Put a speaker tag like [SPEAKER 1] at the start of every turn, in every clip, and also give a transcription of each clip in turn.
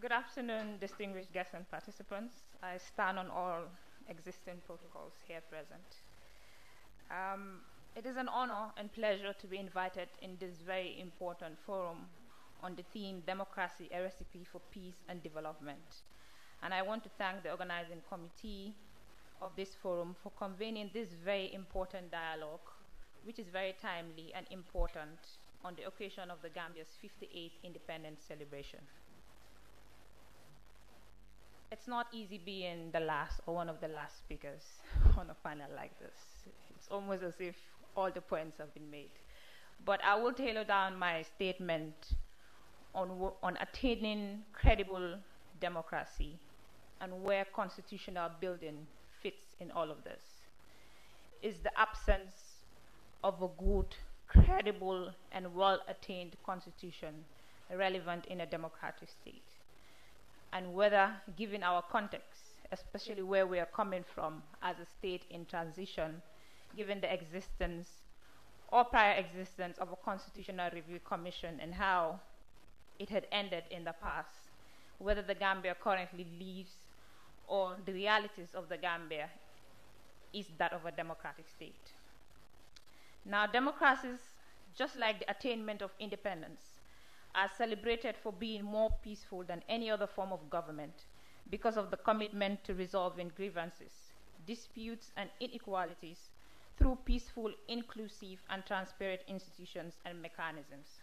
[SPEAKER 1] Good afternoon, distinguished guests and participants. I stand on all existing protocols here present. Um, it is an honor and pleasure to be invited in this very important forum on the theme Democracy, a Recipe for Peace and Development. And I want to thank the organizing committee of this forum for convening this very important dialogue, which is very timely and important on the occasion of the Gambia's 58th independence celebration it's not easy being the last or one of the last speakers on a panel like this. It's almost as if all the points have been made. But I will tailor down my statement on, on attaining credible democracy and where constitutional building fits in all of this is the absence of a good, credible, and well attained constitution relevant in a democratic state and whether, given our context, especially where we are coming from as a state in transition, given the existence or prior existence of a constitutional review commission and how it had ended in the past, whether the Gambia currently lives or the realities of the Gambia is that of a democratic state. Now, democracies, just like the attainment of independence, are celebrated for being more peaceful than any other form of government because of the commitment to resolving grievances, disputes, and inequalities through peaceful, inclusive, and transparent institutions and mechanisms.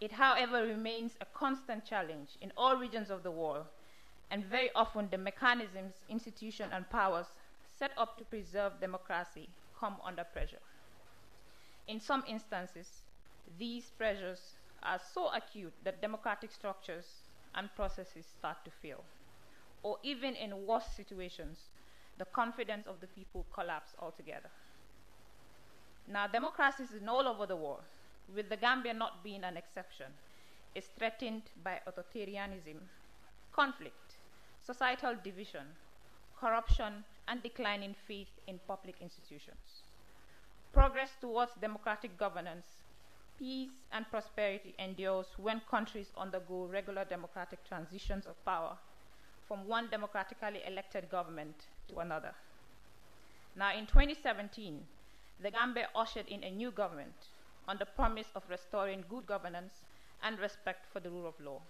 [SPEAKER 1] It, however, remains a constant challenge in all regions of the world, and very often the mechanisms, institutions, and powers set up to preserve democracy come under pressure. In some instances, these pressures are so acute that democratic structures and processes start to fail. Or even in worse situations, the confidence of the people collapse altogether. Now, democracy is all over the world, with the Gambia not being an exception, is threatened by authoritarianism, conflict, societal division, corruption, and declining faith in public institutions. Progress towards democratic governance Peace and prosperity endures when countries undergo regular democratic transitions of power from one democratically elected government to another. Now, in 2017, the Gambia ushered in a new government on the promise of restoring good governance and respect for the rule of law.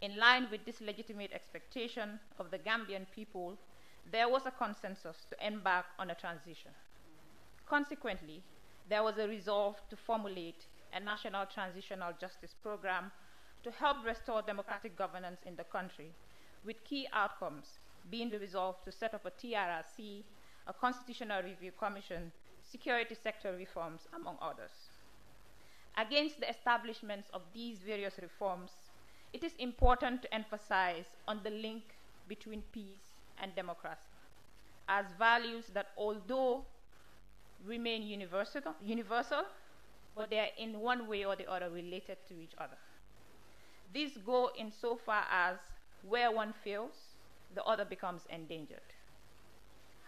[SPEAKER 1] In line with this legitimate expectation of the Gambian people, there was a consensus to embark on a transition. Consequently, there was a resolve to formulate a national transitional justice program to help restore democratic governance in the country, with key outcomes being the resolve to set up a TRRC, a constitutional review commission, security sector reforms, among others. Against the establishment of these various reforms, it is important to emphasize on the link between peace and democracy as values that, although remain universal, universal, but they are in one way or the other related to each other. These go insofar as where one fails, the other becomes endangered.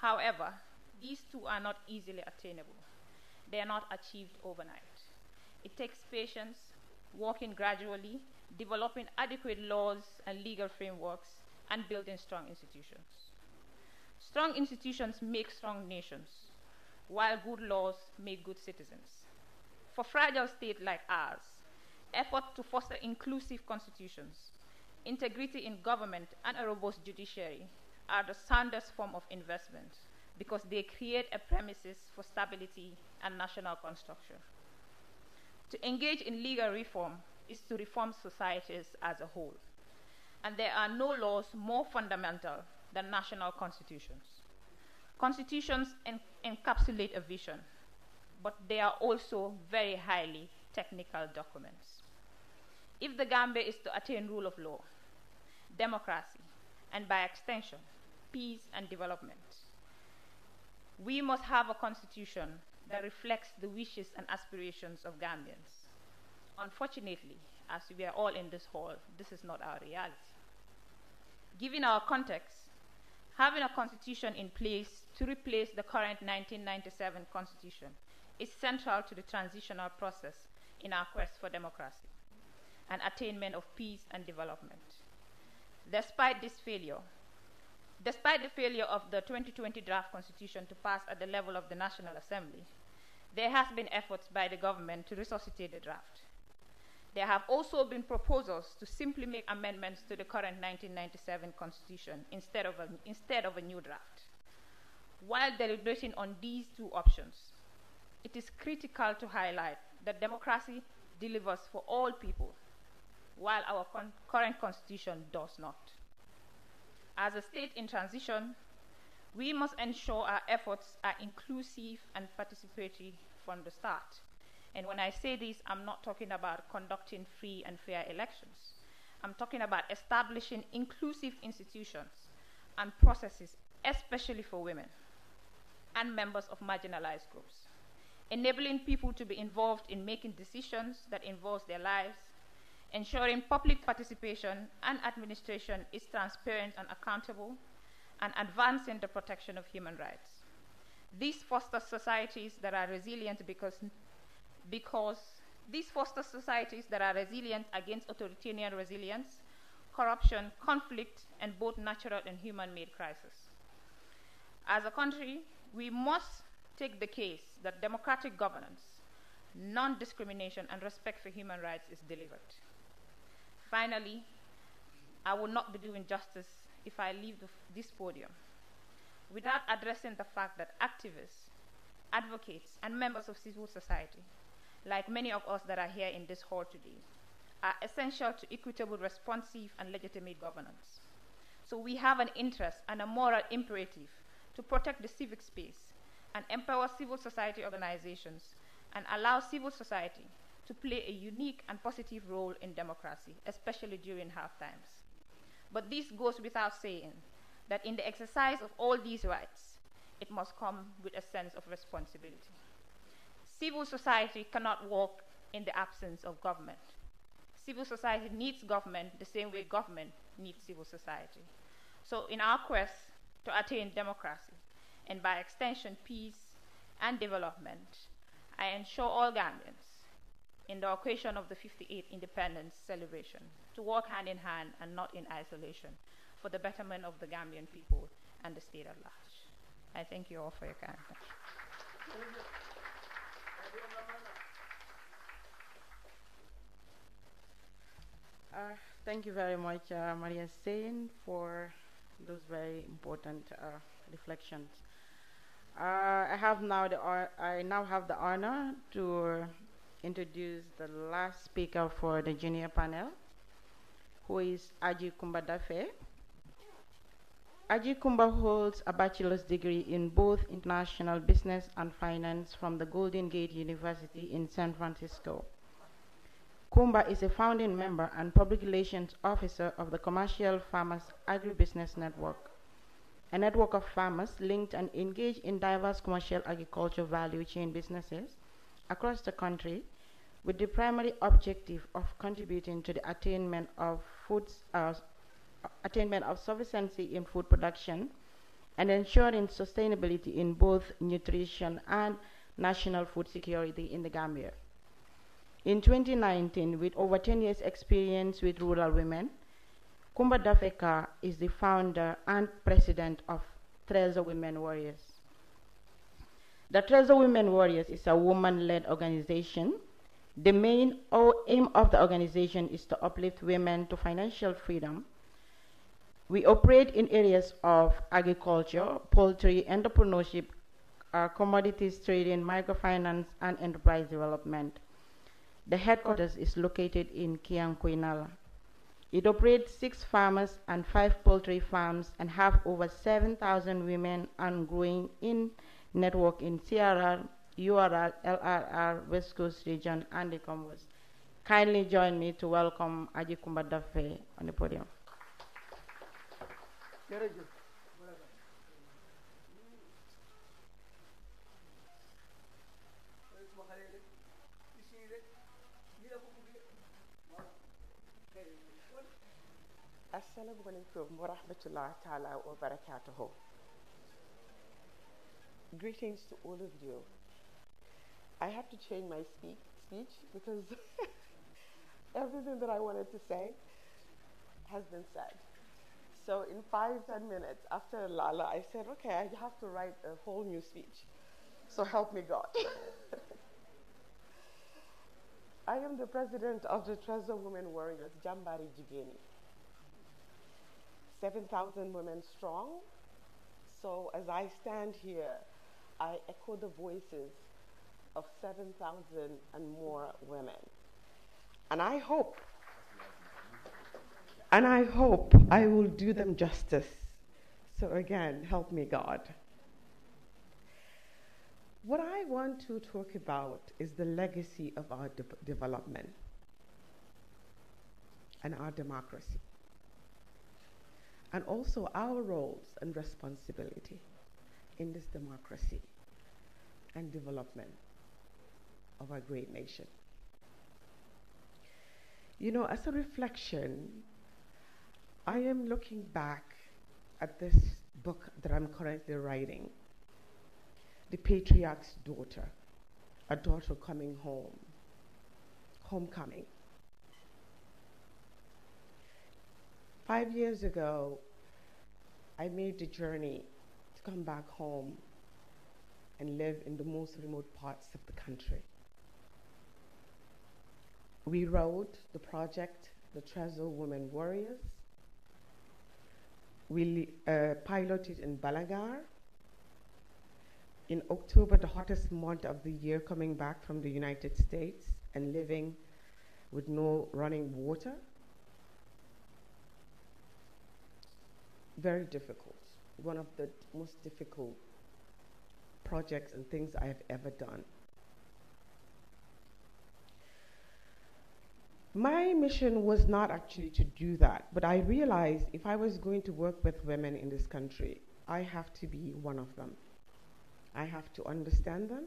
[SPEAKER 1] However, these two are not easily attainable. They are not achieved overnight. It takes patience, working gradually, developing adequate laws and legal frameworks, and building strong institutions. Strong institutions make strong nations while good laws make good citizens. For fragile states like ours, efforts to foster inclusive constitutions, integrity in government, and a robust judiciary are the soundest form of investment because they create a premises for stability and national construction. To engage in legal reform is to reform societies as a whole, and there are no laws more fundamental than national constitutions. Constitutions and encapsulate a vision, but they are also very highly technical documents. If the Gambia is to attain rule of law, democracy, and by extension, peace and development, we must have a constitution that reflects the wishes and aspirations of Gambians. Unfortunately, as we are all in this hall, this is not our reality. Given our context, having a constitution in place to replace the current 1997 constitution is central to the transitional process in our quest for democracy and attainment of peace and development. Despite this failure, despite the failure of the 2020 draft constitution to pass at the level of the National Assembly, there has been efforts by the government to resuscitate the draft. There have also been proposals to simply make amendments to the current 1997 Constitution instead of a, instead of a new draft. While deliberating on these two options, it is critical to highlight that democracy delivers for all people, while our con current Constitution does not. As a state in transition, we must ensure our efforts are inclusive and participatory from the start. And when I say this, I'm not talking about conducting free and fair elections. I'm talking about establishing inclusive institutions and processes, especially for women and members of marginalized groups, enabling people to be involved in making decisions that involve their lives, ensuring public participation and administration is transparent and accountable, and advancing the protection of human rights. This fosters societies that are resilient because because these foster societies that are resilient against authoritarian resilience, corruption, conflict, and both natural and human made crises. As a country, we must take the case that democratic governance, non discrimination, and respect for human rights is delivered. Finally, I will not be doing justice if I leave this podium without addressing the fact that activists, advocates, and members of civil society like many of us that are here in this hall today, are essential to equitable, responsive, and legitimate governance. So we have an interest and a moral imperative to protect the civic space and empower civil society organizations and allow civil society to play a unique and positive role in democracy, especially during hard times. But this goes without saying that in the exercise of all these rights, it must come with a sense of responsibility. Civil society cannot work in the absence of government. Civil society needs government the same way government needs civil society. So, in our quest to attain democracy, and by extension, peace and development, I ensure all Gambians, in the occasion of the 58th independence celebration, to walk hand in hand and not in isolation for the betterment of the Gambian people and the state at large. I thank you all for your time.
[SPEAKER 2] Uh, thank you very much, uh, Maria Sain, for those very important uh, reflections. Uh, I have now the I now have the honor to introduce the last speaker for the junior panel, who is Aji Kumbadafe. Aji Kumba holds a bachelor's degree in both international business and finance from the Golden Gate University in San Francisco. Kumba is a founding member and public relations officer of the Commercial Farmers Agribusiness Network, a network of farmers linked and engaged in diverse commercial agriculture value chain businesses across the country with the primary objective of contributing to the attainment of food uh, attainment of sufficiency in food production and ensuring sustainability in both nutrition and national food security in the Gambia. In 2019, with over 10 years experience with rural women, Kumba Dafeka is the founder and president of Trezor Women Warriors. The Trezor Women Warriors is a woman-led organization. The main aim of the organization is to uplift women to financial freedom. We operate in areas of agriculture, poultry, entrepreneurship, uh, commodities trading, microfinance, and enterprise development. The headquarters is located in Kiankuinala. It operates six farmers and five poultry farms and have over 7,000 women and growing in network in CRR, URR, LRR, West Coast region, and the Commonwealth. Kindly join me to welcome Aji Kumbadafe on the podium.
[SPEAKER 3] Assalamu alaikum wa rahmatullahi ta'ala wa barakatuhu. Greetings to all of you. I have to change my speak, speech because everything that I wanted to say has been said. So in five, ten minutes after Lala, I said, okay, I have to write a whole new speech. So help me God. I am the president of the Trezor Women Warriors, Jambari Jigeni. 7,000 women strong. So as I stand here, I echo the voices of 7,000 and more women. And I hope, and I hope I will do them justice. So again, help me, God. What I want to talk about is the legacy of our de- development and our democracy and also our roles and responsibility in this democracy and development of our great nation. You know, as a reflection, I am looking back at this book that I'm currently writing, The Patriarch's Daughter, a daughter coming home, homecoming. Five years ago, I made the journey to come back home and live in the most remote parts of the country. We rode the project, the Tresor Women Warriors. We uh, piloted in Balagar. In October, the hottest month of the year, coming back from the United States and living with no running water. very difficult. One of the most difficult projects and things I have ever done. My mission was not actually to do that, but I realized if I was going to work with women in this country, I have to be one of them. I have to understand them.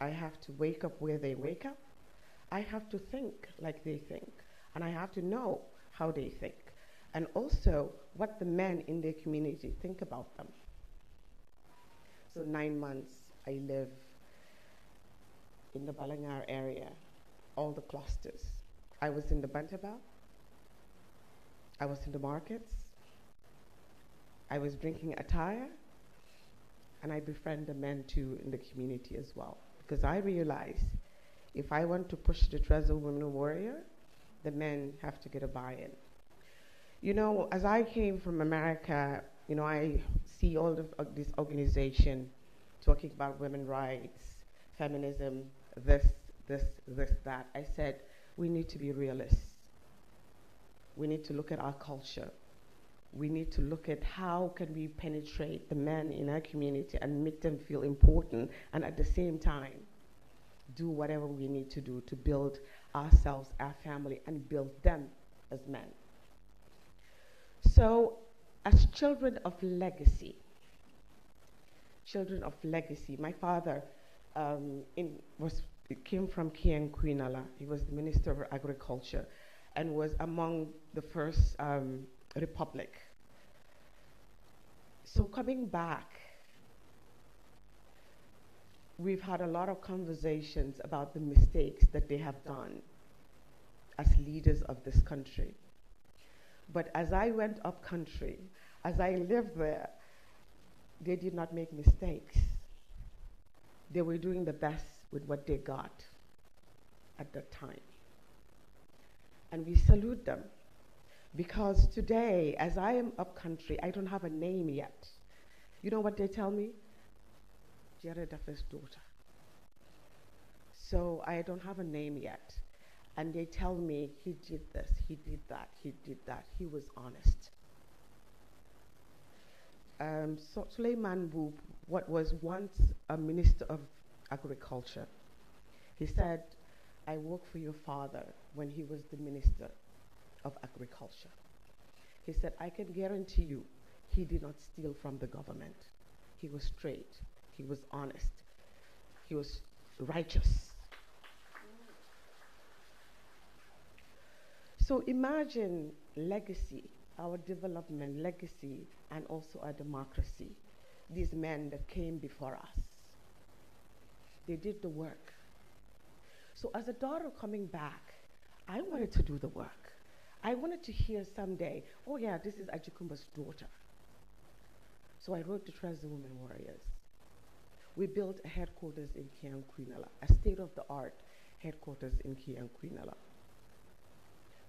[SPEAKER 3] I have to wake up where they wake up. I have to think like they think. And I have to know how they think and also what the men in their community think about them. So, nine months I live in the Balangar area, all the clusters. I was in the Bantaba, I was in the markets, I was drinking attire, and I befriend the men too in the community as well. Because I realize if I want to push the Trezor Women Warrior, the men have to get a buy in. You know, as I came from America, you know, I see all of uh, this organization talking about women's rights, feminism, this, this, this, that. I said, we need to be realists. We need to look at our culture. We need to look at how can we penetrate the men in our community and make them feel important and at the same time do whatever we need to do to build ourselves, our family, and build them as men. So, as children of legacy, children of legacy, my father um, in, was, came from Kien Kuinala. He was the Minister of Agriculture and was among the first um, republic. So, coming back, we've had a lot of conversations about the mistakes that they have done as leaders of this country. But as I went up country, as I lived there, they did not make mistakes. They were doing the best with what they got at that time. And we salute them because today, as I am up country, I don't have a name yet. You know what they tell me? Jared Duffy's daughter. So I don't have a name yet and they tell me he did this, he did that, he did that. He was honest. Um, so Suleiman what was once a minister of agriculture, he said, I worked for your father when he was the minister of agriculture. He said, I can guarantee you he did not steal from the government. He was straight, he was honest, he was righteous. So imagine legacy, our development legacy, and also our democracy. These men that came before us, they did the work. So as a daughter coming back, I wanted to do the work. I wanted to hear someday, oh yeah, this is Ajikumba's daughter. So I wrote to Trans Women Warriors. We built a headquarters in Kianquinala, a state-of-the-art headquarters in Kianquinala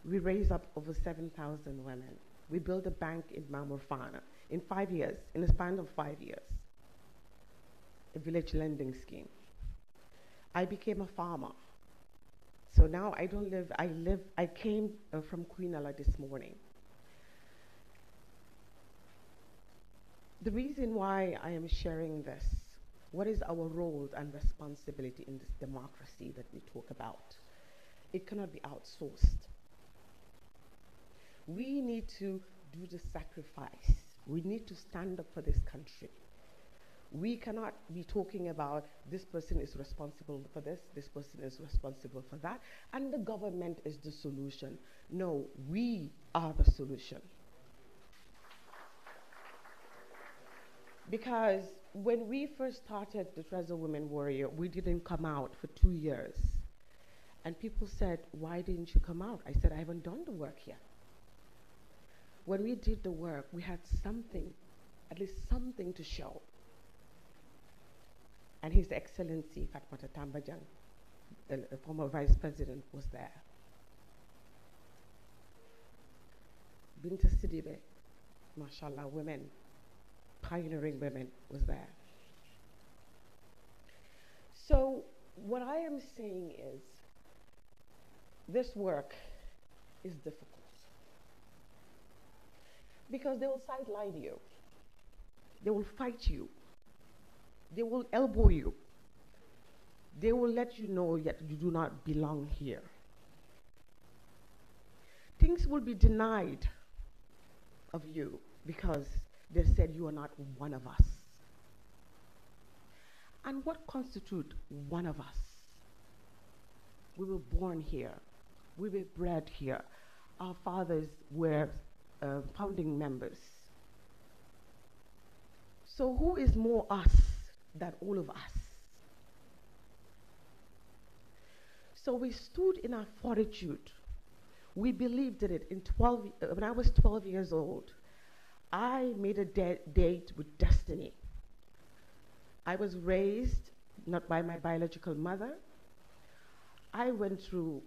[SPEAKER 3] we raised up over 7,000 women. We built a bank in Mamorfana in five years, in a span of five years, a village lending scheme. I became a farmer. So now I don't live, I live, I came uh, from Queenella this morning. The reason why I am sharing this, what is our role and responsibility in this democracy that we talk about? It cannot be outsourced we need to do the sacrifice. We need to stand up for this country. We cannot be talking about this person is responsible for this, this person is responsible for that, and the government is the solution. No, we are the solution. Because when we first started the Treasure Women Warrior, we didn't come out for two years. And people said, Why didn't you come out? I said, I haven't done the work yet when we did the work, we had something, at least something to show. And His Excellency Fatmata Tambajan, the, the former vice president, was there. Binta Sidibe, mashallah, women, pioneering women, was there. So, what I am saying is this work is difficult because they will sideline you. They will fight you. They will elbow you. They will let you know that you do not belong here. Things will be denied of you because they said you are not one of us. And what constitutes one of us? We were born here. We were bred here. Our fathers were uh, founding members. So who is more us than all of us? So we stood in our fortitude. We believed in it. In 12, uh, when I was 12 years old, I made a date with destiny. I was raised not by my biological mother. I went through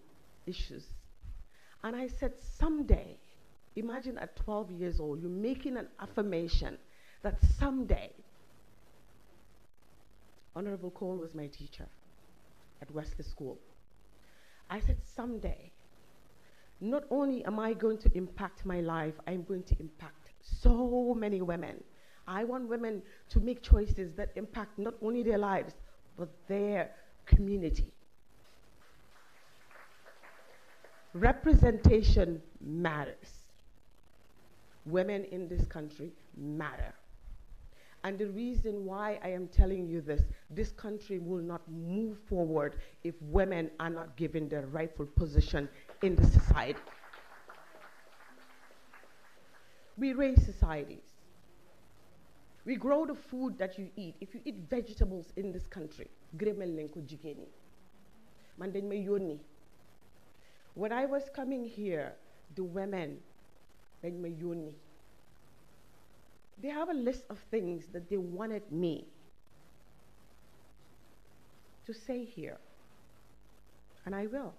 [SPEAKER 3] issues. And I said, someday Imagine at 12 years old, you're making an affirmation that someday, Honorable Cole was my teacher at Wesley School. I said, someday, not only am I going to impact my life, I'm going to impact so many women. I want women to make choices that impact not only their lives, but their community. Representation matters women in this country matter. And the reason why I am telling you this, this country will not move forward if women are not given their rightful position in the society. We raise societies. We grow the food that you eat. If you eat vegetables in this country, When I was coming here, the women dañ ma they have a list of things that they wanted me to say here, and I will.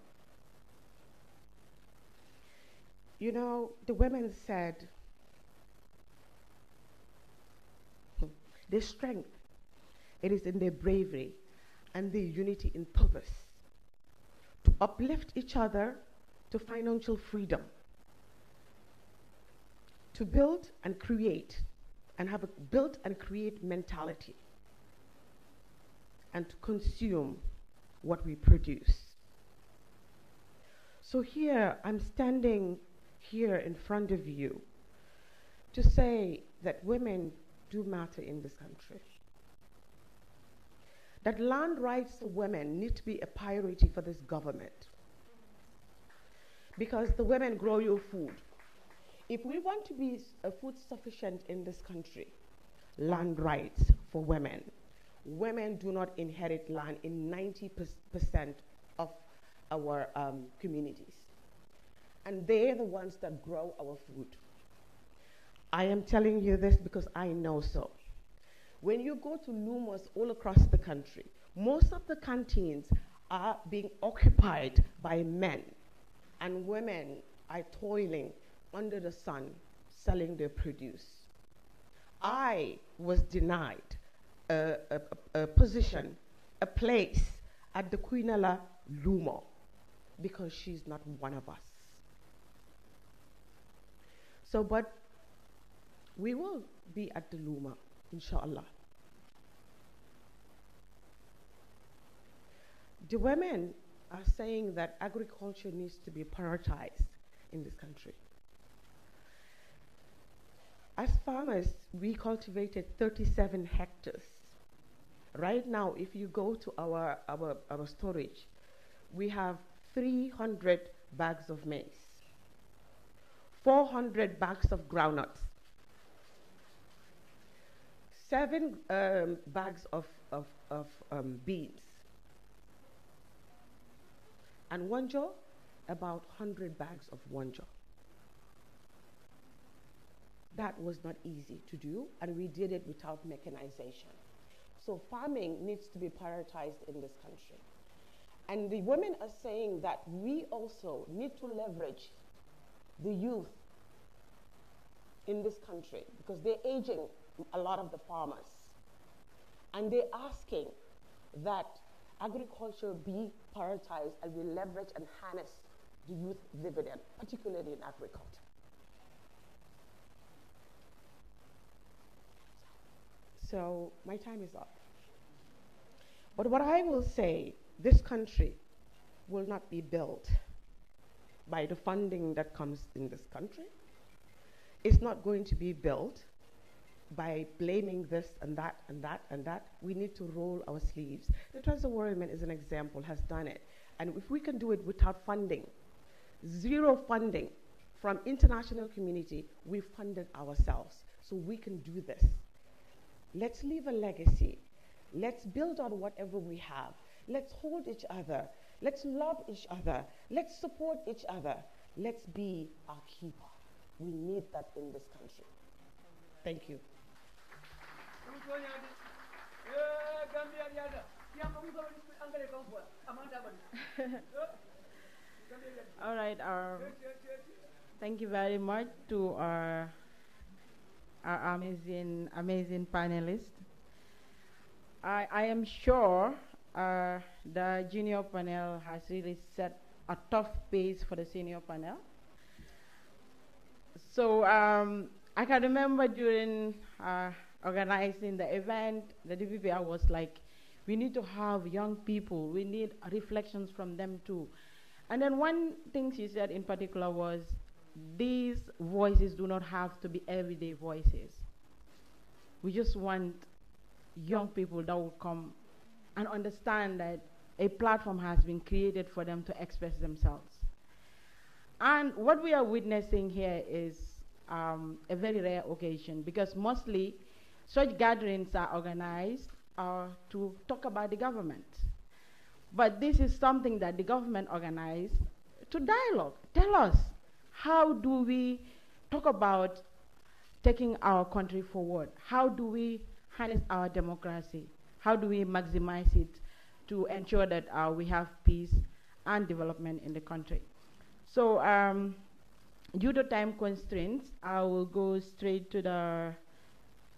[SPEAKER 3] You know, the women said hmm, their strength, it is in their bravery and their unity in purpose to uplift each other to financial freedom to build and create and have a build and create mentality and to consume what we produce. So here, I'm standing here in front of you to say that women do matter in this country. That land rights for women need to be a priority for this government. Because the women grow your food. If we want to be food sufficient in this country, land rights for women. Women do not inherit land in 90% of our um, communities. And they're the ones that grow our food. I am telling you this because I know so. When you go to Lumos all across the country, most of the canteens are being occupied by men, and women are toiling under the sun selling their produce. I was denied a, a, a position, a place at the Quinella Luma because she's not one of us. So, but we will be at the Luma, inshallah. The women are saying that agriculture needs to be prioritized in this country as farmers, we cultivated 37 hectares. Right now, if you go to our, our, our storage, we have 300 bags of maize, 400 bags of groundnuts, seven um, bags of, of, of um, beans, and one jaw, about 100 bags of one jaw. That was not easy to do, and we did it without mechanization. So farming needs to be prioritized in this country. And the women are saying that we also need to leverage the youth in this country because they're aging a lot of the farmers. And they're asking that agriculture be prioritized and we leverage and harness the youth dividend, particularly in agriculture. So my time is up. But what I will say, this country will not be built by the funding that comes in this country. It's not going to be built by blaming this and that and that and that. We need to roll our sleeves. The Transwar Movement is an example, has done it. And if we can do it without funding, zero funding from international community, we funded ourselves. So we can do this. Let's leave a legacy. Let's build on whatever we have. Let's hold each other. Let's love each other. Let's support each other. Let's be our keeper. We need that in this country. Thank you.
[SPEAKER 2] All right. Um, thank you very much to our our amazing, amazing panelists. I, I am sure uh, the junior panel has really set a tough pace for the senior panel. So um, I can remember during uh, organizing the event, the DPPR was like, we need to have young people, we need reflections from them too. And then one thing she said in particular was these voices do not have to be everyday voices. We just want young people that will come and understand that a platform has been created for them to express themselves. And what we are witnessing here is um, a very rare occasion because mostly such gatherings are organized uh, to talk about the government. But this is something that the government organized to dialogue. Tell us how do we talk about taking our country forward? How do we harness our democracy? How do we maximize it to ensure that uh, we have peace and development in the country? So, um, due to time constraints, I will go straight to the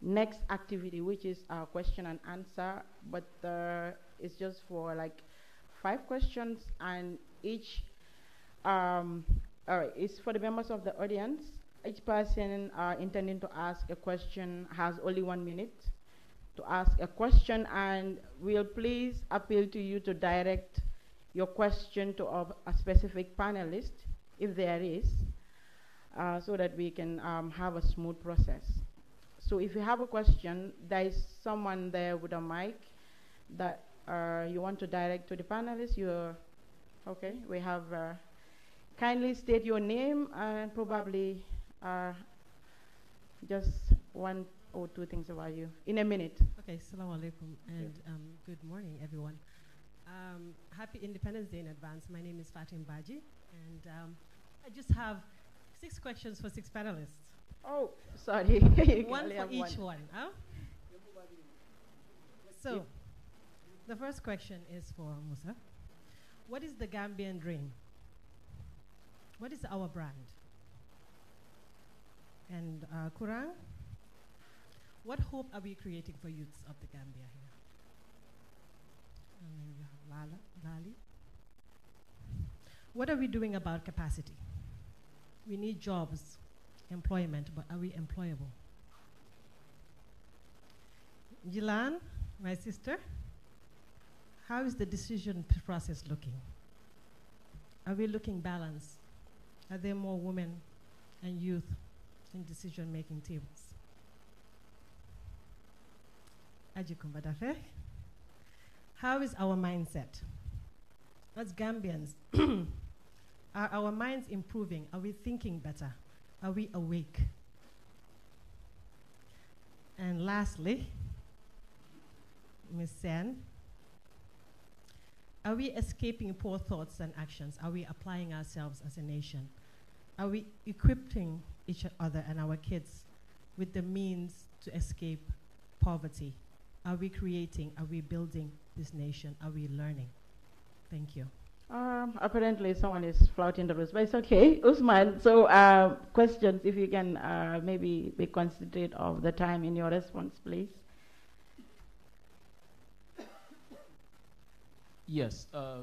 [SPEAKER 2] next activity, which is our question and answer, but uh, it's just for like five questions, and each um, all right, it's for the members of the audience. Each person uh, intending to ask a question has only one minute to ask a question, and we'll please appeal to you to direct your question to a, a specific panelist, if there is, uh, so that we can um, have a smooth process. So if you have a question, there is someone there with a mic that uh, you want to direct to the panelists. You're okay. We have. Uh, Kindly state your name and probably uh, just one or two things about you in a minute. Okay, salam alaikum and
[SPEAKER 4] um, good morning, everyone. Um, happy Independence Day in advance. My name is Fatim Baji, and um, I just have six questions for six panelists. Oh, sorry. one for each one. one huh? So, the first question is for Musa. What is the Gambian dream? what is our brand? And uh, Kurang, what hope are we creating for youths of the Gambia here? And then you have Lala, Lali. What are we doing about capacity? We need jobs, employment, but are we employable? Jilan, my sister, how is the decision process looking? Are we looking balanced? Are there more women and youth in decision making tables? How is our mindset? As Gambians, are our minds improving? Are we thinking better? Are we awake? And lastly, Ms. Sen, are we escaping poor thoughts and actions? Are we applying ourselves as a nation? Are we equipping each other and our kids with the means to escape poverty? Are we creating? Are we building this nation? Are we learning? Thank you.
[SPEAKER 2] Um, apparently, someone is flouting the rules, but it's okay, Usman. So, uh, questions, if you can uh, maybe be considerate of the time in your response, please.
[SPEAKER 5] Yes, uh,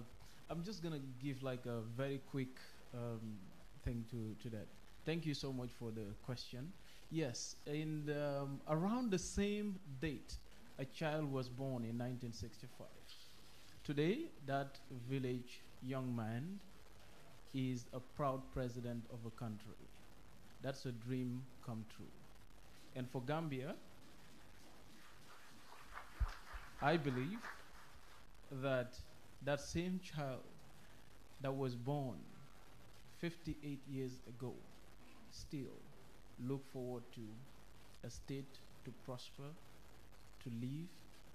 [SPEAKER 5] I'm just gonna give like a very quick um, thing to to that. Thank you so much for the question. Yes, in the, um, around the same date, a child was born in 1965. Today, that village young man is a proud president of a country. That's a dream come true. And for Gambia, I believe that that same child that was born 58 years ago still look forward to a state to prosper, to live,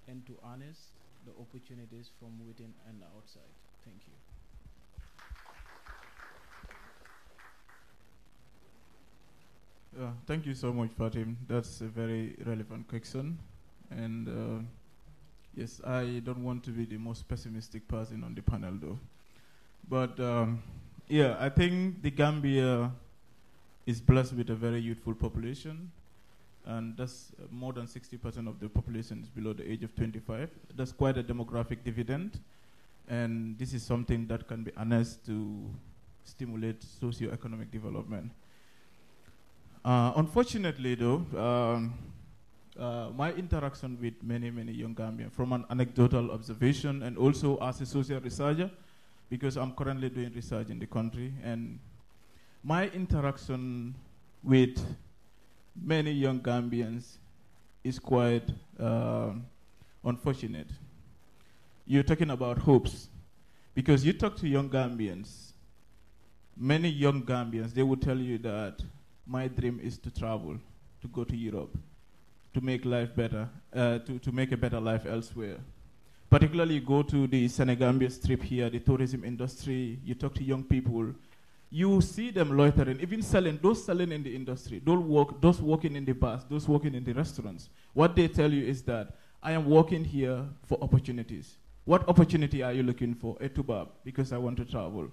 [SPEAKER 5] and to harness the opportunities from within and outside. Thank you.
[SPEAKER 6] Yeah, uh, thank you so much, Fatim. That's a very relevant question. And uh, Yes, I don't want to be the most pessimistic person on the panel, though. But um, yeah, I think the Gambia is blessed with a very youthful population, and that's uh, more than 60% of the population is below the age of 25. That's quite a demographic dividend, and this is something that can be harnessed to stimulate socio-economic development. Uh, unfortunately, though, um, uh, my interaction with many, many young Gambians from an anecdotal observation and also as a social researcher, because I'm currently doing research in the country. And my interaction with many young Gambians is quite uh, unfortunate. You're talking about hopes, because you talk to young Gambians, many young Gambians, they will tell you that my dream is to travel, to go to Europe to make life better, uh, to, to make a better life elsewhere. Particularly, go to the Senegambia Strip here, the tourism industry, you talk to young people, you see them loitering, even selling, those selling in the industry, those, work, those working in the bars, those working in the restaurants. What they tell you is that I am working here for opportunities. What opportunity are you looking for? A because I want to travel.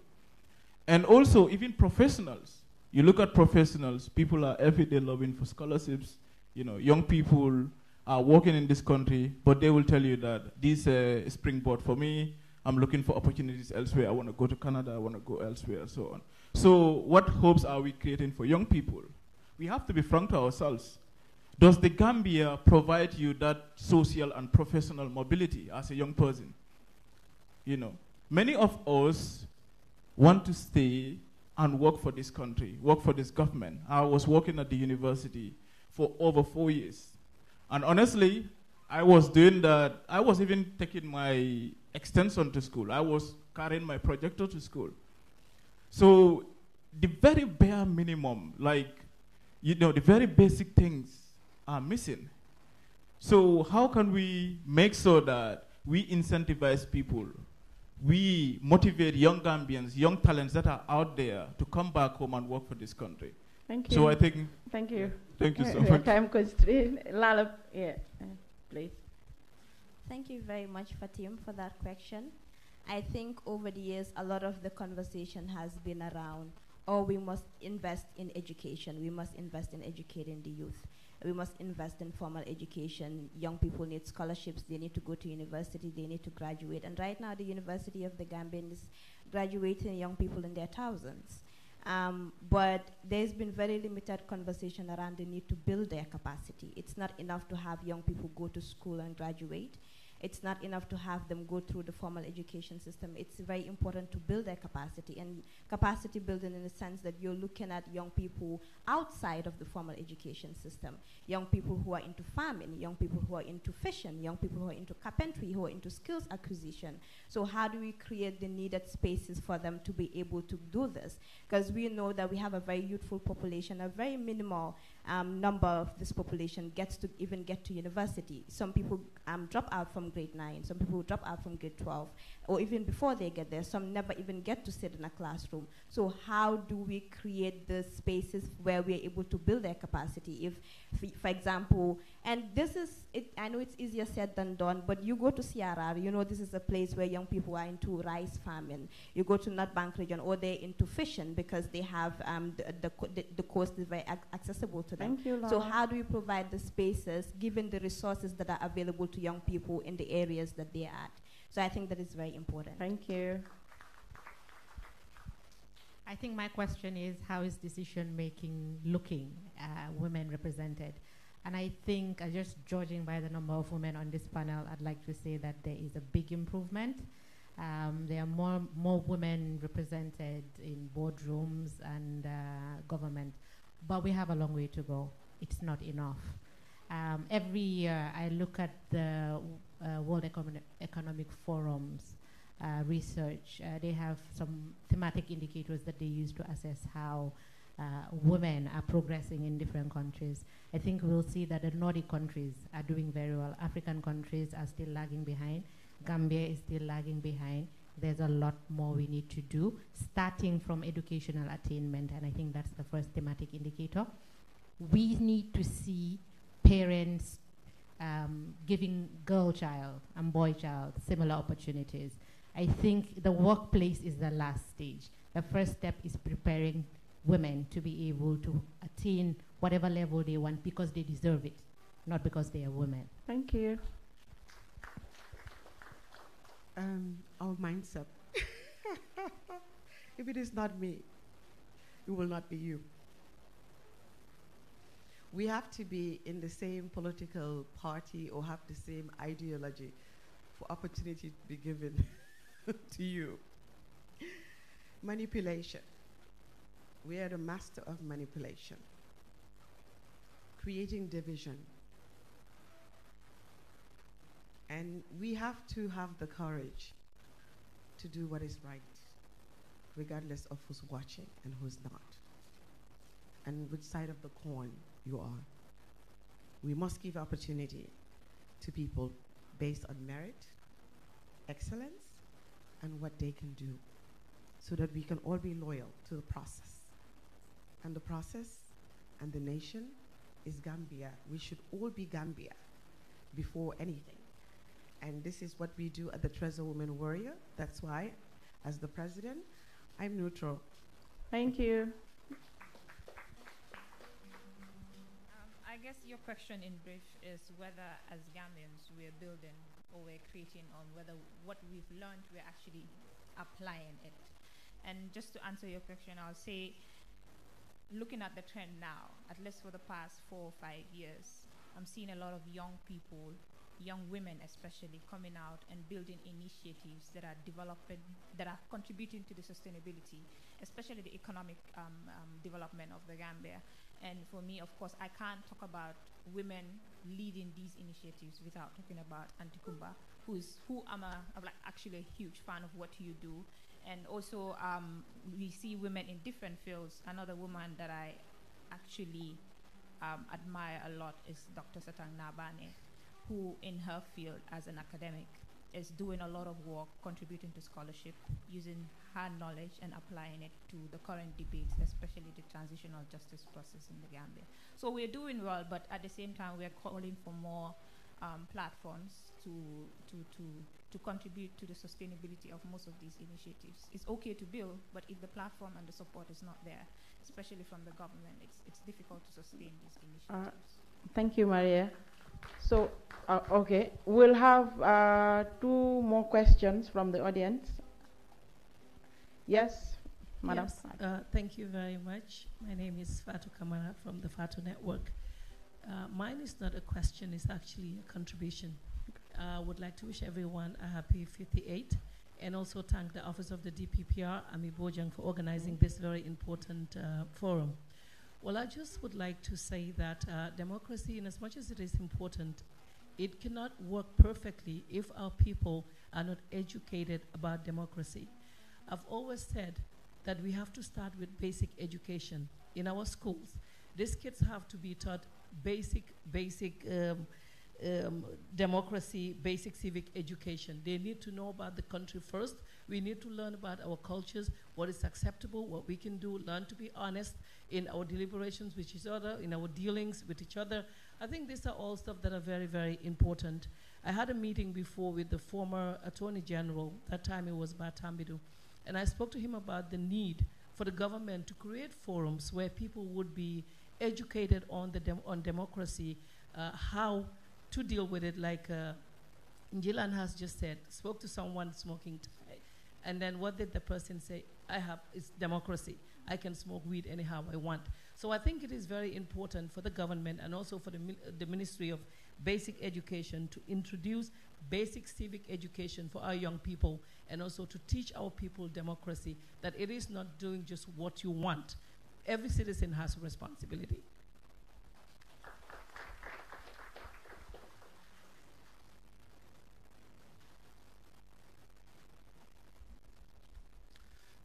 [SPEAKER 6] And also, even professionals. You look at professionals, people are every day loving for scholarships, you know, young people are working in this country, but they will tell you that this uh, springboard for me, I'm looking for opportunities elsewhere. I want to go to Canada, I want to go elsewhere, so on. So what hopes are we creating for young people? We have to be frank to ourselves. Does the Gambia provide you that social and professional mobility as a young person? You know, many of us want to stay and work for this country, work for this government. I was working at the university for over four years. And honestly, I was doing that. I was even taking my extension to school. I was carrying my projector to school. So the very bare minimum, like, you know, the very basic things are missing. So how can we make sure that we incentivize people? We motivate young Gambians, young talents that are out there to come back home and work for this country. Thank you. So I think. Thank you. Thank you so much.
[SPEAKER 2] Time constraint. Lala, yeah, please.
[SPEAKER 7] Thank you very much, Fatim, for that question. I think over the years, a lot of the conversation has been around, oh, we must invest in education. We must invest in educating the youth. We must invest in formal education. Young people need scholarships. They need to go to university. They need to graduate. And right now, the University of the Gambia is graduating young people in their thousands. Um, but there's been very limited conversation around the need to build their capacity. It's not enough to have young people go to school and graduate it's not enough to have them go through the formal education system. It's very important to build their capacity and capacity building in the sense that you're looking at young people outside of the formal education system, young people who are into farming, young people who are into fishing, young people who are into carpentry, who are into skills acquisition. So how do we create the needed spaces for them to be able to do this? Because we know that we have a very youthful population, a very minimal um, number of this population gets to even get to university. Some people um, drop out from grade 9, some people drop out from grade 12, or even before they get there, some never even get to sit in a classroom. So, how do we create the spaces where we're able to build their capacity? If, for example, and this is, it, I know it's easier said than done, but you go to CRR, you know this is a place where young people are into rice farming. You go to North Bank region, or they're into fishing because they have um, the, the, co the, the, coast is very ac accessible to them. Thank you, Laura. So how do you provide the spaces, given the resources that are available to young people in the areas that they are at? So I think that is very important. Thank you.
[SPEAKER 8] I think my question is how is decision making looking, uh, women represented? And I think, uh, just judging by the number of women on this panel, I'd like to say that there is a big improvement. Um, there are more, more women represented in boardrooms and uh, government, but we have a long way to go. It's not enough. Um, every year, I look at the uh, World Economic Forum's uh, research. Uh, they have some thematic indicators that they use to assess how uh, women are progressing in different countries. I think we'll see that the Nordic countries are doing very well. African countries are still lagging behind. Gambia is still lagging behind. There's a lot more we need to do, starting from educational attainment, and I think that's the first thematic indicator. We need to see parents um, giving girl child and boy child similar opportunities. I think the workplace is the last stage. The first step is preparing women to be able to attain whatever level they want because they deserve it, not because they are women.
[SPEAKER 2] Thank you.
[SPEAKER 3] Um, our minds up. if it is not me, it will not be you. We have to be in the same political party or have the same ideology for opportunity to be given to you. Manipulation we are the master of manipulation, creating division. And we have to have the courage to do what is right, regardless of who's watching and who's not, and which side of the coin you are. We must give opportunity to people based on merit, excellence, and what they can do so that we can all be loyal to the process and the process and the nation is Gambia. We should all be Gambia before anything. And this is what we do at the Treasure Woman Warrior. That's why, as the president, I'm neutral.
[SPEAKER 2] Thank you. Um,
[SPEAKER 1] I guess your question in brief is whether, as Gambians, we're building or we're creating on whether what we've learned, we're actually applying it. And just to answer your question, I'll say looking at the trend now, at least for the past four or five years, I'm seeing a lot of young people, young women especially, coming out and building initiatives that are developing, that are contributing to the sustainability, especially the economic um, um, development of the Gambia. And for me, of course, I can't talk about women leading these initiatives without talking about Antikumba, who's who I'm, a, I'm like actually a huge fan of what you do and also um, we see women in different fields. Another woman that I actually um, admire a lot is Dr. Satang Nabane, who in her field as an academic is doing a lot of work contributing to scholarship, using her knowledge and applying it to the current debates, especially the transitional justice process in the Gambia. So we're doing well, but at the same time, we're calling for more um, platforms to, to, to to contribute to the sustainability of most of these initiatives. It's okay to build, but if the platform and the support is not there, especially from the government, it's, it's difficult to sustain these initiatives.
[SPEAKER 2] Uh, thank you, Maria. So, uh, okay, we'll have uh, two more questions from the audience.
[SPEAKER 9] Yes, Madam. Yes, uh, thank you very much. My name is Fatu Kamara from the Fatu Network. Uh, mine is not a question, it's actually a contribution. I uh, would like to wish everyone a happy 58, and also thank the Office of the DPPR, Ami Bojang, for organizing this very important uh, forum. Well, I just would like to say that uh, democracy, in as much as it is important, it cannot work perfectly if our people are not educated about democracy. I've always said that we have to start with basic education in our schools. These kids have to be taught basic, basic um, um, democracy, basic civic education. They need to know about the country first. We need to learn about our cultures, what is acceptable, what we can do, learn to be honest in our deliberations with each other, in our dealings with each other. I think these are all stuff that are very, very important. I had a meeting before with the former Attorney General, that time it was Batambidu, and I spoke to him about the need for the government to create forums where people would be educated on, the dem on democracy, uh, how to deal with it like uh, Njilan has just said, spoke to someone smoking tonight, and then what did the person say? I have, it's democracy. I can smoke weed anyhow I want. So I think it is very important for the government and also for the, uh, the Ministry of Basic Education to introduce basic civic education for our young people and also to teach our people democracy, that it is not doing just what you want. Every citizen has a responsibility.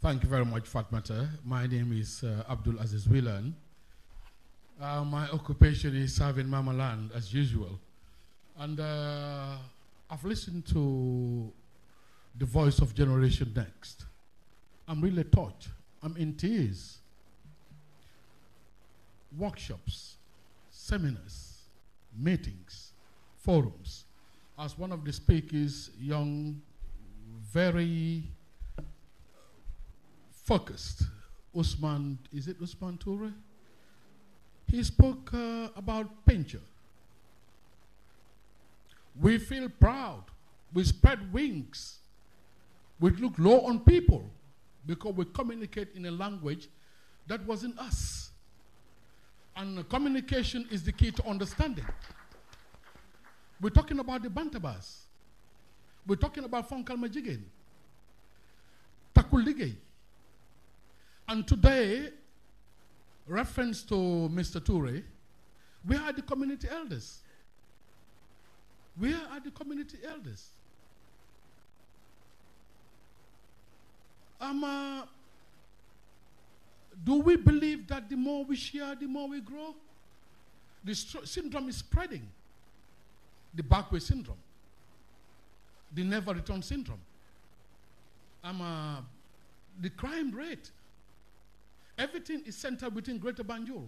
[SPEAKER 10] Thank you very much, Fatmata. My name is uh, Abdul Aziz Wilan. Uh, my occupation is serving Mamaland as usual. And uh, I've listened to the voice of Generation Next. I'm really touched. I'm in tears. Workshops, seminars, meetings, forums. As one of the speakers, young, very focused. Usman, is it Usman Toure? He spoke uh, about Pincher. We feel proud. We spread wings. We look low on people because we communicate in a language that wasn't us. And communication is the key to understanding. We're talking about the Bantabas. We're talking about Funkal Majigin, Takuligay. And today, reference to Mr. Toure, where are the community elders? Where are the community elders? Um, uh, do we believe that the more we share, the more we grow? The syndrome is spreading. The backway syndrome. The never return syndrome. Um, uh, the crime rate Everything is centered within Greater Banjul.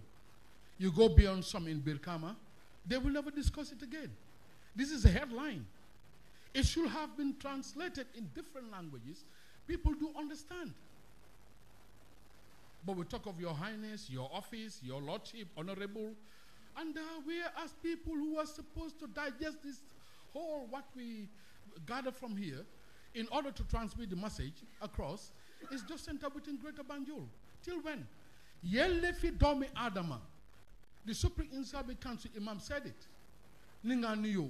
[SPEAKER 10] You go beyond some in Birkama, they will never discuss it again. This is a headline. It should have been translated in different languages. People do understand. But we talk of your highness, your office, your lordship, honorable. And uh, we as people who are supposed to digest this whole what we gather from here in order to transmit the message across is just centered within Greater Banjul. Till when? Yelefi domi adama. The Supreme Insabi Council Imam said it. Ninga niyo.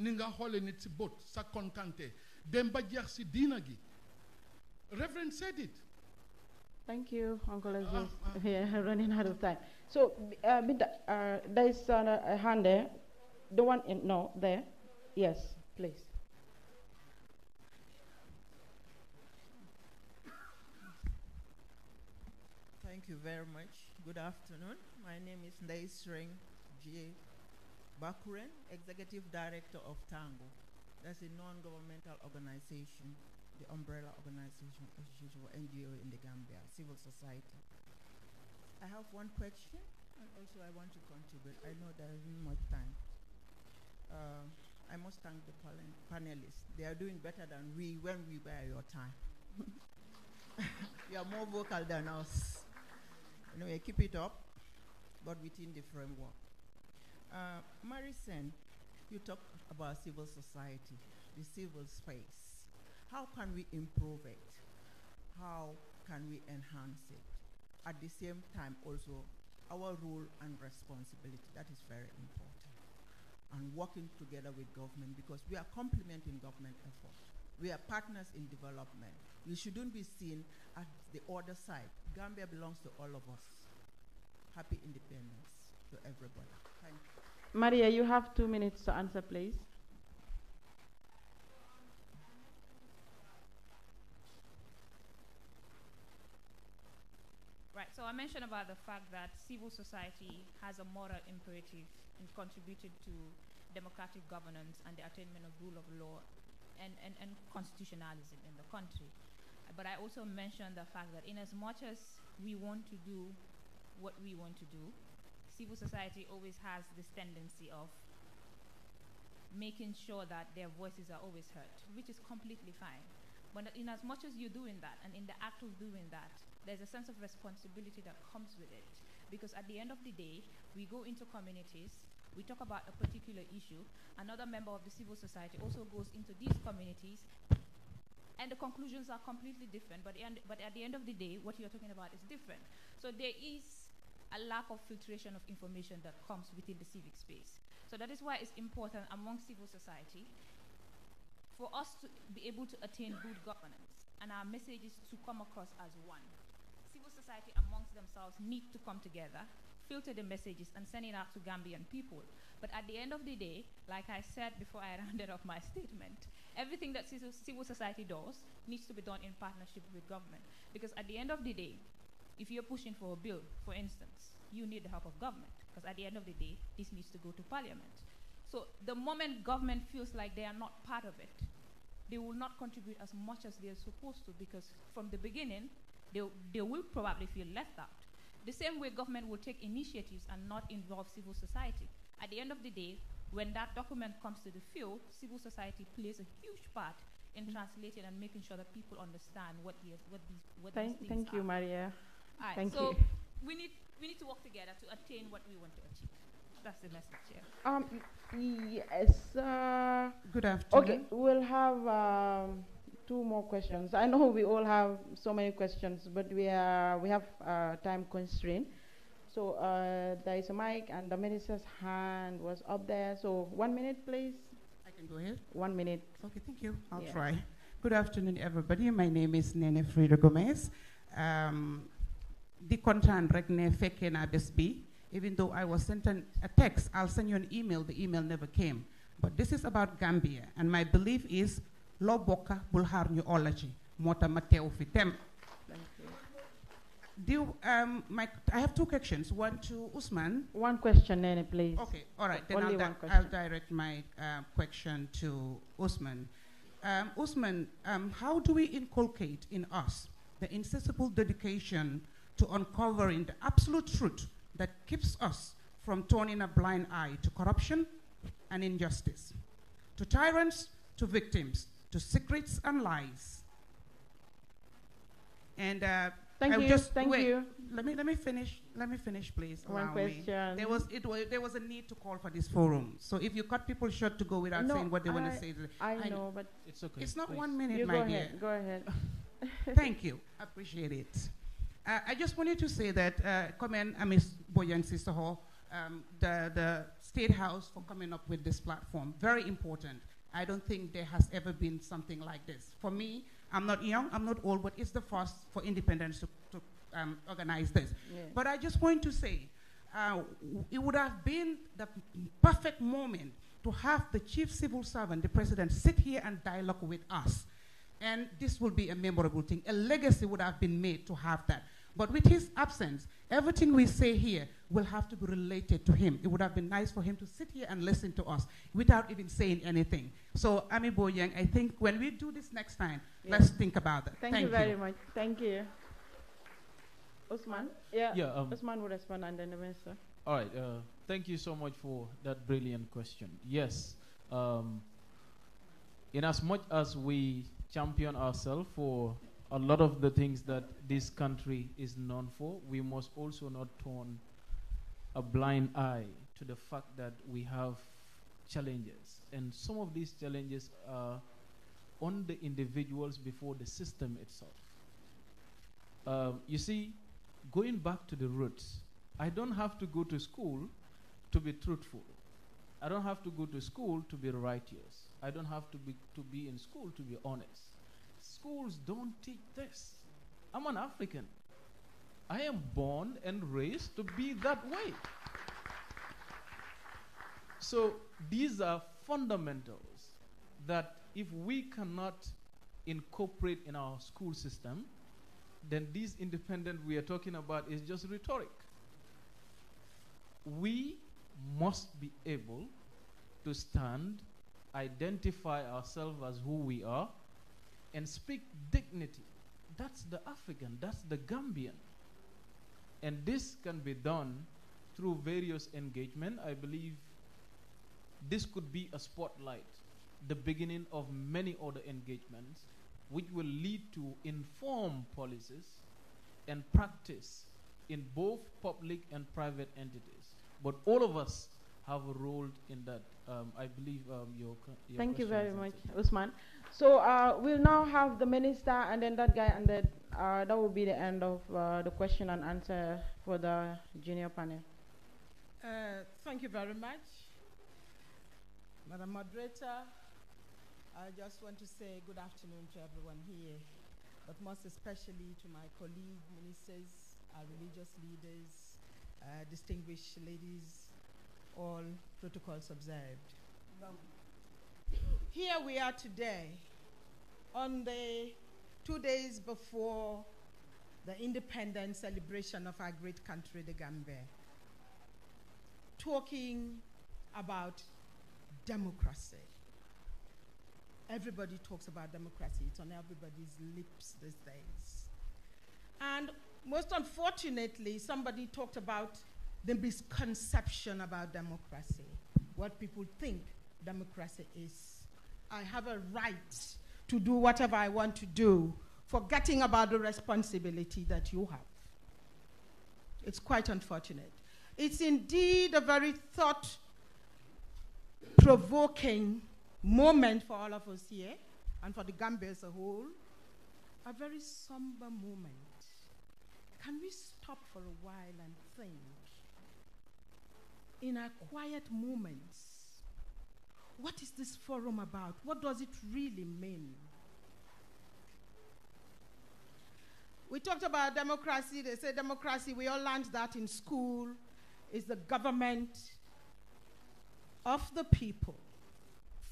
[SPEAKER 10] Ninga hole nitsi bot. Sa kontante. Demba jaksi dinagi. Reverend said it.
[SPEAKER 2] Thank you, Uncle Aziz. Uh, uh, yeah, running out of time. So, uh, uh there is uh, a hand there. The one in, no, there. Yes, please.
[SPEAKER 11] Thank you very much. Good afternoon. My name is Ndaisring G. Bakuren, Executive Director of Tango. That's a non-governmental organization, the umbrella organization, association, NGO in the Gambia, civil society. I have one question, and also I want to contribute. I know there isn't much time. Uh, I must thank the panelists. They are doing better than we when we were your time. you are more vocal than us. Anyway, keep it up, but within the framework. Uh, you talked about civil society, the civil space. How can we improve it? How can we enhance it? At the same time, also, our role and responsibility, that is very important. And working together with government because we are complementing government effort. We are partners in development. We shouldn't be seen at the other side. Gambia belongs to all of us. Happy independence to everybody. Thank you.
[SPEAKER 2] Maria, you have two minutes to answer, please.
[SPEAKER 1] Right, so I mentioned about the fact that civil society has a moral imperative in contributing to democratic governance and the attainment of rule of law and, and, and constitutionalism in the country but I also mentioned the fact that in as much as we want to do what we want to do, civil society always has this tendency of making sure that their voices are always heard, which is completely fine. But in as much as you're doing that and in the act of doing that, there's a sense of responsibility that comes with it. Because at the end of the day, we go into communities, we talk about a particular issue, another member of the civil society also goes into these communities, and the conclusions are completely different. But, end, but at the end of the day, what you're talking about is different. So there is a lack of filtration of information that comes within the civic space. So that is why it's important among civil society for us to be able to attain good governance and our messages to come across as one. Civil society amongst themselves need to come together, filter the messages and send it out to Gambian people. But at the end of the day, like I said before I rounded off my statement, everything that civil society does needs to be done in partnership with government. Because at the end of the day, if you're pushing for a bill, for instance, you need the help of government. Because at the end of the day, this needs to go to parliament. So the moment government feels like they are not part of it, they will not contribute as much as they're supposed to because from the beginning, they, they will probably feel left out. The same way government will take initiatives and not involve civil society. At the end of the day, when that document comes to the field, civil society plays a huge part in mm. translating and making sure that people understand what the what these what thank, these things Thank are. you,
[SPEAKER 2] Maria. All right, thank so you.
[SPEAKER 1] we need we need to work together to attain what we want to achieve. That's the message here.
[SPEAKER 2] Um, yes. Uh, Good afternoon. Okay, we'll have um, two more questions. I know we all have so many questions, but we are we have uh, time constraint. So uh, there is a mic, and the minister's hand was up there. So one minute, please. I can go ahead. One minute. Okay, thank you. I'll yeah. try.
[SPEAKER 12] Good afternoon, everybody. My name is Nene Frida Gomez. Um, the content regne feken abesbi. Even though I was sent an, a text, I'll send you an email. The email never came. But this is about Gambia, and my belief is lo boka bulhar nyology mota mateofi tem. Do, um, my, I have two questions. One to Usman. One question, Nene, please. Okay, all right. Then Only I'll, one question. I'll direct my uh, question to Usman. Um, Usman, um, how do we inculcate in us the insensible dedication to uncovering the absolute truth that keeps us from turning a blind eye to corruption and injustice, to tyrants, to victims, to secrets and lies? And uh, Thank I you. Just, thank wait, you. Let me let me finish. Let me finish, please. One question. Me. There was it was there was a need to call for this forum. So if you cut people short to go without no, saying what they want to say, I, I, know, but it's okay. It's not please. one minute, you my go dear. Ahead, go ahead.
[SPEAKER 13] thank
[SPEAKER 12] you. Appreciate it. Uh, I just wanted to say that uh, commend uh, Ms. Boyan Sister Hall, um, the the State House for coming up with this platform. Very important. I don't think there has ever been something like this. For me, I'm not young, I'm not old, but it's the first for independence to, to um, organize this. Yeah. But I just want to say, uh, it would have been the perfect moment to have the chief civil servant, the president, sit here and dialogue with us. And this will be a memorable thing. A legacy would have been made to have that. But with his absence, everything we say here will have to be related to him. It would have been nice for him to sit here and listen to us without even saying anything. So, Ami Boyang, I think when we do this next time, yeah. let's think about that. Thank, Thank you, you, very
[SPEAKER 11] much. Thank you.
[SPEAKER 2] Osman? Yeah. yeah um, Osman would respond and then the minister.
[SPEAKER 5] All right. Uh, thank you so much for that brilliant question. Yes. Um, in as much as we champion ourselves for a lot of the things that this country is known for, we must also not turn a blind eye to the fact that we have challenges. And some of these challenges are on the individuals before the system itself. Uh, you see, going back to the roots, I don't have to go to school to be truthful. I don't have to go to school to be righteous. I don't have to be, to be in school to be honest schools don't teach this. I'm an African. I am born and raised to be that way. So these are fundamentals that if we cannot incorporate in our school system, then this independent we are talking about is just rhetoric. We must be able to stand, identify ourselves as who we are, and speak dignity. That's the African, that's the Gambian. And this can be done through various engagement. I believe this could be a spotlight, the beginning of many other engagements, which will lead to inform policies and practice in both public and private entities. But all of us have a role in that. Um, I believe um, your, your Thank you very much,
[SPEAKER 2] Usman. So uh, we'll now have the minister and then that guy, and then uh, that will be the end of uh, the question and answer for the junior panel.
[SPEAKER 14] Uh, thank you very much. Madam Moderator, I just want to say good afternoon to everyone here, but most especially to my colleague ministers, our religious leaders, uh, distinguished ladies, all protocols observed. Here we are today, on the two days before the independent celebration of our great country, the Gambia, talking about democracy. Everybody talks about democracy. It's on everybody's lips these days. And most unfortunately, somebody talked about the misconception about democracy, what people think democracy is. I have a right to do whatever I want to do, forgetting about the responsibility that you have. It's quite unfortunate. It's indeed a very thought provoking moment for all of us here and for the Gambia as a whole. A very somber moment. Can we stop for a while and think in our quiet moments. What is this forum about? What does it really mean? We talked about democracy. They say democracy, we all learned that in school, is the government of the people,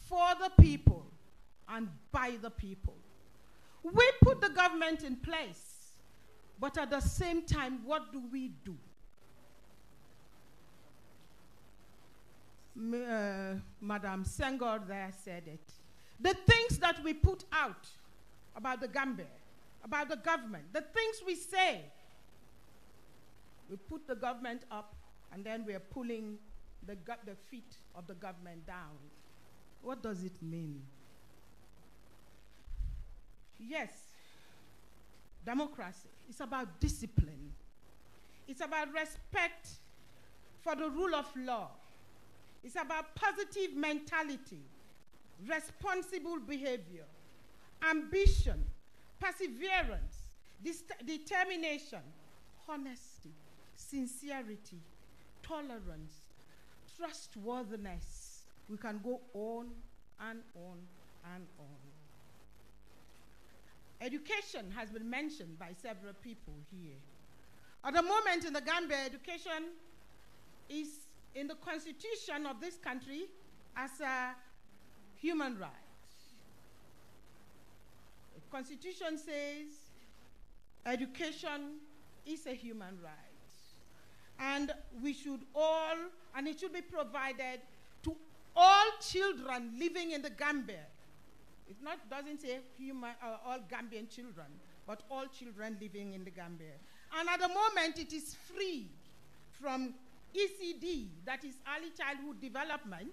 [SPEAKER 14] for the people, and by the people. We put the government in place, but at the same time, what do we do? uh, Madam Senghor there said it. The things that we put out about the Gambia, about the government, the things we say, we put the government up and then we are pulling the, the feet of the government down. What does it mean? Yes, democracy is about discipline, it's about respect for the rule of law. It's about positive mentality, responsible behavior, ambition, perseverance, determination, honesty, sincerity, tolerance, trustworthiness. We can go on and on and on. Education has been mentioned by several people here. At the moment in the Gambia, education is in the constitution of this country as a human right. The constitution says education is a human right. And we should all, and it should be provided to all children living in the Gambia. It not, doesn't say human, uh, all Gambian children, but all children living in the Gambia. And at the moment, it is free from ECD, that is early childhood development,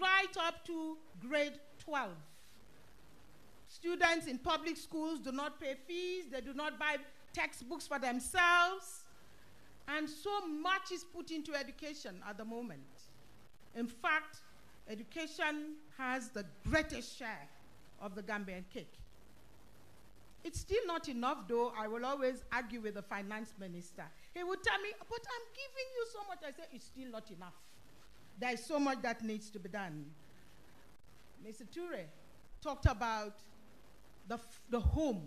[SPEAKER 14] right up to grade 12. Students in public schools do not pay fees, they do not buy textbooks for themselves, and so much is put into education at the moment. In fact, education has the greatest share of the Gambian cake. It's still not enough, though, I will always argue with the finance minister. He would tell me, But I'm giving you so much. I said, It's still not enough. There is so much that needs to be done. Mr. Ture talked about the, the home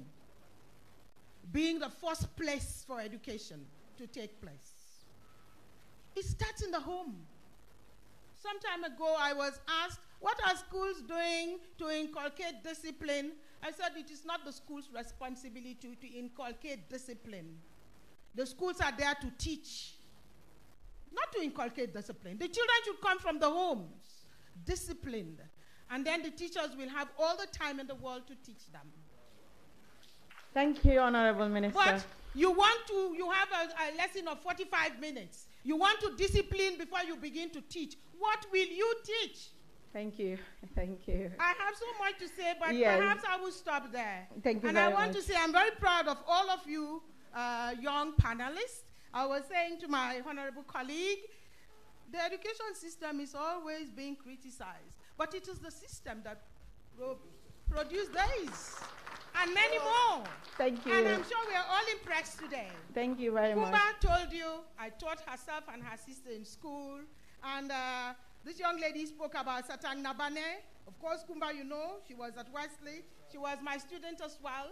[SPEAKER 14] being the first place for education to take place. It starts in the home. Some time ago, I was asked, What are schools doing to inculcate discipline? I said, It is not the school's responsibility to, to inculcate discipline. The schools are there to teach, not to inculcate discipline. The children should come from the homes, disciplined. And then the teachers will have all the time in the world to teach them.
[SPEAKER 2] Thank you, Honorable Minister. But
[SPEAKER 14] you want to, you have a, a lesson of 45 minutes. You want to discipline before you begin to teach. What will you teach? Thank you. Thank you. I have so much to say, but yes. perhaps I will stop there. Thank you. And I want much. to say I'm very proud of all of you uh, young panelists, I was saying to my honorable colleague, the education system is always being criticized, but it is the system that pro produced these and many more.
[SPEAKER 2] Thank you. And I'm sure
[SPEAKER 14] we are all impressed today.
[SPEAKER 2] Thank you very Kumba much.
[SPEAKER 14] Kumba told you, I taught herself and her sister in school, and uh, this young lady spoke about Satang Nabane. Of course, Kumba, you know, she was at Wesley. She was my student as well.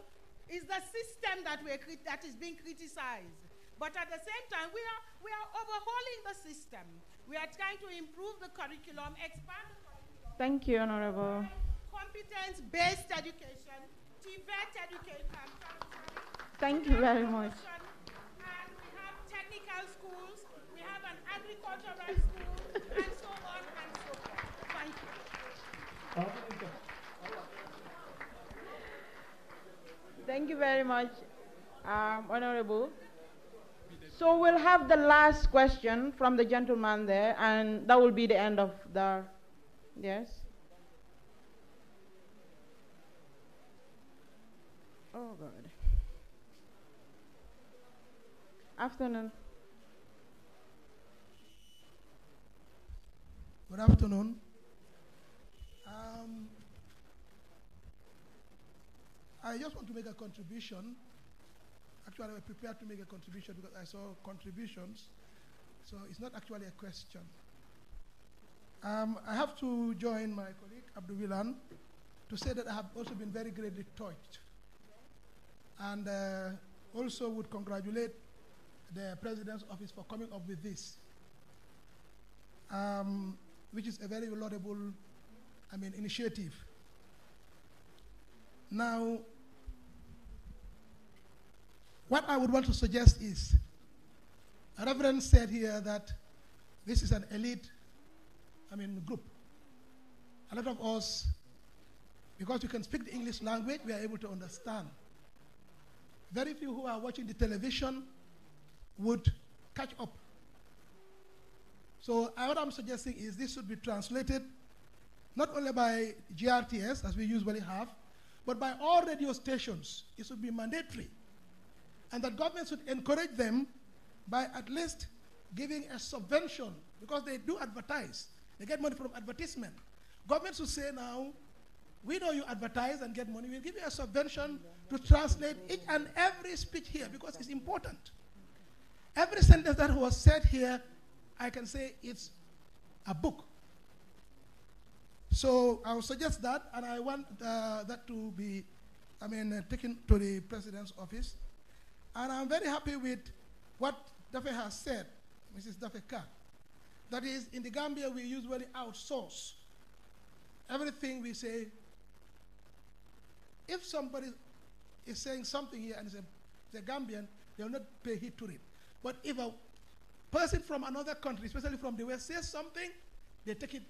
[SPEAKER 14] It's the system that, we're, that is being criticized. But at the same time, we are, we are overhauling the system. We are trying to improve the curriculum, expand the
[SPEAKER 2] curriculum. Thank you, Honorable.
[SPEAKER 14] Competence based education, TVET
[SPEAKER 2] education. Thank you very much. And we have technical schools, we have an agricultural Thank you very much, um, Honorable. So we'll have the last question from the gentleman there, and that will be the end of the. Yes? Oh, God. Afternoon.
[SPEAKER 15] Good afternoon. Um, I just want to make a contribution. Actually, I was prepared to make a contribution because I saw contributions. So it's not actually a question. Um, I have to join my colleague, Abdul Wilan, to say that I have also been very greatly touched. And uh, also would congratulate the President's office for coming up with this, um, which is a very laudable, I mean, initiative. Now, what I would want to suggest is, the Reverend said here that this is an elite, I mean, group. A lot of us, because we can speak the English language, we are able to understand. Very few who are watching the television would catch up. So what I'm suggesting is this should be translated not only by GRTS, as we usually have, but by all radio stations. It should be mandatory and that governments should encourage them by at least giving a subvention because they do advertise. They get money from advertisement. Governments should say now, we know you advertise and get money. We'll give you a subvention to translate each and every speech here because it's important. Every sentence that was said here, I can say it's a book. So I will suggest that, and I want uh, that to be, I mean, uh, taken to the president's office. And I'm very happy with what Duffy has said, Mrs. Duffy Carr. That is, in the Gambia, we usually outsource everything we say. If somebody is saying something here and is a, is a Gambian, they will not pay heed to it. But if a person from another country, especially from the West, says something, they take it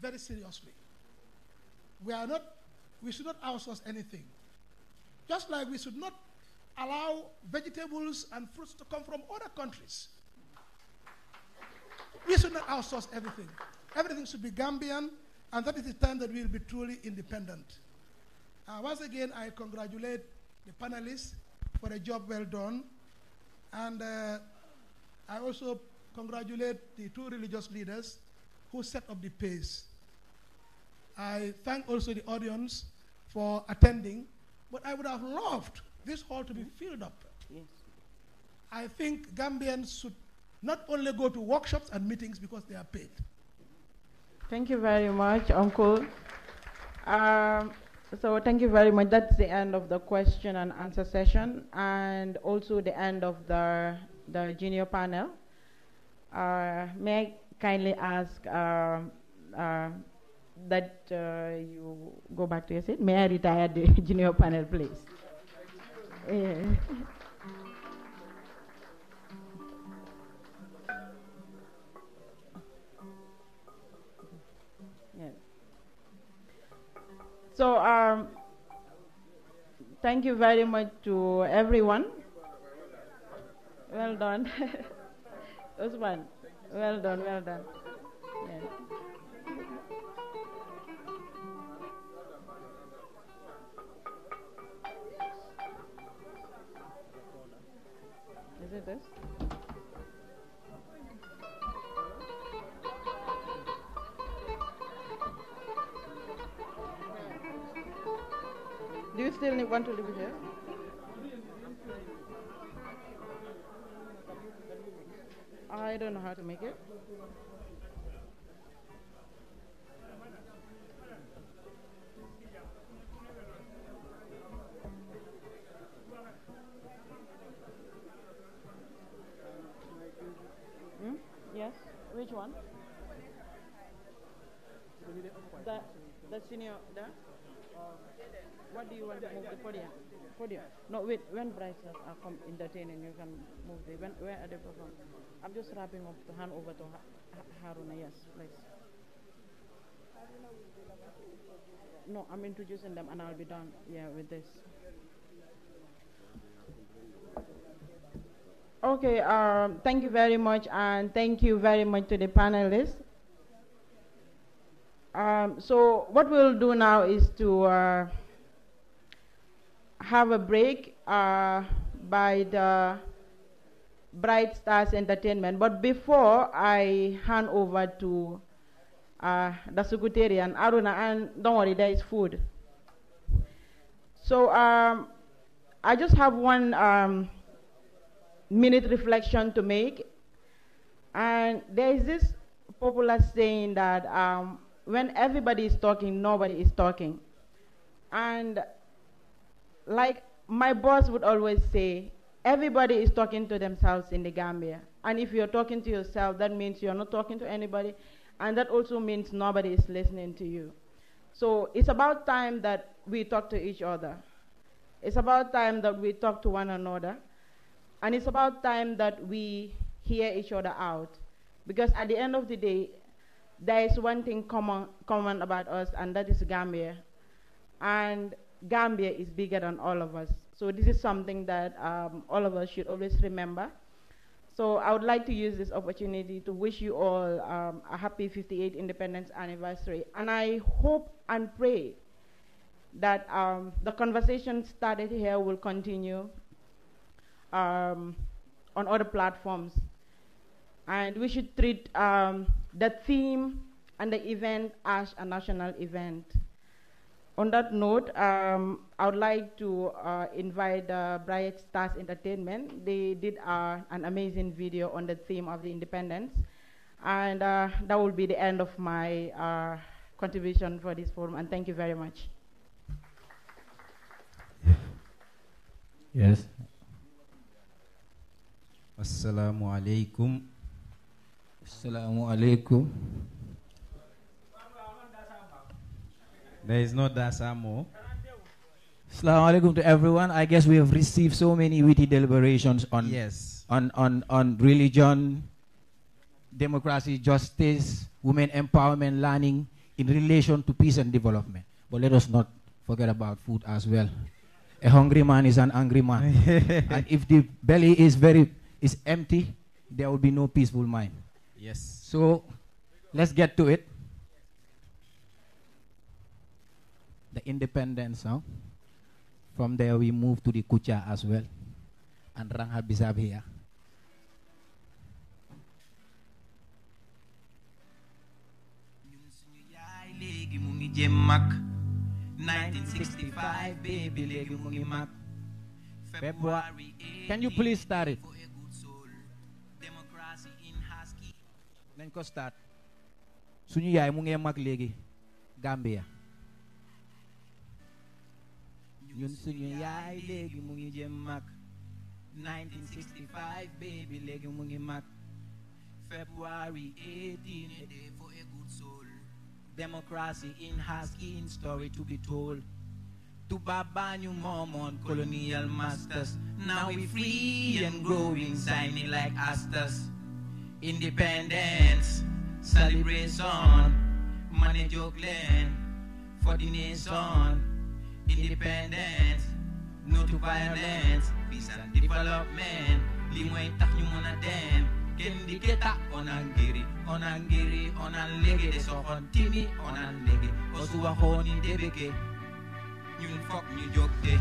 [SPEAKER 15] very seriously. We are not, we should not outsource anything. Just like we should not allow vegetables and fruits to come from other countries. We should not outsource everything. Everything should be Gambian, and that is the time that we will be truly independent. Uh, once again, I congratulate the panelists for a job well done. And uh, I also congratulate the two religious leaders who set up the pace. I thank also the audience for attending, but I would have loved this hall to be filled up. Yes. I think Gambians should not only go to workshops and meetings because they are paid.
[SPEAKER 2] Thank you very much, Uncle. Um, so thank you very much. That's the end of the question and answer session, and also the end of the the junior panel. Uh, may I kindly ask uh, uh, that uh, you go back to your seat? May I retire the junior panel, please? Yeah. So, um, thank you very much to everyone. Well done. Usman, well done, well done. Yeah. this.
[SPEAKER 13] Do you still want to live here? I don't know how to make it.
[SPEAKER 2] That's in your, there? What do you want to move the podium? Podium. No, wait. When prices are uh, come entertaining, you can move the. When where are they performing? I'm just wrapping up to hand over to ha Haruna. Yes, please. No, I'm introducing them, and I'll be done. Yeah, with this. Okay. Um. Thank you very much, and thank you very much to the panelists. Um, so what we'll do now is to uh, have a break uh, by the Bright Stars Entertainment. But before I hand over to uh, the secretary and Aruna, and don't worry, there is food. So um, I just have one um, minute reflection to make, and there is this popular saying that. Um, when everybody is talking, nobody is talking. And like my boss would always say, everybody is talking to themselves in the Gambia. And if you're talking to yourself, that means you're not talking to anybody. And that also means nobody is listening to you. So it's about time that we talk to each other. It's about time that we talk to one another. And it's about time that we hear each other out. Because at the end of the day, there is one thing common, common about us, and that is Gambia. And Gambia is bigger than all of us. So this is something that um, all of us should always remember. So I would like to use this opportunity to wish you all um, a happy 58th Independence Anniversary. And I hope and pray that um, the conversation started here will continue um, on other platforms and we should treat um, the theme and the event as a national event. On that note, um, I would like to uh, invite uh, Bright Stars Entertainment. They did uh, an amazing video on the theme of the independence. And uh, that will be the end of my uh, contribution for this forum. And thank you very much.
[SPEAKER 5] Yes.
[SPEAKER 16] Assalamu alaikum Assalamu alaikum. There is no dasamo. Assalamu alaikum to everyone. I guess we have received so many witty deliberations on yes. on, on, on religion, democracy, justice, women empowerment, learning in relation to peace and development. But let us not forget about food as well. A hungry man is an angry man. and if the belly is very is empty, there will be no peaceful mind. Yes. So let's get to it. The independence, huh? From there we move to the Kucha as well. And Rangha Bisab here. 1965 baby February can you please start it nañ ko start suñu yaay mu ngee mag léegi Gambia ñun suñu yaay léegi mu ngi jëm mag 1965 baby léegi mu ngi mag February 18 a day for a good soul democracy in her in story to be told to Babanyu Mormon colonial masters now we free and growing shiny like asters Independence, celebration, manage Oakland for the nation. Independence, no to violence, peace and development. Li mooy tax ñu mën a dem kenn di keta onan giri onan giri onan léegi de soxon timi onan léegi o su waxoon débéke ñun fokk ñu jóg de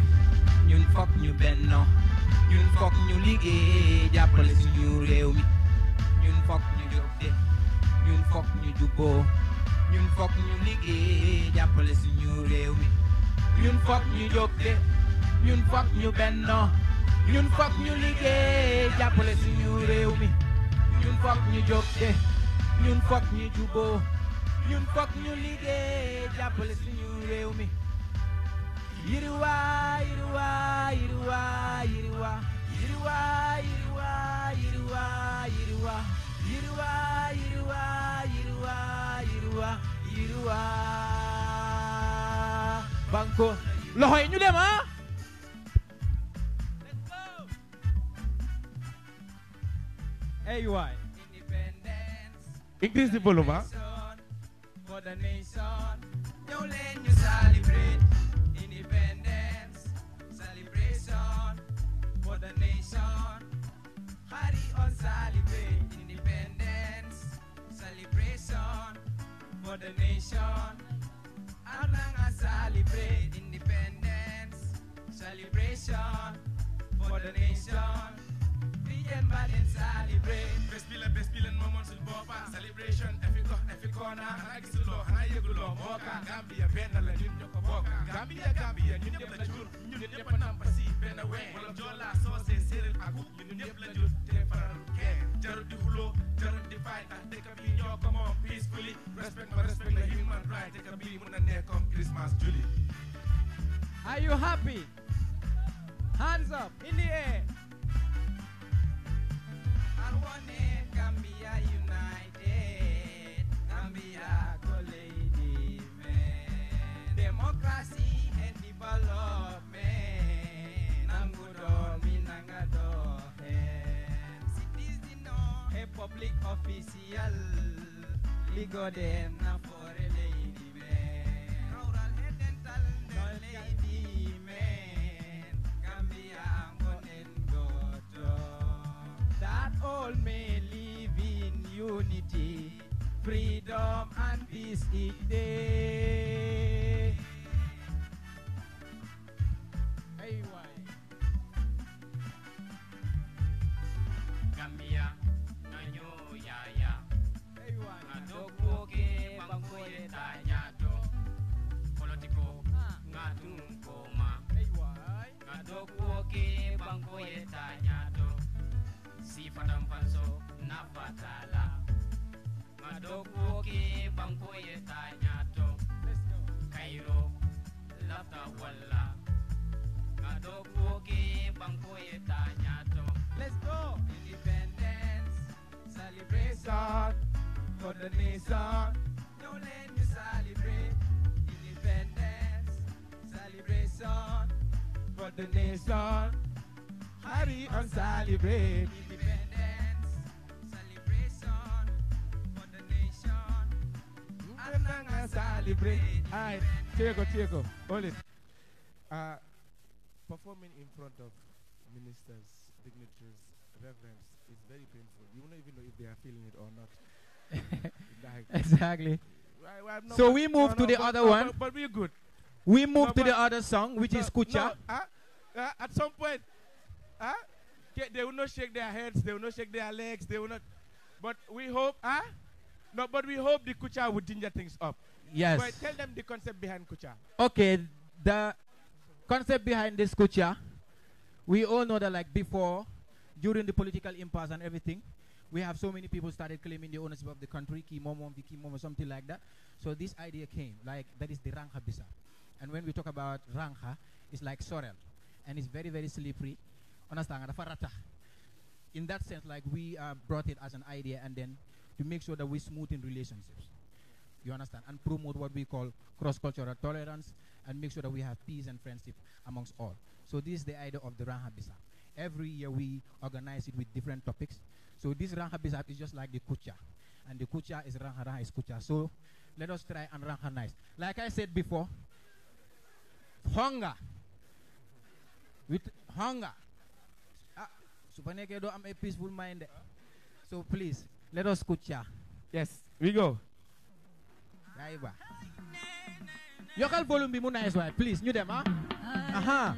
[SPEAKER 16] ñun fokk ñu benno ñun fokk ñu liggéey jàppale suñu réew mi ñun fokk ñu jóg de ñun fokk ñu jubboo ñun fokk ñu liggéey jàppale suñu réew mi ñun fokk ñu jóg de ñun fokk ñu bennoo ñun fokk ñu liggéey jàppale suñu réew mi ñun fokk ñu jóg de ñun fokk ñu jubboo ñun fokk ñu liggéey jàppale suñu réew mi yiriwa
[SPEAKER 17] yiriwa yiriwa yiriwa yiriwa
[SPEAKER 16] Bangko. loh ini dem mah?
[SPEAKER 18] Let's go. AY. Independence.
[SPEAKER 19] Increase the volume ha? For the nation. Don't let you celebrate.
[SPEAKER 18] Independence. Celebration. For the nation. celebrate independence, celebration for the nation. Ananga celebrate independence, celebration for the nation. Weekend Berlin celebrate. Best pillar, best pillar, moments with Boba. Celebration, every corner, every corner.
[SPEAKER 19] Hanagisolo, Hanayagulo, Moka, Gambia, Benala, Nyoko Boka. Gambia, Gambia, Nyoko Lajur, Nyoko Nampa, Si, Benaway, Wolof Jola, Sauce, Cyril Aku, Nyoko Lajur
[SPEAKER 16] peacefully respect respect human right Christmas Are you
[SPEAKER 18] happy? Hands up in the air. united, lady man. Democracy and development. public official we ligo den na fore leydi men hawral e dental nder leydi men gambia gonen goto that old man live in unity freedom and peace each day aywa Let's go! Independence, celebration for the nation. No let me celebrate. Independence, celebration for the nation. Hurry and celebrate. Independence, celebration for the nation.
[SPEAKER 13] Hurry not gonna celebrate. Hi,
[SPEAKER 15] take it. Hold it. Uh,
[SPEAKER 19] performing in front of ministers, dignitaries, reverends is
[SPEAKER 13] very painful. You don't even know if they are feeling it or not. exactly. well, so we move no, to no, the but, other no, one. But, but, we're good.
[SPEAKER 16] We move to the other song, which is Kucha.
[SPEAKER 17] Uh, uh, at some point, uh, they will not shake their heads, they will not
[SPEAKER 15] shake their legs, they will not. But we hope, huh? No, but we hope the Kucha would ginger things up. Yes. But tell them the concept behind Kucha.
[SPEAKER 16] Okay, the concept behind this Kucha we all know that like before, during the political impasse and everything, we have so many people started claiming the ownership of the country, Kimomo, Kimomo, something like that. So this idea came, like that is the Rangha Bisa. And when we talk about Rangha, it's like sorrel. And it's very, very slippery. Understand? In that sense, like we uh, brought it as an idea and then to make sure that we smooth in relationships. You understand? And promote what we call cross-cultural tolerance and make sure that we have peace and friendship amongst all. So this is the idea of the ranhabisa. Every year we organize it with different topics. So this ranhabisa is just like the Kucha. And the Kucha is Raha, is Kucha. So let us try and recognize. Like I said before, hunger. With hunger. Ah, do I'm a peaceful mind. So please, let us Kucha. Yes, we go. Yaiba. Yokal volume bi mu nice way. Please, new them. ah.
[SPEAKER 13] Aha.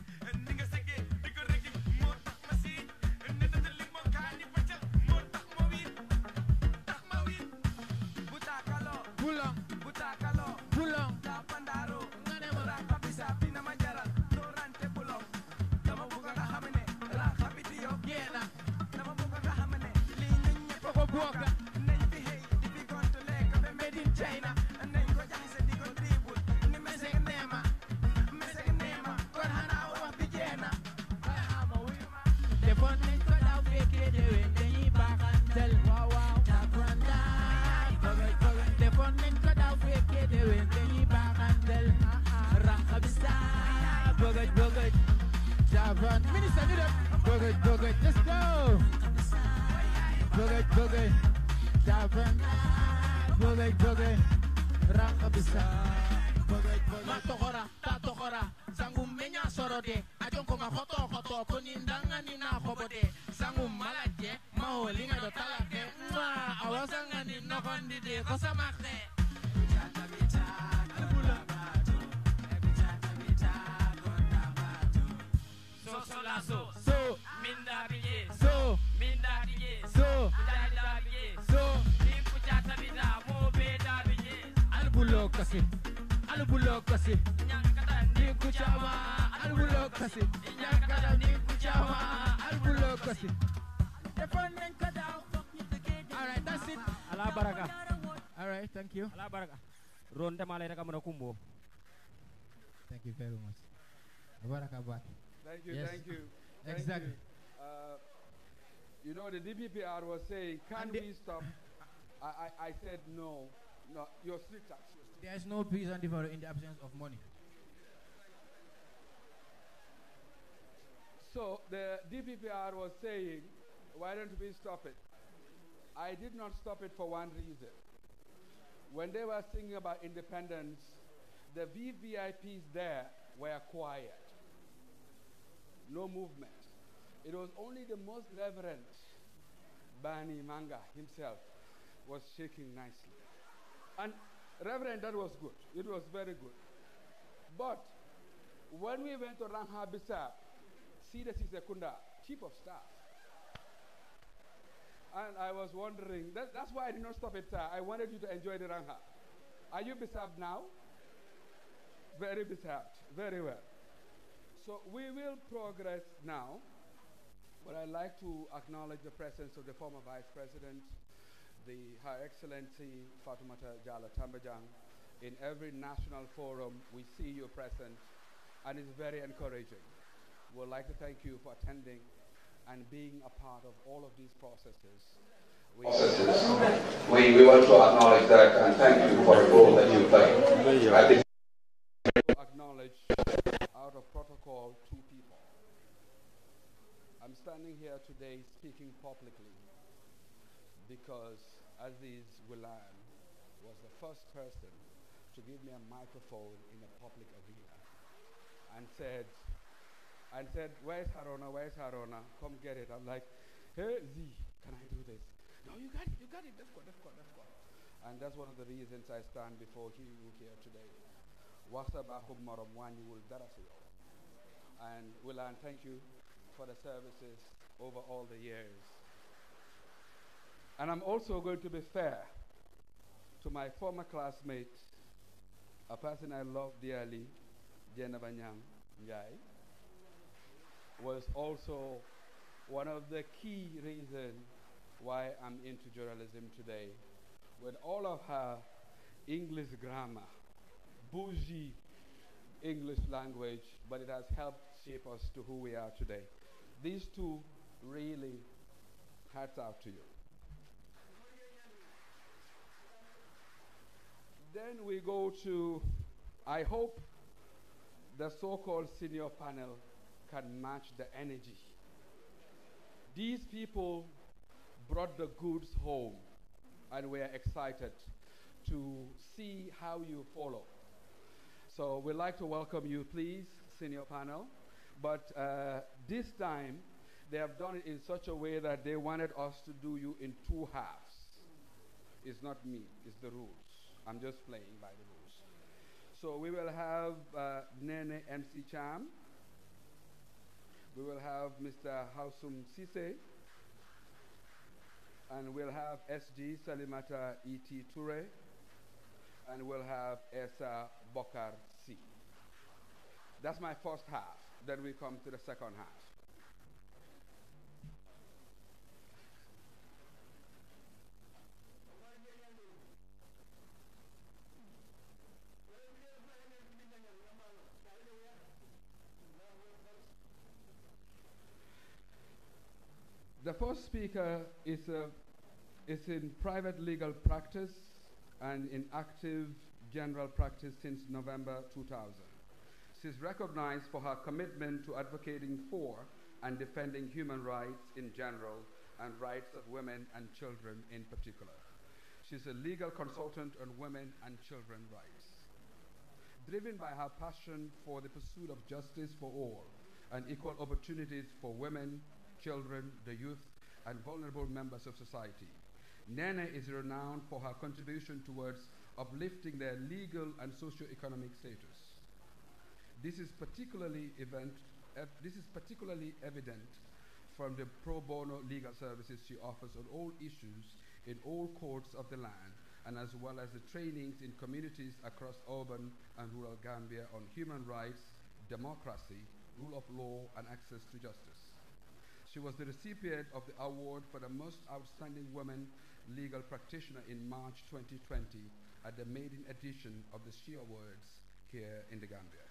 [SPEAKER 17] Chula.
[SPEAKER 20] Bogut, Bogut.
[SPEAKER 16] Javon, Minister, do that. Bogut, Bogut, let's go. Bogut, Bogut. Javon, Bogut, Bogut. Rang abisa. Bogut, Bogut. Matokora, Tatokora. Sangum menya sorode. Ajonko ma koto koto. Konindanga nina kobode. Sangum malaje. Maho linga do talake. Mwa, awasanga ni nokondide. Kosamakne. Kosamakne. ni kuchama ni kuchama all right that's it ala baraka
[SPEAKER 19] all right thank you ala baraka ronde mala thank
[SPEAKER 16] you very much baraka ba.
[SPEAKER 21] thank you thank you exactly uh, you. know the DPPR was saying can we stop I, I, I said no no your are there is no peace and
[SPEAKER 16] devil in the absence of money.
[SPEAKER 21] So the DPPR was saying, why don't we stop it? I did not stop it for one reason. When they were singing about independence, the VVIPs there were quiet. No movement. It was only the most reverent Bani Manga himself was shaking nicely. And Reverend, that was good. It was very good. But when we went to Rangha Bissap, C.D.C. Sekunda, chief of staff, and I was wondering, that, that's why I did not stop it, sir. Uh, I wanted you to enjoy the Rangha. Are you Bissap now? Very Bissap. Very well. So we will progress now, but I'd like to acknowledge the presence of the former Vice President, the Her Excellency Fatoumata Jala Tambajang. In every national forum, we see you present, and it's very encouraging. We'd like to thank you for attending and being a part of all of these processes.
[SPEAKER 13] We, processes. we, we
[SPEAKER 21] want to acknowledge that and thank you for the role that you play. I acknowledge out of protocol two people. I'm standing here today speaking publicly because Aziz Wilan was the first person to give me a microphone in a public arena and said, and said, where's Harona, where's Harona, come get it. I'm like, hey Z, can I do this?
[SPEAKER 15] No, you got it, you got it, let's go, let's go, let's go.
[SPEAKER 21] And that's one of the reasons I stand before you here today. And Wilan, thank you for the services over all the years. And I'm also going to be fair to my former classmate, a person I love dearly, Jennifer Nyang Njai, was also one of the key reasons why I'm into journalism today. With all of her English grammar, bougie English language, but it has helped shape us to who we are today. These two really hats out to you. Then we go to, I hope the so-called senior panel can match the energy. These people brought the goods home and we are excited to see how you follow. So we'd like to welcome you, please, senior panel. But uh, this time, they have done it in such a way that they wanted us to do you in two halves. It's not me, it's the rules. I'm just playing by the rules. So we will have uh, Nene MC Cham. We will have Mr. Hausum Sise. And we'll have SG Salimata E.T. Toure. And we'll have Esa Bokar C. That's my first half. Then we come to the second half. speaker is, a, is in private legal practice and in active general practice since November 2000. She is recognized for her commitment to advocating for and defending human rights in general and rights of women and children in particular. She's a legal consultant on women and children rights. Driven by her passion for the pursuit of justice for all and equal opportunities for women, children, the youth, and vulnerable members of society. Nana is renowned for her contribution towards uplifting their legal and socio-economic status. This is particularly event, eh, this is particularly evident from the pro bono legal services she offers on all issues in all courts of the land and as well as the trainings in communities across urban and rural Gambia on human rights, democracy, rule of law and access to justice. She was the recipient of the award for the Most Outstanding Woman Legal Practitioner in March 2020 at the maiden edition of the SHE Awards here in the Gambia.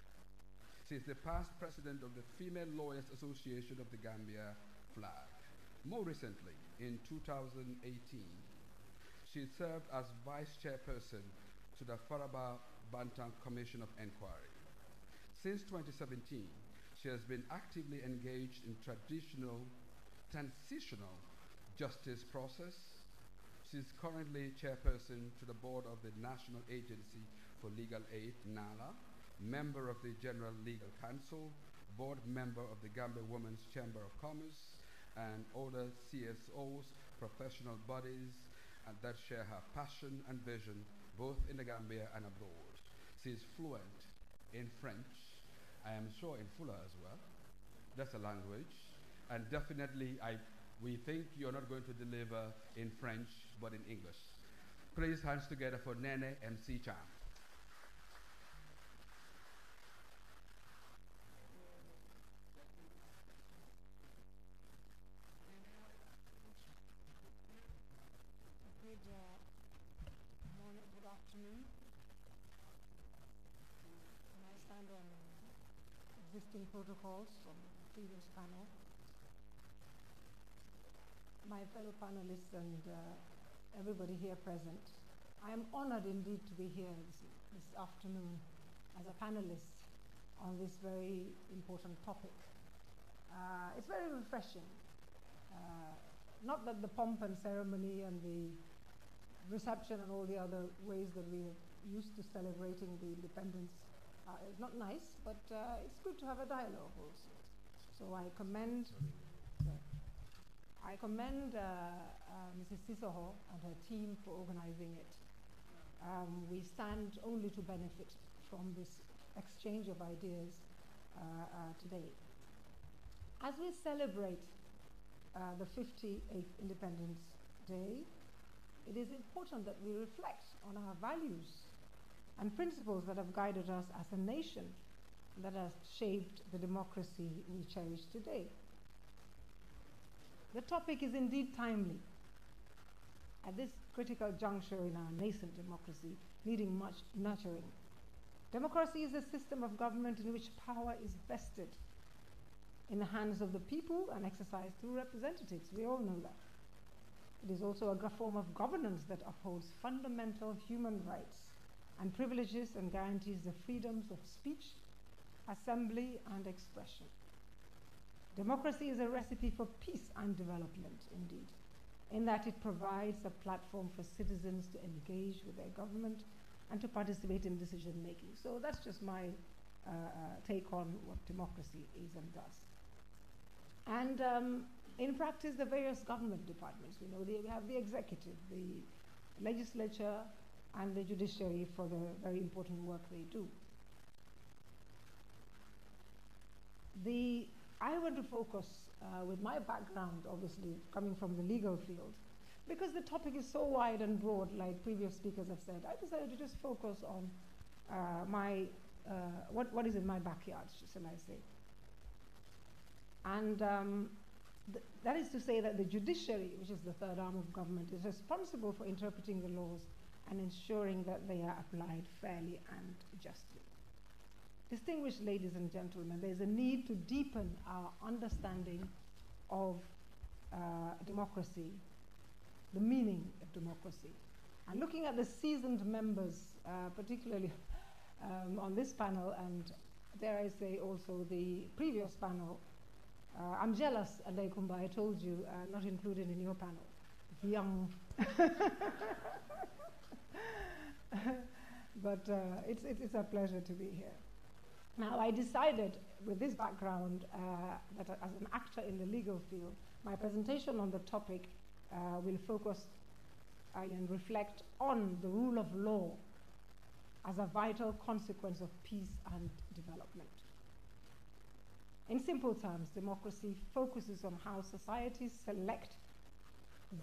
[SPEAKER 21] She is the past president of the Female Lawyers Association of the Gambia flag. More recently, in 2018, she served as vice chairperson to the Faraba Bantam Commission of Inquiry. Since 2017, she has been actively engaged in traditional transitional justice process. She is currently chairperson to the board of the National Agency for Legal Aid, NALA, member of the General Legal Council, board member of the Gambia Women's Chamber of Commerce, and other CSOs, professional bodies and that share her passion and vision both in the Gambia and abroad. She is fluent in French, I am sure in Fuller as well. That's a language. And definitely, I, we think you're not going to deliver in French, but in English. Please hands together for Nene MC Cham.
[SPEAKER 22] panelists and uh, everybody here present. I am honored indeed to be here this, this, afternoon as a panelist on this very important topic. Uh, it's very refreshing. Uh, not that the pomp and ceremony and the reception and all the other ways that we are used to celebrating the independence is not nice, but uh, it's good to have a dialogue also. So I commend I commend uh, uh, Mrs. Sisoho and her team for organizing it. Um, we stand only to benefit from this exchange of ideas uh, uh, today. As we celebrate uh, the 58th Independence Day, it is important that we reflect on our values and principles that have guided us as a nation that has shaped the democracy we cherish today. The topic is indeed timely. At this critical juncture in our nascent democracy, needing much nurturing. Democracy is a system of government in which power is vested in the hands of the people and exercised through representatives. We all know that. It is also a form of governance that upholds fundamental human rights and privileges and guarantees the freedoms of speech, assembly, and expression. Democracy is a recipe for peace and development, indeed, in that it provides a platform for citizens to engage with their government and to participate in decision making. So that's just my uh, uh, take on what democracy is and does. And um, in practice, the various government departments, we know they have the executive, the legislature, and the judiciary for the very important work they do. The I want to focus uh, with my background, obviously, coming from the legal field, because the topic is so wide and broad, like previous speakers have said, I decided to just focus on uh, my, uh, what, what is in my backyard, shall I say. And um, th that is to say that the judiciary, which is the third arm of government, is responsible for interpreting the laws and ensuring that they are applied fairly and justly. Distinguished ladies and gentlemen, there's a need to deepen our understanding of uh, democracy, the meaning of democracy. And looking at the seasoned members, uh, particularly um, on this panel and dare I say also the previous panel, uh, I'm jealous, Aleikumba, I told you, uh, not included in your panel. Young. but uh, it's, it's, it's a pleasure to be here. Now, I decided with this background uh, that as an actor in the legal field, my presentation on the topic uh, will focus uh, and reflect on the rule of law as a vital consequence of peace and development. In simple terms, democracy focuses on how societies select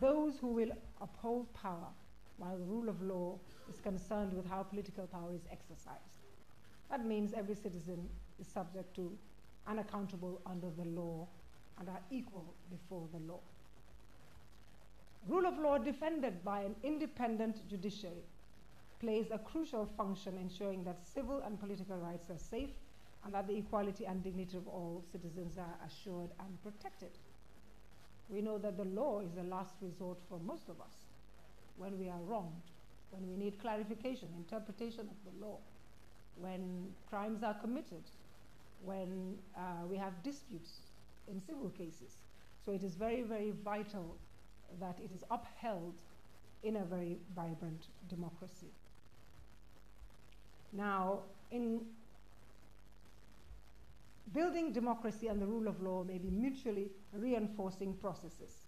[SPEAKER 22] those who will uphold power, while the rule of law is concerned with how political power is exercised. That means every citizen is subject to and accountable under the law and are equal before the law. Rule of law defended by an independent judiciary plays a crucial function ensuring that civil and political rights are safe and that the equality and dignity of all citizens are assured and protected. We know that the law is the last resort for most of us when we are wronged, when we need clarification, interpretation of the law when crimes are committed, when uh, we have disputes in civil cases. So it is very, very vital that it is upheld in a very vibrant democracy. Now, in building democracy and the rule of law may be mutually reinforcing processes.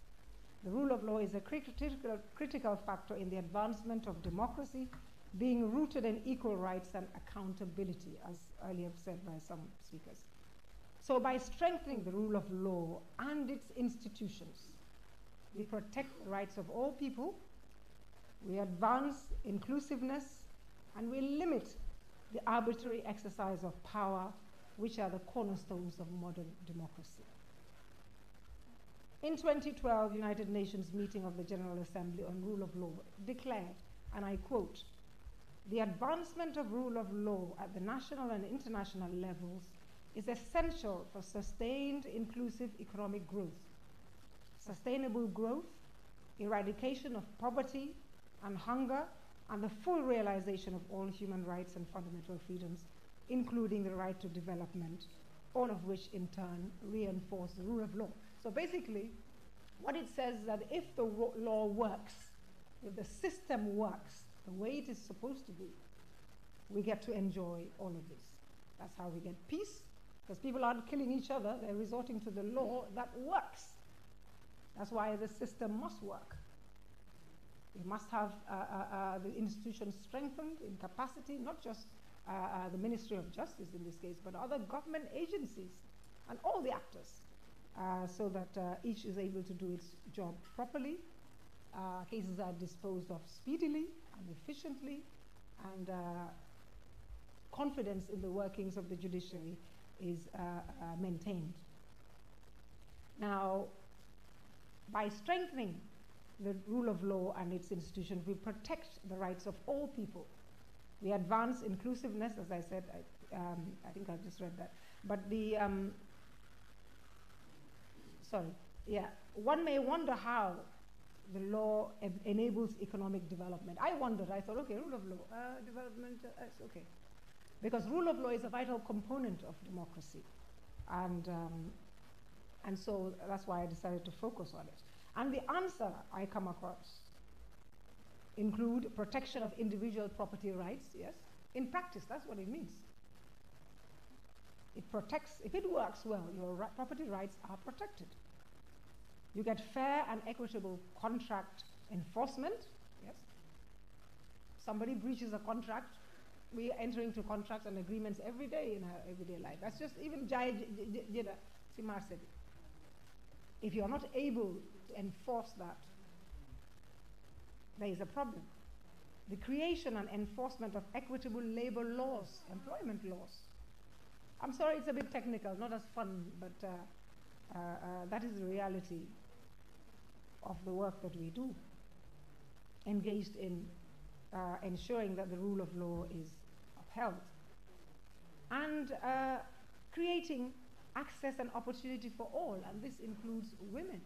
[SPEAKER 22] The rule of law is a critical, critical factor in the advancement of democracy being rooted in equal rights and accountability, as earlier said by some speakers. So, by strengthening the rule of law and its institutions, we protect the rights of all people, we advance inclusiveness, and we limit the arbitrary exercise of power, which are the cornerstones of modern democracy. In 2012, United Nations meeting of the General Assembly on rule of law declared, and I quote, the advancement of rule of law at the national and international levels is essential for sustained inclusive economic growth. Sustainable growth, eradication of poverty and hunger, and the full realization of all human rights and fundamental freedoms, including the right to development, all of which in turn reinforce the rule of law. So basically, what it says is that if the law works, if the system works, the way it is supposed to be, we get to enjoy all of this. That's how we get peace, because people aren't killing each other, they're resorting to the law that works. That's why the system must work. We must have uh, uh, uh, the institution strengthened in capacity, not just uh, uh, the Ministry of Justice in this case, but other government agencies and all the actors, uh, so that each is able to do its job properly. cases are disposed of speedily, and efficiently, and uh, confidence in the workings of the judiciary is uh, uh, maintained. Now, by strengthening the rule of law and its institutions, we protect the rights of all people. We advance inclusiveness, as I said, I, um, I think I've just read that. But the, um, sorry, yeah, one may wonder how the law enables economic development. I wondered, I thought, okay, rule of law, uh, development, uh, okay. Because rule of law is a vital component of democracy. And, um, and so that's why I decided to focus on it. And the answer I come across include protection of individual property rights, yes? In practice, that's what it means. It protects, if it works well, your property rights are protected. You get fair and equitable contract enforcement. Yes. Somebody breaches a contract. We enter into contracts and agreements every day in our everyday life. That's just even Jai Jida Simar said. If you're not able to enforce that, there is a problem. The creation and enforcement of equitable labor laws, employment laws. I'm sorry, it's a bit technical, not as fun, but uh, uh, uh, that is the reality of the work that we do, engaged in uh, ensuring that the rule of law is upheld, and uh, creating access and opportunity for all, and this includes women.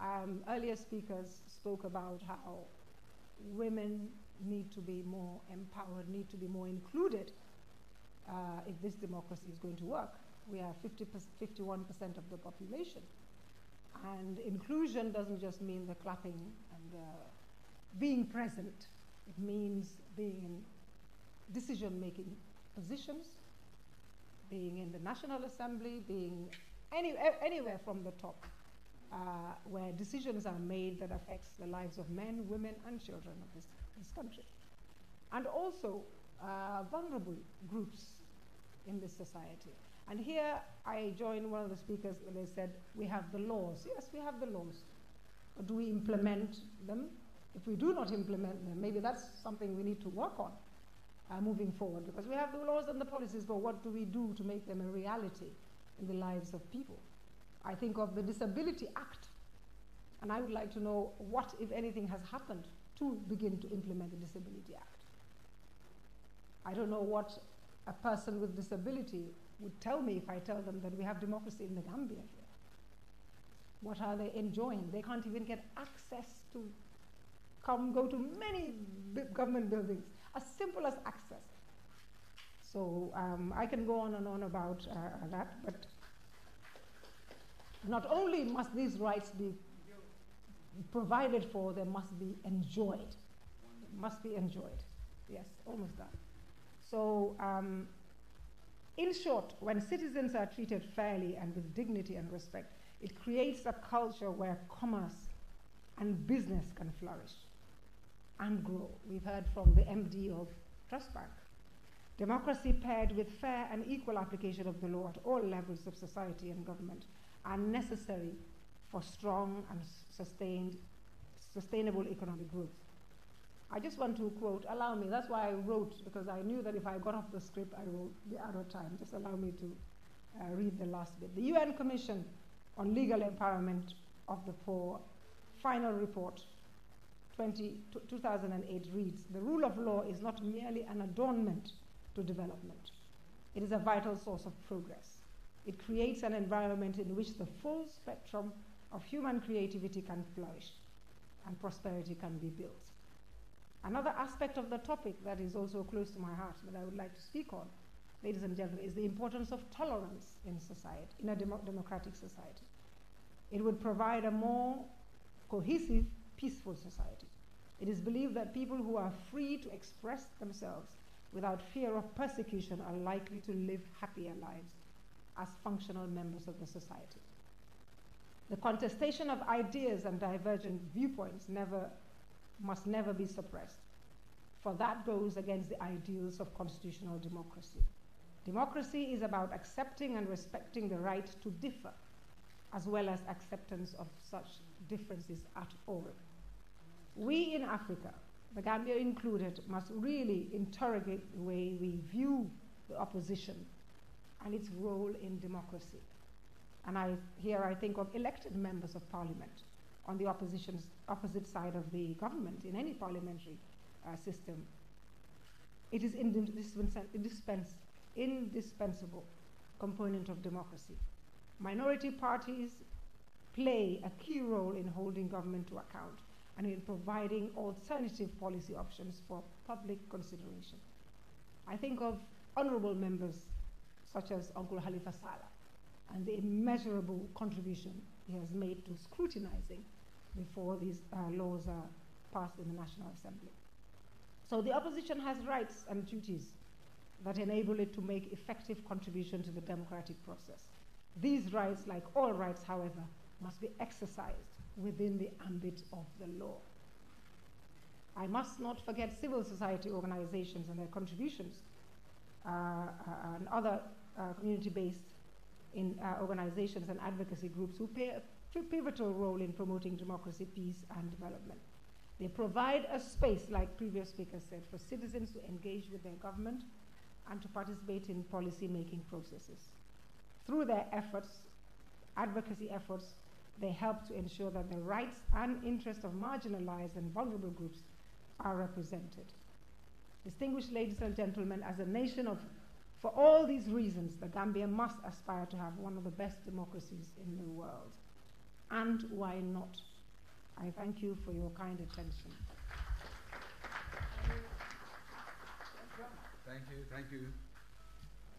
[SPEAKER 22] Um, earlier speakers spoke about how women need to be more empowered, need to be more included uh, if this democracy is going to work. We are 50 51% of the population. And inclusion doesn't just mean the clapping and the being present. It means being in decision-making positions, being in the National Assembly, being any, anywhere from the top, uh, where decisions are made that affects the lives of men, women, and children of this, this country. And also uh, vulnerable groups in this society. And here I join one of the speakers when they said, we have the laws. Yes, we have the laws. But do we implement them? If we do not implement them, maybe that's something we need to work on uh, moving forward because we have the laws and the policies, but what do we do to make them a reality in the lives of people? I think of the Disability Act, and I would like to know what, if anything, has happened to begin to implement the Disability Act. I don't know what a person with disability would tell me if I tell them that we have democracy in the Gambia here. What are they enjoying? They can't even get access to come go to many government buildings, as simple as access. So um, I can go on and on about uh, that, but not only must these rights be provided for, they must be enjoyed. must be enjoyed. Yes, almost done. So um, in short, when citizens are treated fairly and with dignity and respect, it creates a culture where commerce and business can flourish and grow. We've heard from the MD of Trust Bank. Democracy paired with fair and equal application of the law at all levels of society and government are necessary for strong and sustained, sustainable economic growth. I just want to quote, allow me, that's why I wrote, because I knew that if I got off the script, I will be out of time. Just allow me to uh, read the last bit. The UN Commission on Legal Empowerment of the Poor final report 20, 2008 reads The rule of law is not merely an adornment to development, it is a vital source of progress. It creates an environment in which the full spectrum of human creativity can flourish and prosperity can be built. Another aspect of the topic that is also close to my heart that I would like to speak on, ladies and gentlemen, is the importance of tolerance in society, in a democratic society. It would provide a more cohesive, peaceful society. It is believed that people who are free to express themselves without fear of persecution are likely to live happier lives as functional members of the society. The contestation of ideas and divergent viewpoints never must never be suppressed, for that goes against the ideals of constitutional democracy. Democracy is about accepting and respecting the right to differ, as well as acceptance of such differences at all. We in Africa, the Gambia included, must really interrogate the way we view the opposition and its role in democracy. And I, here I think of elected members of parliament on the opposition's opposite side of the government in any parliamentary uh, system. It is indispens indispensable component of democracy. Minority parties play a key role in holding government to account and in providing alternative policy options for public consideration. I think of honorable members such as Uncle Halifa Saleh and the immeasurable contribution he has made to scrutinizing before these uh, laws are passed in the National Assembly. So the opposition has rights and duties that enable it to make effective contribution to the democratic process. These rights, like all rights, however, must be exercised within the ambit of the law. I must not forget civil society organizations and their contributions uh, uh and other uh, community-based in uh, organizations and advocacy groups who play a pivotal role in promoting democracy, peace, and development. They provide a space, like previous speakers said, for citizens to engage with their government and to participate in policy-making processes. Through their efforts, advocacy efforts, they help to ensure that the rights and interests of marginalized and vulnerable groups are represented. Distinguished ladies and gentlemen, as a nation of for all these reasons, the Gambia must aspire to have one of the best democracies in the world. And why not? I thank you for your kind attention.
[SPEAKER 21] Thank you, thank you.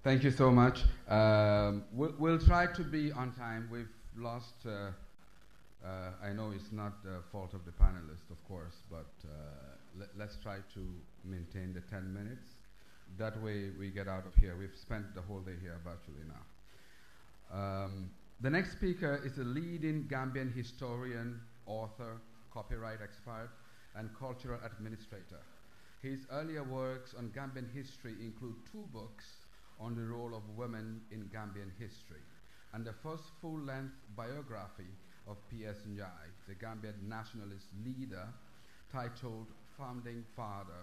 [SPEAKER 21] Thank you so much. Um, we'll, we'll, try to be on time. We've lost, uh, uh, I know it's not the fault of the panelists, of course, but uh, le let's try to maintain the 10 minutes that way we get out of here. We've spent the whole day here virtually now. Um, the next speaker is a leading Gambian historian, author, copyright expert, and cultural administrator. His earlier works on Gambian history include two books on the role of women in Gambian history and the first full-length biography of P.S. Njai, the Gambian nationalist leader, titled Founding Father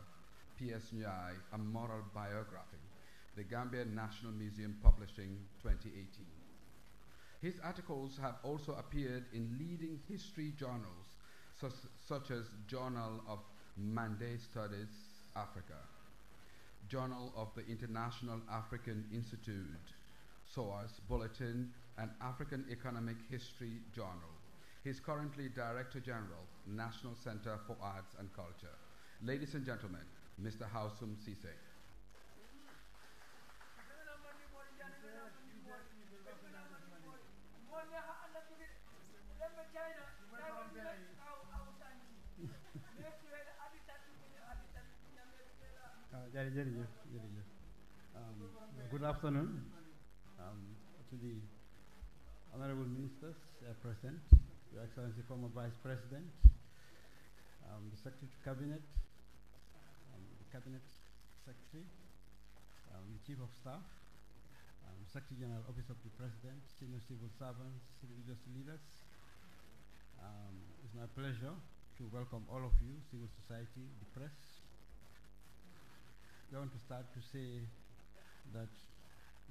[SPEAKER 21] PSNUI, A Moral Biography, The Gambia National Museum Publishing, 2018. His articles have also appeared in leading history journals, such, such as Journal of Mandé Studies Africa, Journal of the International African Institute, SOAS Bulletin, and African Economic History Journal. He is currently Director General, National Center for Arts and Culture. Ladies and gentlemen, Mr. Hausum Sise.
[SPEAKER 23] Um, good afternoon um, to the honorable ministers uh, present, Your Excellency, former Vice President, um, the Secretary of Cabinet, Cabinet Secretary, um, Chief of Staff, um, Secretary General Office of the President, senior civil servants, religious leaders. Um, it's my pleasure to welcome all of you, civil society, the press. I want to start to say that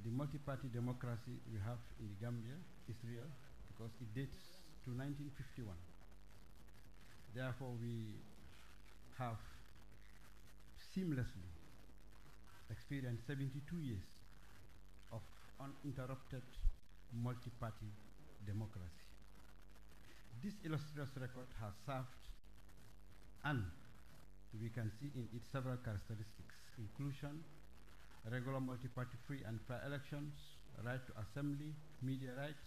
[SPEAKER 23] the multi-party democracy we have in the Gambia is real because it dates to 1951. Therefore, we have seamlessly experienced 72 years of uninterrupted multi-party democracy. This illustrious record has served and we can see in its several characteristics, inclusion, regular multi-party free and fair elections, right to assembly, media rights,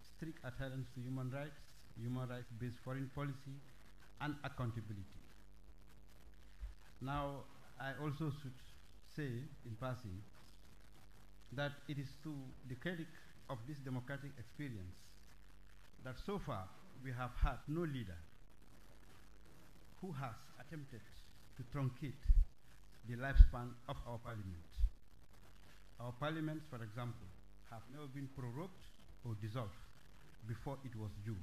[SPEAKER 23] strict adherence to human rights, human rights-based foreign policy, and accountability. Now, I also should say in passing that it is to the credit of this democratic experience that so far we have had no leader who has attempted to truncate the lifespan of our parliament. Our parliaments, for example, have never been prorogued or dissolved before it was due.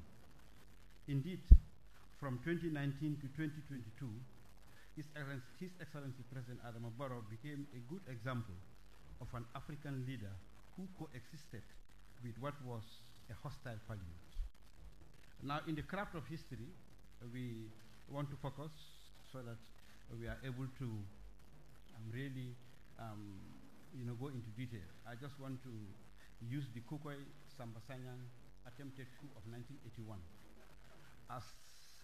[SPEAKER 23] Indeed, from 2019 to 2022, his Excellency, His Excellency President Adam Barrow became a good example of an African leader who coexisted with what was a hostile parliament. Now, in the craft of history, we want to focus so that we are able to um, really, um, you know, go into detail. I just want to use the Kukoi Sambasanyan attempted coup of 1981 as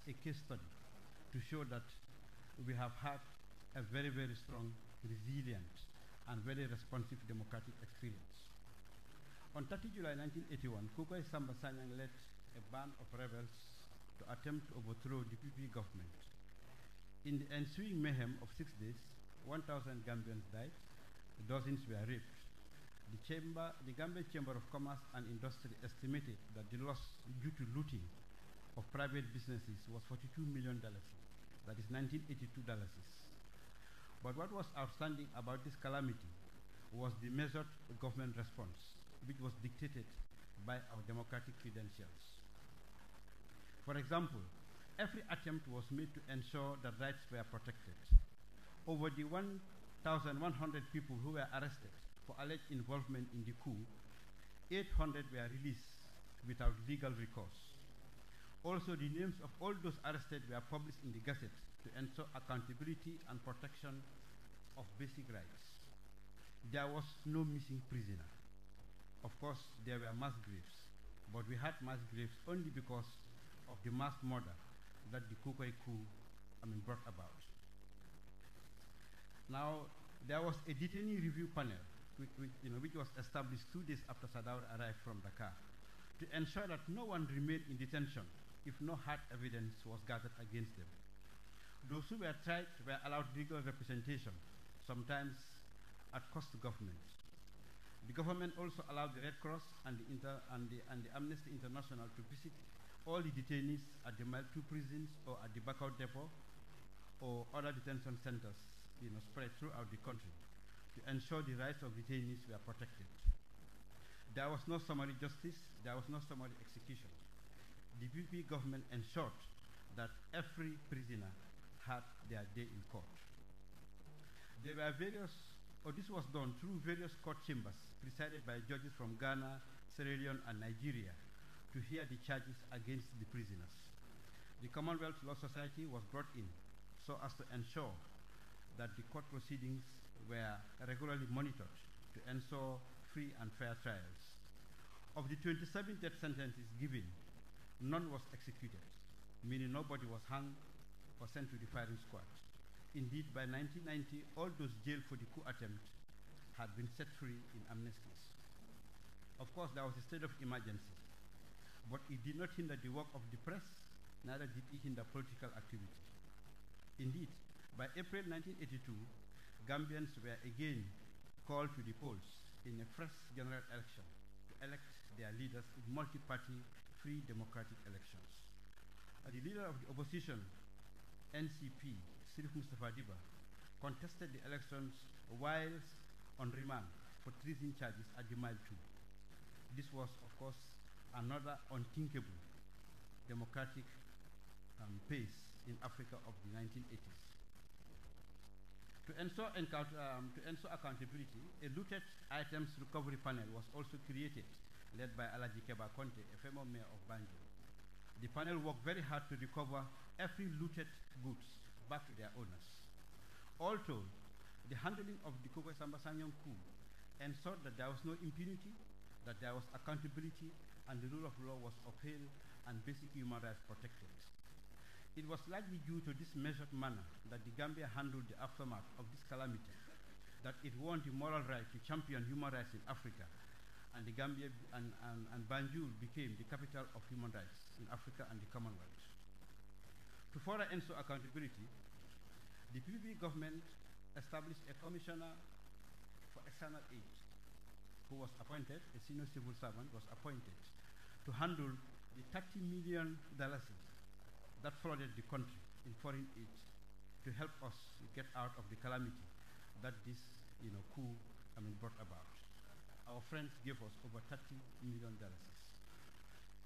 [SPEAKER 23] a case study to show that we have had a very, very strong, resilient, and very responsive democratic experience. On 30 July 1981, Kukai Sanyang led a band of rebels to attempt to overthrow the PP government. In the ensuing mayhem of six days, 1,000 Gambians died, dozens were raped. The, chamber, the Chamber of Commerce and Industry estimated that the loss due to looting of private businesses was $42 million that is 1982 dialysis. But what was outstanding about this calamity was the measured government response, which was dictated by our democratic credentials. For example, every attempt was made to ensure that rights were protected. Over the 1,100 people who were arrested for alleged involvement in the coup, 800 were released without legal recourse. Also, the names of all those arrested were published in the Gazette to ensure accountability and protection of basic rights. There was no missing prisoner. Of course, there were mass graves, but we had mass graves only because of the mass murder that the Kukoi coup I mean, brought about. Now, there was a detainee review panel, which, which, you know, which was established two days after Sadaur arrived from Dakar, to ensure that no one remained in detention if no hard evidence was gathered against them. Those who were tried were allowed legal representation, sometimes at cost to government. The government also allowed the Red Cross and the, Inter and the, and the Amnesty International to visit all the detainees at the Maltu prisons or at the backout depot or other detention centers you know, spread throughout the country to ensure the rights of detainees were protected. There was no summary justice, there was no summary execution the PP government ensured that every prisoner had their day in court. There were various, or this was done through various court chambers presided by judges from Ghana, Sierra Leone, and Nigeria to hear the charges against the prisoners. The Commonwealth Law Society was brought in so as to ensure that the court proceedings were regularly monitored to ensure free and fair trials. Of the 27 death sentences given, None was executed, meaning nobody was hung or sent to the firing squad. Indeed, by 1990, all those jailed for the coup attempt had been set free in amnesties. Of course, there was a state of emergency, but it did not hinder the work of the press, neither did it hinder political activity. Indeed, by April 1982, Gambians were again called to the polls in a fresh general election to elect their leaders in multi-party free democratic elections. Uh, the leader of the opposition, NCP, Sirif Mustafa Diba, contested the elections whilst on remand for treason charges at the mile two. This was, of course, another unthinkable democratic um, pace in Africa of the 1980s. To ensure, um, to ensure accountability, a looted items recovery panel was also created led by Alaji Keba Conte, a former mayor of Banjul. The panel worked very hard to recover every looted goods back to their owners. All told, the handling of the Koko Sambasanyong coup ensured that there was no impunity, that there was accountability, and the rule of law was upheld and basic human rights protected. It was largely due to this measured manner that the Gambia handled the aftermath of this calamity, that it won the moral right to champion human rights in Africa and the Gambia and, and, and Banjul became the capital of human rights in Africa and the Commonwealth. To further ensure accountability, the PPP government established a commissioner for external aid who was appointed, a senior civil servant was appointed to handle the 30 million dollars that flooded the country in foreign aid to help us get out of the calamity that this you know, coup I mean, brought about our friends gave us over $30 million.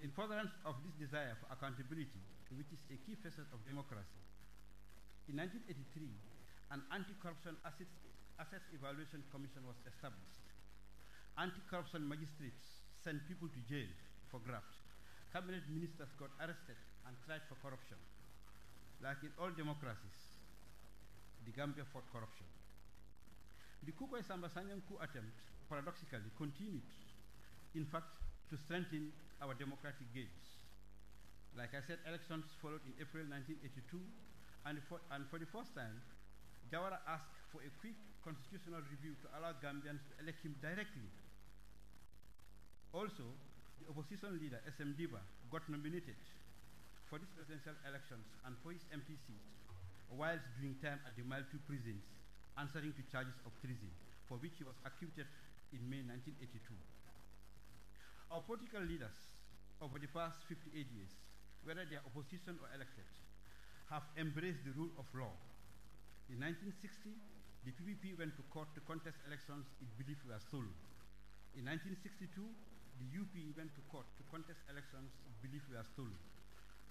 [SPEAKER 23] In furtherance of this desire for accountability, which is a key facet of democracy, in 1983, an anti-corruption assets, assets evaluation commission was established. Anti-corruption magistrates sent people to jail for graft. Cabinet ministers got arrested and tried for corruption. Like in all democracies, the Gambia fought corruption. The Kukwe Sambasanian coup attempt paradoxically continued, in fact, to strengthen our democratic gains. Like I said, elections followed in April 1982, and for, and for the first time, Jawara asked for a quick constitutional review to allow Gambians to elect him directly. Also, the opposition leader, SM Diva, got nominated for these presidential elections and for his MP seat, whilst doing time at the Maltu prisons, answering to charges of treason, for which he was acquitted in May 1982. Our political leaders over the past 58 years, whether they are opposition or elected, have embraced the rule of law. In 1960, the PPP went to court to contest elections it believed were stolen. In 1962, the UP went to court to contest elections it believed were stolen.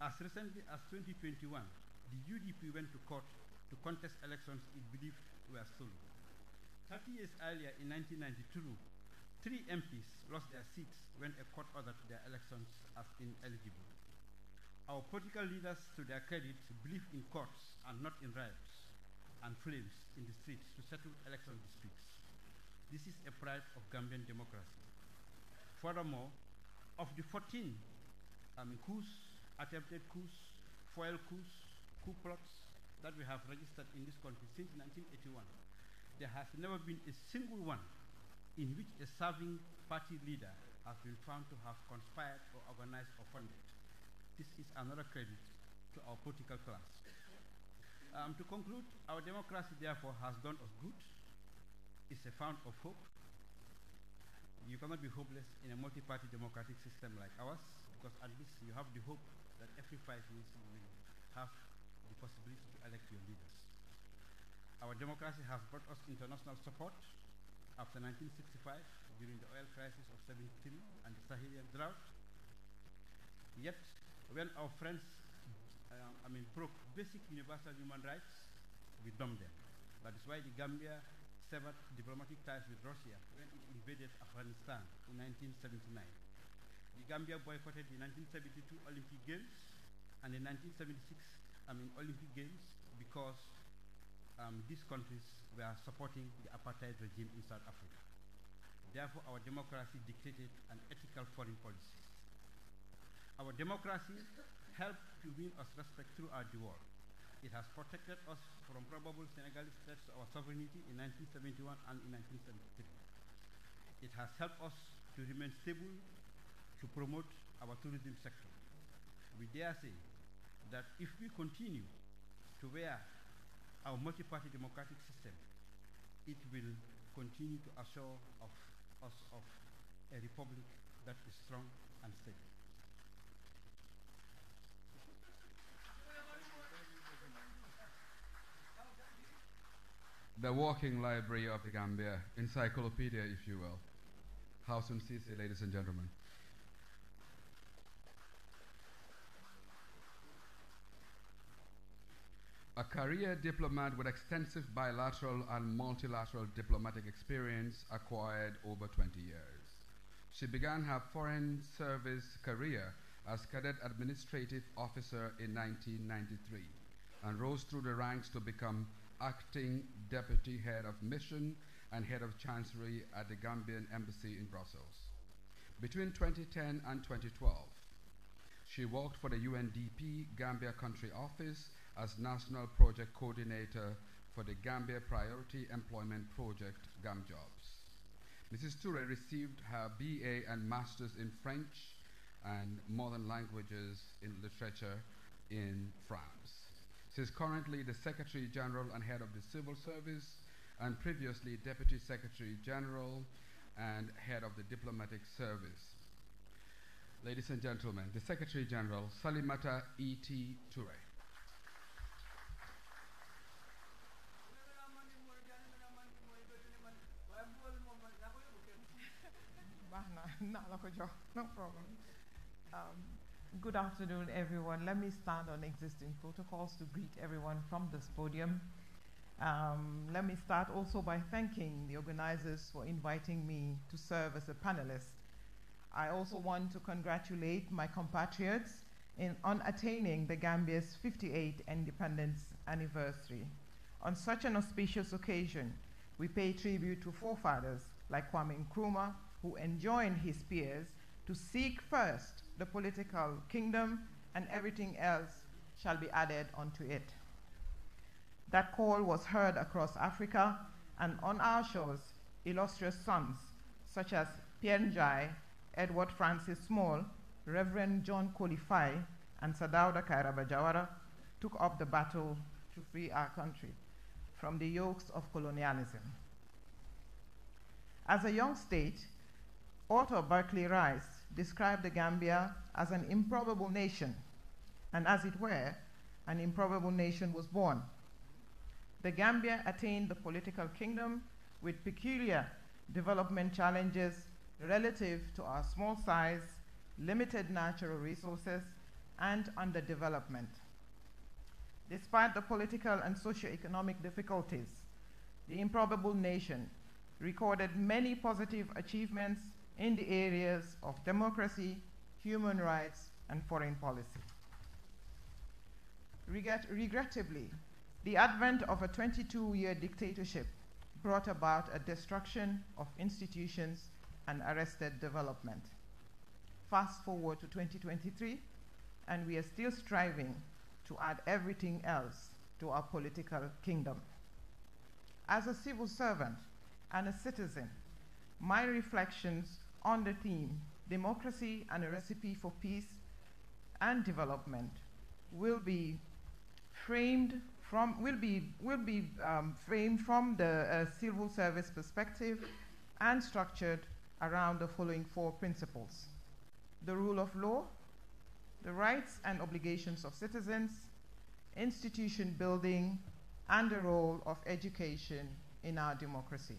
[SPEAKER 23] As recently as 2021, the UDP went to court to contest elections it believed were stolen. 30 years earlier in 1992, three MPs lost their seats when a court ordered their elections as ineligible. Our political leaders, to their credit, believe in courts and not in riots and flames in the streets to settle election disputes. This is a pride of Gambian democracy. Furthermore, of the 14 I mean, coups, attempted coups, foil coups, coup plots that we have registered in this country since 1981, there has never been a single one in which a serving party leader has been found to have conspired or organized or funded. This is another credit to our political class. Um, to conclude, our democracy therefore has done us good. It's a fount of hope. You cannot be hopeless in a multi-party democratic system like ours because at least you have the hope that every five years you will have the possibility to elect your leaders. Our democracy has brought us international support after 1965 during the oil crisis of 73 and the Sahelian drought. Yet, when our friends, uh, I mean, broke basic universal human rights, we dumped them. That is why the Gambia severed diplomatic ties with Russia when it invaded Afghanistan in 1979. The Gambia boycotted the 1972 Olympic Games and the 1976 I mean, Olympic Games because um, these countries were supporting the apartheid regime in South Africa. Therefore, our democracy dictated an ethical foreign policy. Our democracy helped to win us respect throughout the world. It has protected us from probable Senegalese threats to our sovereignty in 1971 and in 1973. It has helped us to remain stable to promote our tourism sector. We dare say that if we continue to wear our multi-party democratic system, it will continue to assure of us of a republic that is strong and stable.
[SPEAKER 21] The Walking Library of the Gambia, encyclopedia if you will. House and CC, ladies and gentlemen. A career diplomat with extensive bilateral and multilateral diplomatic experience acquired over 20 years. She began her foreign service career as cadet administrative officer in 1993 and rose through the ranks to become acting deputy head of mission and head of chancery at the Gambian embassy in Brussels. Between 2010 and 2012, she worked for the UNDP Gambia Country Office as National Project Coordinator for the Gambia Priority Employment Project, GAMJOBS. Mrs. Toure received her BA and Masters in French and Modern Languages in Literature in France. She is currently the Secretary General and Head of the Civil Service and previously Deputy Secretary General and Head of the Diplomatic Service. Ladies and gentlemen, the Secretary General, Salimata E.T. Toure.
[SPEAKER 24] no problem. Um, good afternoon, everyone. Let me start on existing protocols to greet everyone from this podium. Um, let me start also by thanking the organizers for inviting me to serve as a panelist. I also want to congratulate my compatriots in, on attaining the Gambia's 58th independence anniversary. On such an auspicious occasion, we pay tribute to forefathers like Kwame Nkrumah, who enjoined his peers to seek first the political kingdom and everything else shall be added unto it. That call was heard across Africa, and on our shores, illustrious sons such as Pierre Edward Francis Small, Reverend John Kolifai, and Sadauda Kairaba Jawara took up the battle to free our country from the yokes of colonialism. As a young state, Author Berkeley Rice described the Gambia as an improbable nation, and as it were, an improbable nation was born. The Gambia attained the political kingdom with peculiar development challenges relative to our small size, limited natural resources, and underdevelopment. Despite the political and socio-economic difficulties, the improbable nation recorded many positive achievements in the areas of democracy, human rights, and foreign policy. Regret regrettably, the advent of a 22 year dictatorship brought about a destruction of institutions and arrested development. Fast forward to 2023, and we are still striving to add everything else to our political kingdom. As a civil servant and a citizen, my reflections on the theme Democracy and a Recipe for Peace and Development will be framed from, will be, will be um, framed from the uh, civil service perspective and structured around the following four principles. The rule of law, the rights and obligations of citizens, institution building, and the role of education in our democracy.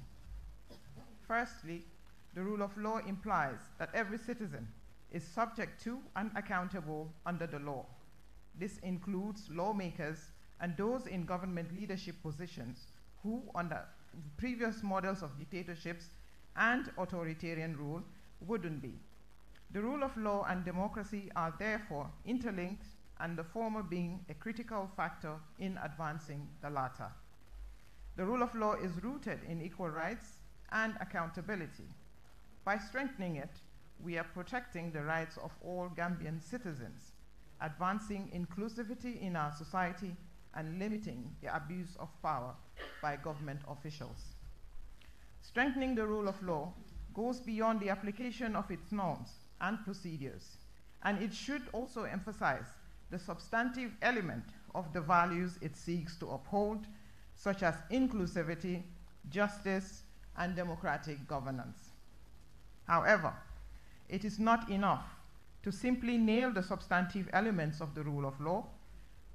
[SPEAKER 24] Firstly, the rule of law implies that every citizen is subject to and accountable under the law. This includes lawmakers and those in government leadership positions who, under previous models of dictatorships and authoritarian rule, wouldn't be. The rule of law and democracy are therefore interlinked, and the former being a critical factor in advancing the latter. The rule of law is rooted in equal rights and accountability by strengthening it, we are protecting the rights of all Gambian citizens, advancing inclusivity in our society, and limiting the abuse of power by government officials. Strengthening the rule of law goes beyond the application of its norms and procedures, and it should also emphasize the substantive element of the values it seeks to uphold, such as inclusivity, justice, and democratic governance. However, it is not enough to simply nail the substantive elements of the rule of law,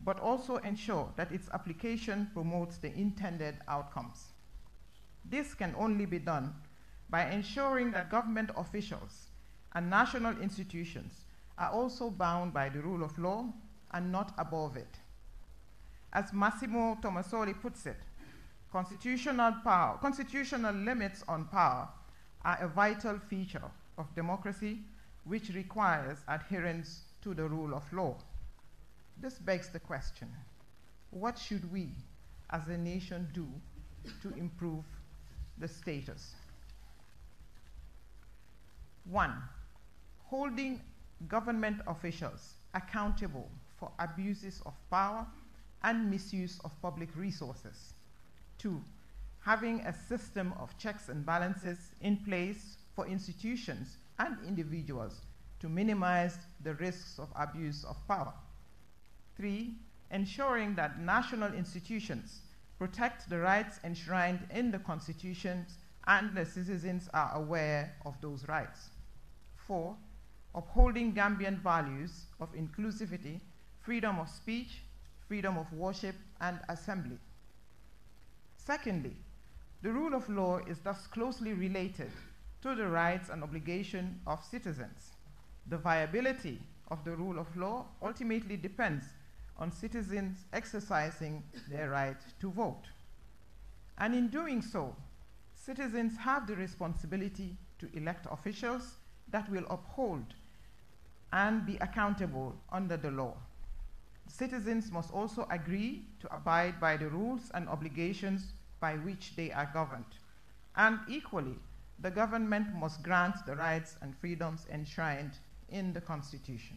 [SPEAKER 24] but also ensure that its application promotes the intended outcomes. This can only be done by ensuring that government officials and national institutions are also bound by the rule of law and not above it. As Massimo Tomasoli puts it, constitutional, power, constitutional limits on power are a vital feature of democracy which requires adherence to the rule of law. This begs the question what should we as a nation do to improve the status? One, holding government officials accountable for abuses of power and misuse of public resources. Two, having a system of checks and balances in place for institutions and individuals to minimize the risks of abuse of power. Three, ensuring that national institutions protect the rights enshrined in the constitutions and the citizens are aware of those rights. Four, upholding Gambian values of inclusivity, freedom of speech, freedom of worship, and assembly. Secondly, the rule of law is thus closely related to the rights and obligations of citizens. The viability of the rule of law ultimately depends on citizens exercising their right to vote. And in doing so, citizens have the responsibility to elect officials that will uphold and be accountable under the law. Citizens must also agree to abide by the rules and obligations by which they are governed. And equally, the government must grant the rights and freedoms enshrined in the Constitution.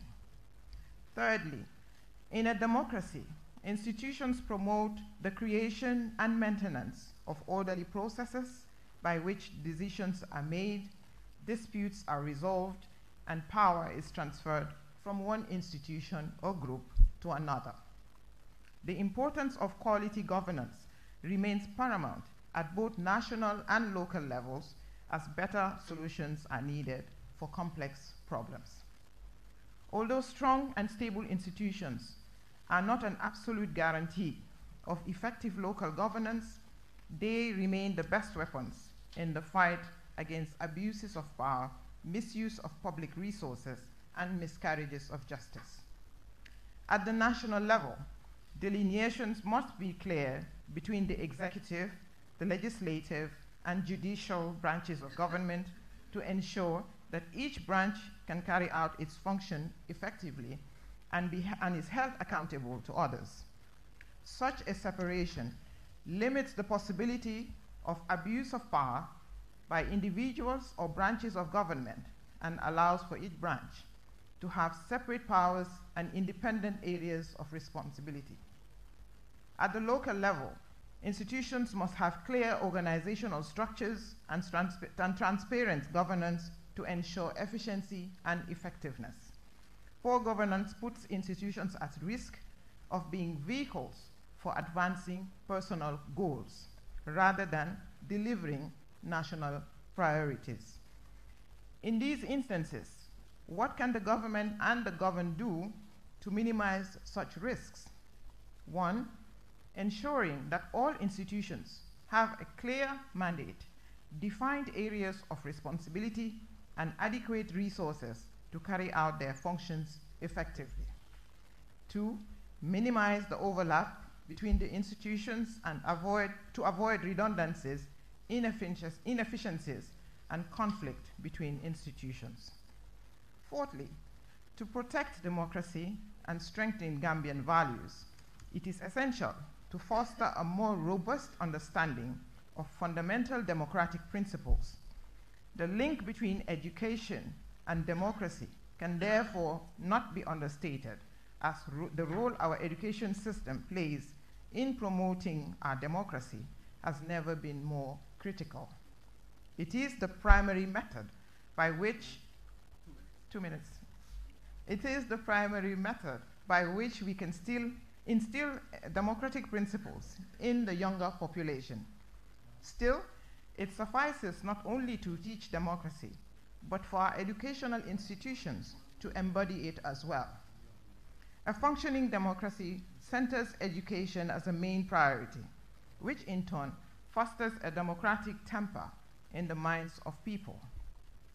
[SPEAKER 24] Thirdly, in a democracy, institutions promote the creation and maintenance of orderly processes by which decisions are made, disputes are resolved, and power is transferred from one institution or group to another. The importance of quality governance remains paramount at both national and local levels as better solutions are needed for complex problems. Although strong and stable institutions are not an absolute guarantee of effective local governance, they remain the best weapons in the fight against abuses of power, misuse of public resources, and miscarriages of justice. At the national level, delineations must be clear between the executive, the legislative, and judicial branches of government to ensure that each branch can carry out its function effectively and, be, and is held accountable to others. Such a separation limits the possibility of abuse of power by individuals or branches of government and allows for each branch to have separate powers and independent areas of responsibility. At the local level, institutions must have clear organizational structures and, and transparent governance to ensure efficiency and effectiveness. Poor governance puts institutions at risk of being vehicles for advancing personal goals rather than delivering national priorities. In these instances, what can the government and the governed do to minimize such risks? One, ensuring that all institutions have a clear mandate, defined areas of responsibility, and adequate resources to carry out their functions effectively. Two, minimize the overlap between the institutions and avoid, to avoid redundancies, inefficiencies, and conflict between institutions. Fourthly, to protect democracy and strengthen Gambian values, it is essential to foster a more robust understanding of fundamental democratic principles. The link between education and democracy can therefore not be understated as ro the role our education system plays in promoting our democracy has never been more critical. It is the primary method by which, two minutes, it is the primary method by which we can still instill uh, democratic principles in the younger population. Still, it suffices not only to teach democracy, but for our educational institutions to embody it as well. A functioning democracy centers education as a main priority, which in turn fosters a democratic temper in the minds of people.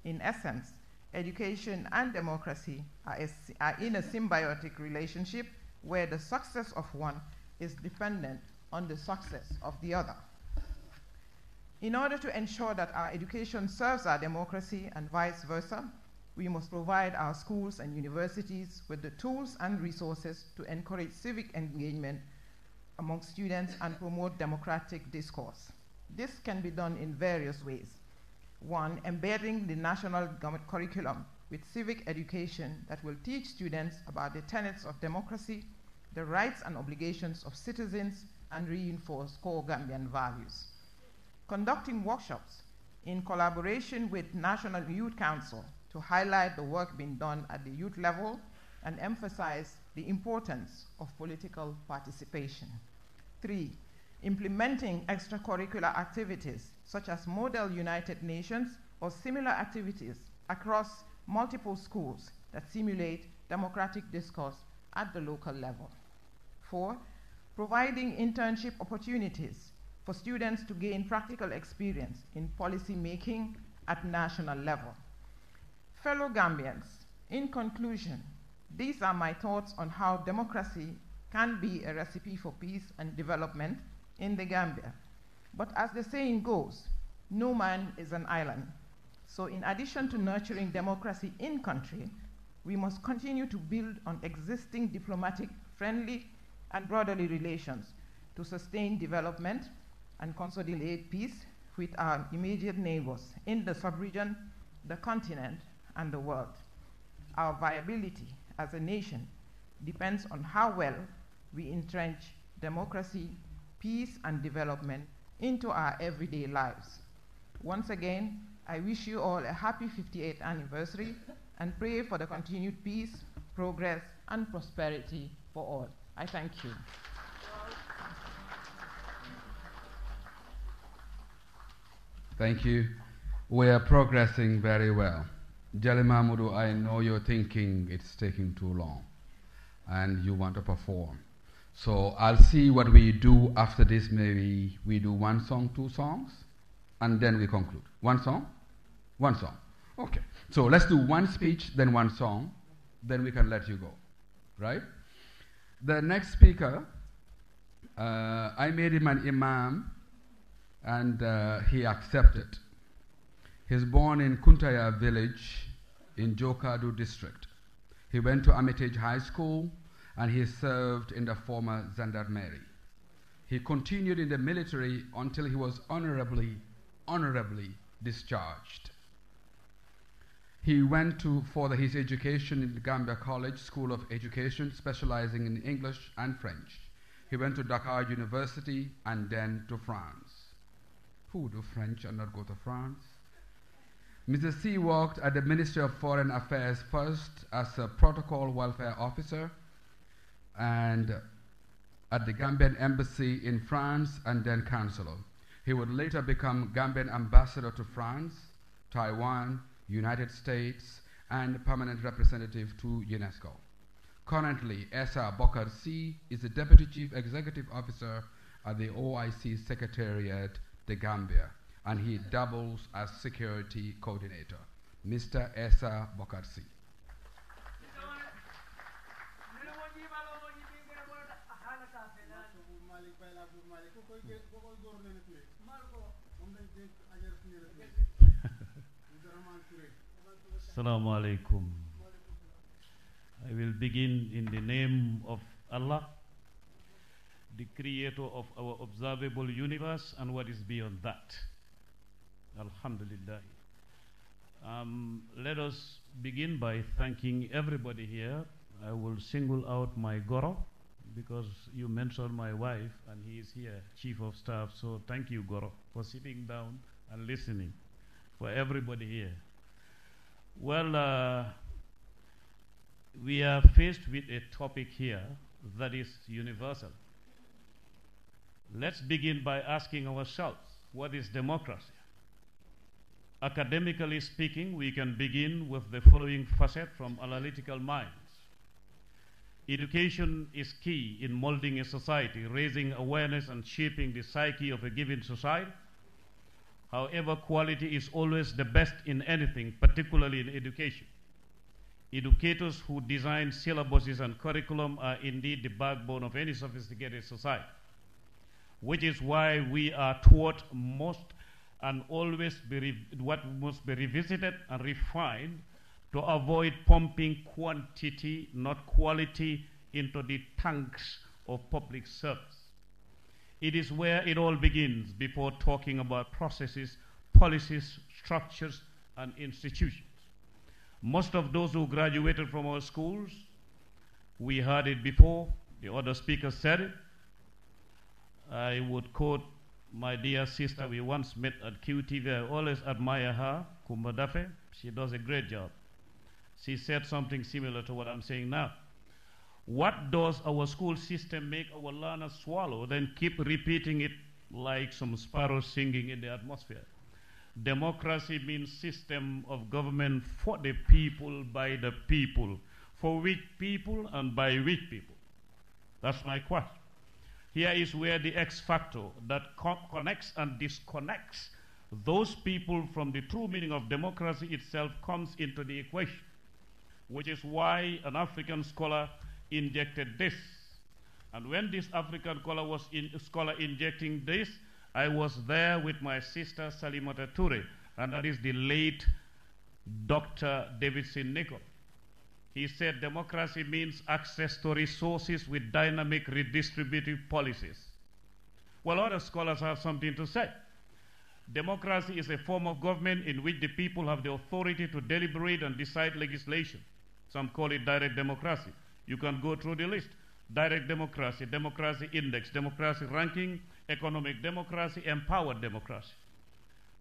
[SPEAKER 24] In essence, education and democracy are, a, are in a symbiotic relationship where the success of one is dependent on the success of the other. In order to ensure that our education serves our democracy and vice versa, we must provide our schools and universities with the tools and resources to encourage civic engagement among students and promote democratic discourse. This can be done in various ways. One, embedding the national curriculum with civic education that will teach students about the tenets of democracy the rights and obligations of citizens and reinforce core Gambian values. Conducting workshops in collaboration with National Youth Council to highlight the work being done at the youth level and emphasize the importance of political participation. Three, implementing extracurricular activities such as Model United Nations or similar activities across multiple schools that simulate democratic discourse at the local level providing internship opportunities for students to gain practical experience in policy making at national level. Fellow Gambians, in conclusion, these are my thoughts on how democracy can be a recipe for peace and development in the Gambia. But as the saying goes, no man is an island. So in addition to nurturing democracy in country, we must continue to build on existing diplomatic, friendly and brotherly relations to sustain development and consolidate peace with our immediate neighbors in the subregion, the continent, and the world. Our viability as a nation depends on how well we entrench democracy, peace, and development into our everyday lives. Once again, I wish you all a happy 58th anniversary and pray for the continued peace, progress, and prosperity for all. I thank you.
[SPEAKER 21] Thank you. We are progressing very well. Jalimamudu, I know you're thinking it's taking too long and you want to perform. So I'll see what we do after this. Maybe we do one song, two songs, and then we conclude. One song? One song. Okay. So let's do one speech, then one song, then we can let you go. Right? The next speaker, uh, I made him an imam and uh, he accepted. He's born in Kuntaya village in Jokadu district. He went to Armitage High School and he served in the former Gendarmerie. He continued in the military until he was honorably, honorably discharged. He went to for his education in the Gambia College School of Education, specializing in English and French. He went to Dakar University and then to France. Who do French and not go to France? Mr. C worked at the Ministry of Foreign Affairs first as a protocol welfare officer and at the Gambian Embassy in France and then Chancellor. He would later become Gambian ambassador to France, Taiwan, United States, and Permanent Representative to UNESCO. Currently, Essa Bokar C is the Deputy Chief Executive Officer at the OIC Secretariat, The Gambia, and he doubles as Security Coordinator. Mr. Essa Bokar C.
[SPEAKER 25] Assalamu alaikum. I will begin in the name of Allah, the creator of our observable universe and what is beyond that. Alhamdulillah. Um, let us begin by thanking everybody here. I will single out my Goro because you mentioned my wife and he is here, Chief of Staff. So thank you, Goro, for sitting down and listening for everybody here. Well, uh, we are faced with a topic here that is universal. Let's begin by asking ourselves what is democracy? Academically speaking, we can begin with the following facet from analytical minds. Education is key in molding a society, raising awareness and shaping the psyche of a given society However, quality is always the best in anything, particularly in education. Educators who design syllabuses and curriculum are indeed the backbone of any sophisticated society, which is why we are taught most and always be what must be revisited and refined to avoid pumping quantity, not quality, into the tanks of public service. It is where it all begins before talking about processes, policies, structures, and institutions. Most of those who graduated from our schools, we heard it before, the other speaker said it. I would quote my dear sister we once met at QTV. I always admire her, Kumbadafe. She does a great job. She said something similar to what I'm saying now. What does our school system make our learners swallow, then keep repeating it like some sparrows singing in the atmosphere? Democracy means system of government for the people, by the people, for which people and by which people. That's my question. Here is where the X factor that co connects and disconnects those people from the true meaning of democracy itself comes into the equation, which is why an African scholar injected this. And when this African scholar was in, scholar injecting this, I was there with my sister Salimata Toure, and that is the late Dr. Davidson Nicol. He said democracy means access to resources with dynamic redistributive policies. Well, other scholars have something to say. Democracy is a form of government in which the people have the authority to deliberate and decide legislation. Some call it direct democracy. You can go through the list. Direct democracy, democracy index, democracy ranking, economic democracy, empowered democracy.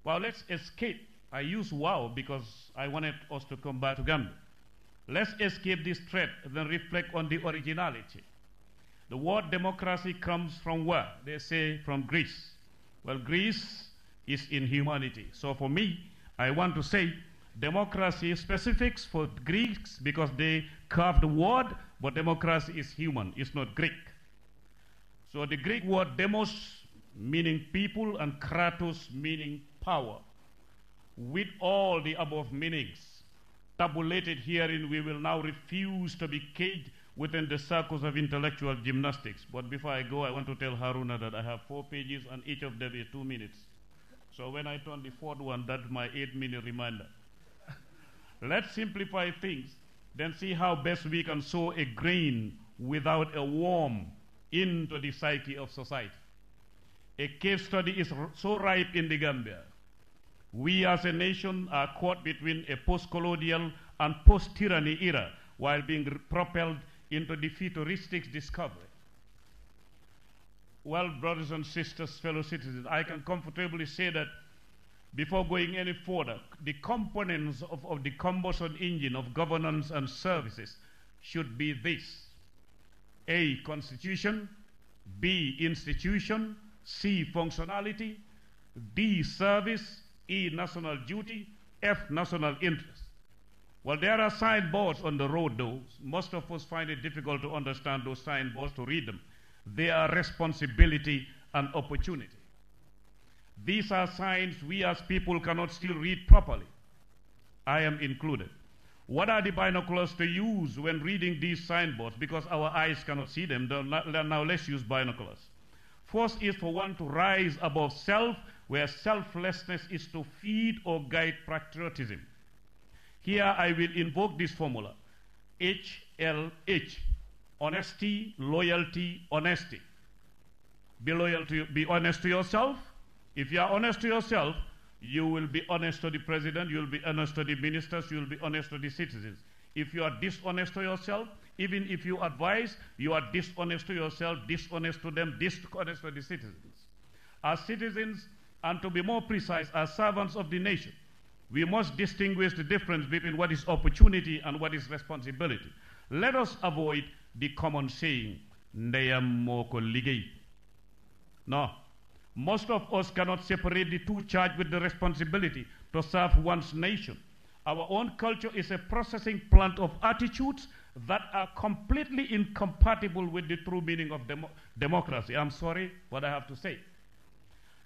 [SPEAKER 25] Well, let's escape. I use wow because I wanted us to come back to Gambia. Let's escape this threat, then reflect on the originality. The word democracy comes from where? They say from Greece. Well, Greece is in humanity. So for me, I want to say democracy specifics for Greeks because they carved word, but democracy is human, it's not Greek. So the Greek word demos meaning people and kratos meaning power. With all the above meanings tabulated herein, we will now refuse to be caged within the circles of intellectual gymnastics. But before I go, I want to tell Haruna that I have four pages and each of them is two minutes. So when I turn the fourth one, that's my eight minute reminder. Let's simplify things, then see how best we can sow a grain without a worm into the psyche of society. A case study is so ripe in the Gambia. We as a nation are caught between a post colonial and post tyranny era while being propelled into the futuristic discovery. Well, brothers and sisters, fellow citizens, I can comfortably say that before going any further, the components of, of the combustion engine of governance and services should be this A, constitution, B, institution, C, functionality, D, service, E, national duty, F, national interest. Well, there are signboards on the road, though. Most of us find it difficult to understand those signboards, to read them. They are responsibility and opportunity. These are signs we as people cannot still read properly. I am included. What are the binoculars to use when reading these signboards? Because our eyes cannot see them. Now let's use binoculars. First is for one to rise above self, where selflessness is to feed or guide patriotism. Here I will invoke this formula HLH honesty, loyalty, honesty. Be loyal to, be honest to yourself, if you are honest to yourself, you will be honest to the president, you will be honest to the ministers, you will be honest to the citizens. If you are dishonest to yourself, even if you advise, you are dishonest to yourself, dishonest to them, dishonest to the citizens. As citizens, and to be more precise, as servants of the nation, we must distinguish the difference between what is opportunity and what is responsibility. Let us avoid the common saying, Ndeyam moko ligay. No, most of us cannot separate the two charged with the responsibility to serve one's nation. Our own culture is a processing plant of attitudes that are completely incompatible with the true meaning of democracy. I'm sorry, but I have to say.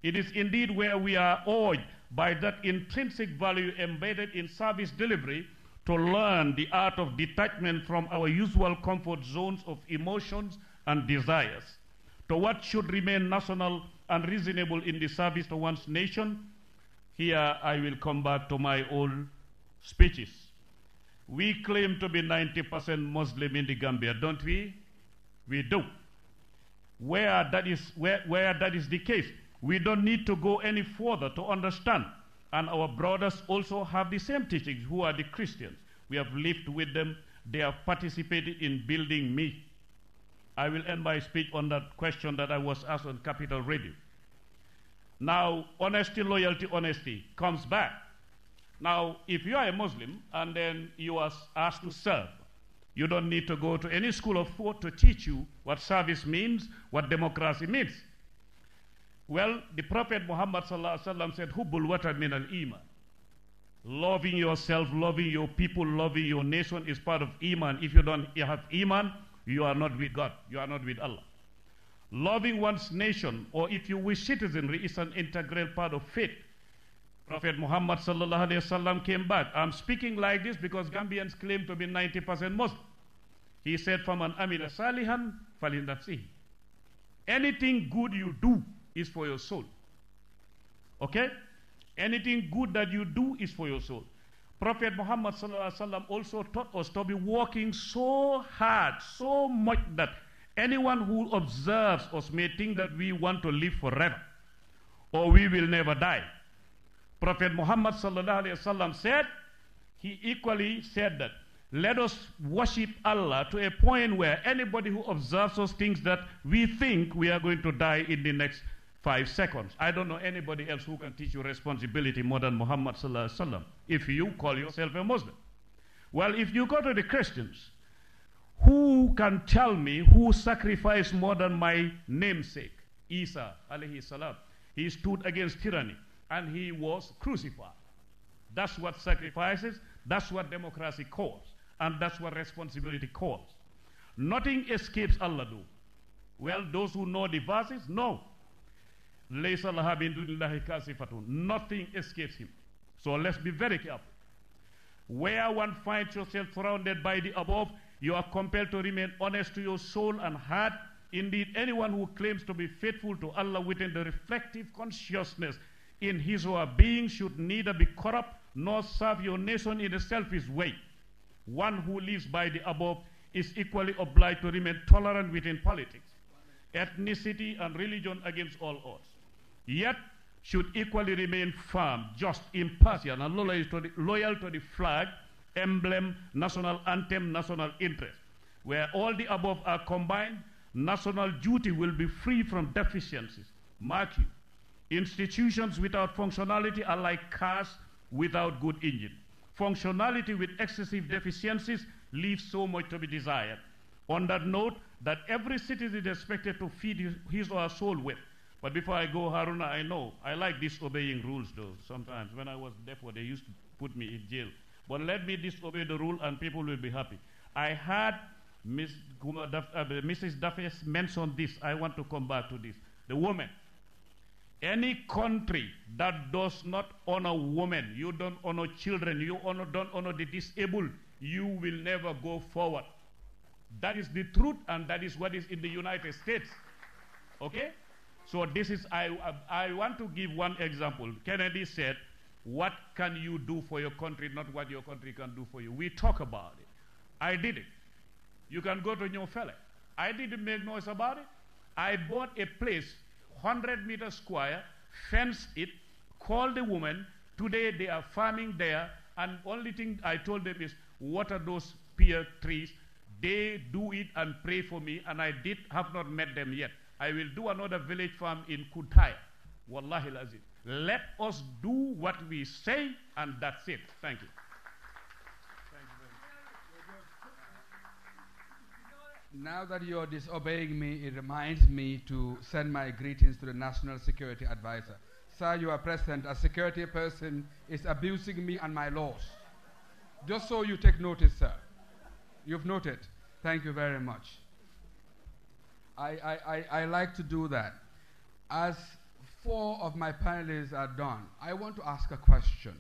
[SPEAKER 25] It is indeed where we are awed by that intrinsic value embedded in service delivery to learn the art of detachment from our usual comfort zones of emotions and desires to what should remain national unreasonable in the service to one's nation, here I will come back to my old speeches. We claim to be 90% Muslim in the Gambia, don't we? We do. Where that, is, where, where that is the case, we don't need to go any further to understand. And our brothers also have the same teachings, who are the Christians. We have lived with them, they have participated in building me I will end my speech on that question that I was asked on Capital Radio. Now, honesty, loyalty, honesty comes back. Now, if you are a Muslim and then you are asked to serve, you don't need to go to any school of thought to teach you what service means, what democracy means. Well, the Prophet Muhammad said, Hubbul watan min al iman. Loving yourself, loving your people, loving your nation is part of iman. If you don't have iman, you are not with God, you are not with Allah. Loving one's nation, or if you wish citizenry, is an integral part of faith. Prophet Muhammad sallallahu alaihi wasallam came back. I'm speaking like this because Gambians claim to be 90% Muslim. He said, "From an amila salihan Anything good you do is for your soul. Okay? Anything good that you do is for your soul. Prophet Muhammad also taught us to be working so hard, so much that anyone who observes us may think that we want to live forever or we will never die. Prophet Muhammad said, he equally said that let us worship Allah to a point where anybody who observes us thinks that we think we are going to die in the next five seconds. I don't know anybody else who can teach you responsibility more than Muhammad wasallam. if you call yourself a Muslim. Well, if you go to the Christians, who can tell me who sacrificed more than my namesake, Isa alayhi salam? He stood against tyranny and he was crucified. That's what sacrifices, that's what democracy calls, and that's what responsibility calls. Nothing escapes Allah do. Well, those who know the verses know Nothing escapes him. So let's be very careful. Where one finds yourself surrounded by the above, you are compelled to remain honest to your soul and heart. Indeed, anyone who claims to be faithful to Allah within the reflective consciousness in his or her being should neither be corrupt nor serve your nation in a selfish way. One who lives by the above is equally obliged to remain tolerant within politics, ethnicity, and religion against all odds yet should equally remain firm, just, impartial, and loyal to the, loyal to the flag, emblem, national anthem, national interest. Where all the above are combined, national duty will be free from deficiencies. Mark you, institutions without functionality are like cars without good engine. Functionality with excessive deficiencies leaves so much to be desired. On that note, that every citizen is expected to feed his, his or her soul with but before I go, Haruna, I know I like disobeying rules though. Sometimes when I was deaf, they used to put me in jail. But let me disobey the rule and people will be happy. I had Ms. Duff, uh, Mrs. Duffy mention this. I want to come back to this. The woman. Any country that does not honor women, you don't honor children, you honor, don't honor the disabled, you will never go forward. That is the truth, and that is what is in the United States. Okay? So this is, I, I want to give one example. Kennedy said, what can you do for your country, not what your country can do for you. We talk about it. I did it. You can go to New Fele. I didn't make noise about it. I bought a place, 100 meters square, fenced it, called the woman. Today they are farming there, and only thing I told them is water those pear trees. They do it and pray for me, and I did have not met them yet. I will do another village farm in Kutai. Wallahi lazim. Let us do what we say, and that's it. Thank you.
[SPEAKER 21] Now that you're disobeying me, it reminds me to send my greetings to the National Security Advisor. Sir, you are present. A security person is abusing me and my laws. Just so you take notice, sir. You've noted. Thank you very much. I, I, I, like to do that. As four of my panelists are done, I want to ask a question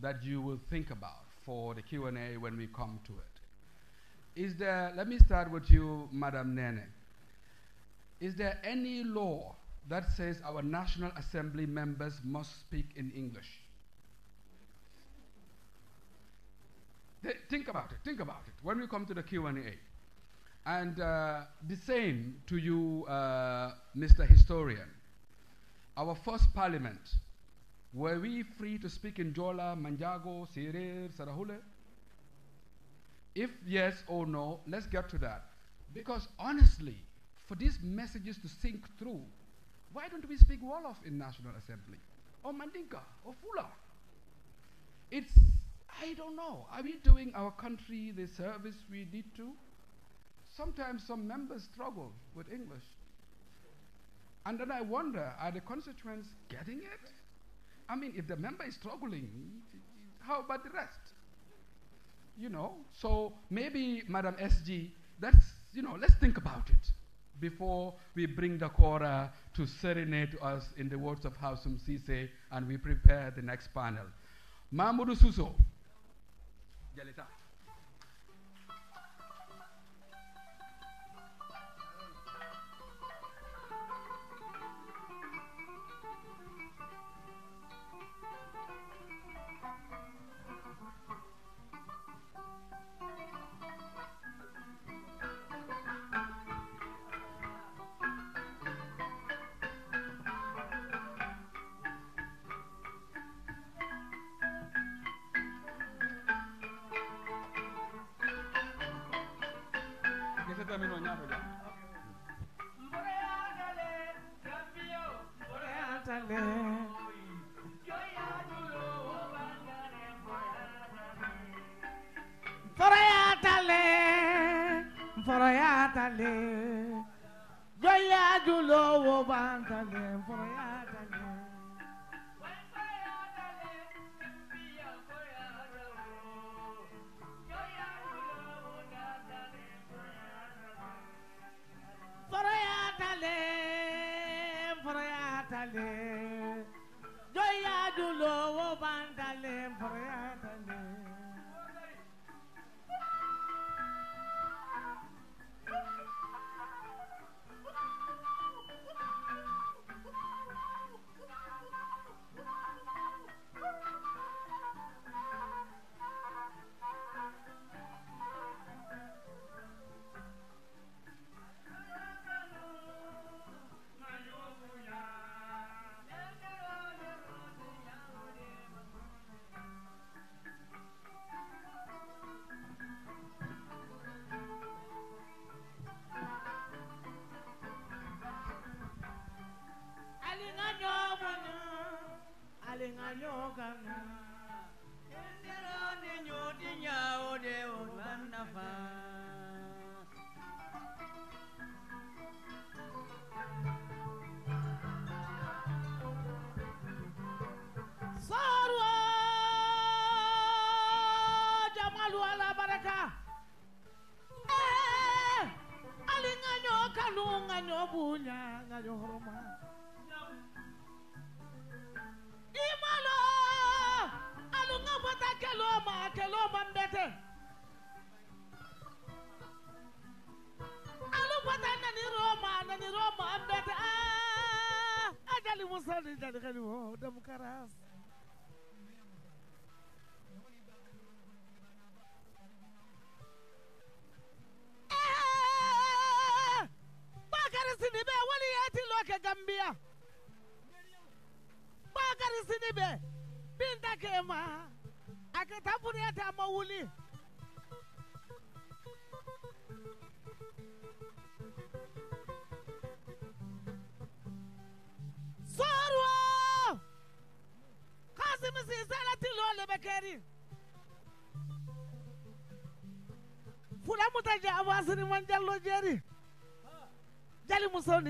[SPEAKER 21] that you will think about for the Q&A when we come to it. Is there, let me start with you, Madam Nene. Is there any law that says our National Assembly members must speak in English? think about it, think about it, when we come to the Q&A. And uh, the same to you, uh, Mr. Historian. Our first parliament, were we free to speak in Jola, Manjago, Sirir, Sarahule? If yes or no, let's get to that. Because honestly, for these messages to sink through, why don't we speak Wolof in National Assembly? Or Mandinka? Or Fula? It's, I don't know. Are we doing our country the service we need to? sometimes some members struggle with English. And then I wonder, are the constituents getting it? I mean, if the member is struggling, how about the rest? You know, so maybe, Madam SG, that's, you know, let's think about it before we bring the Korah to serenade us in the words of Hausum Sise and we prepare the next panel. Mahmoud Suso.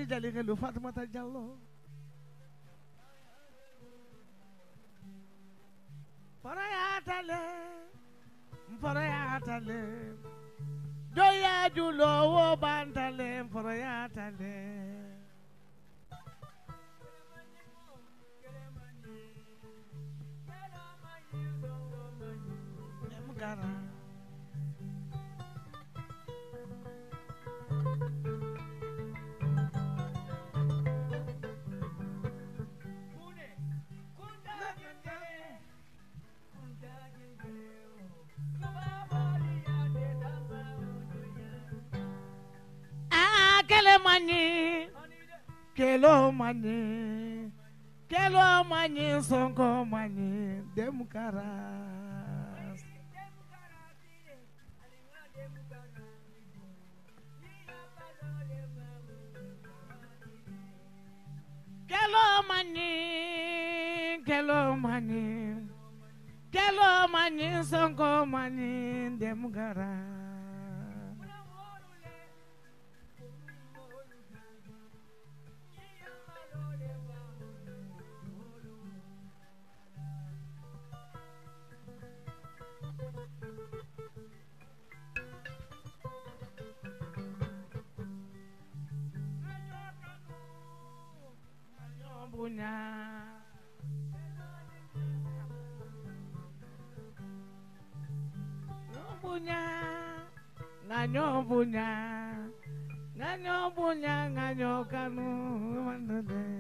[SPEAKER 17] jadi lupa tempat aja punya nganyo punya nganyo kanu mandede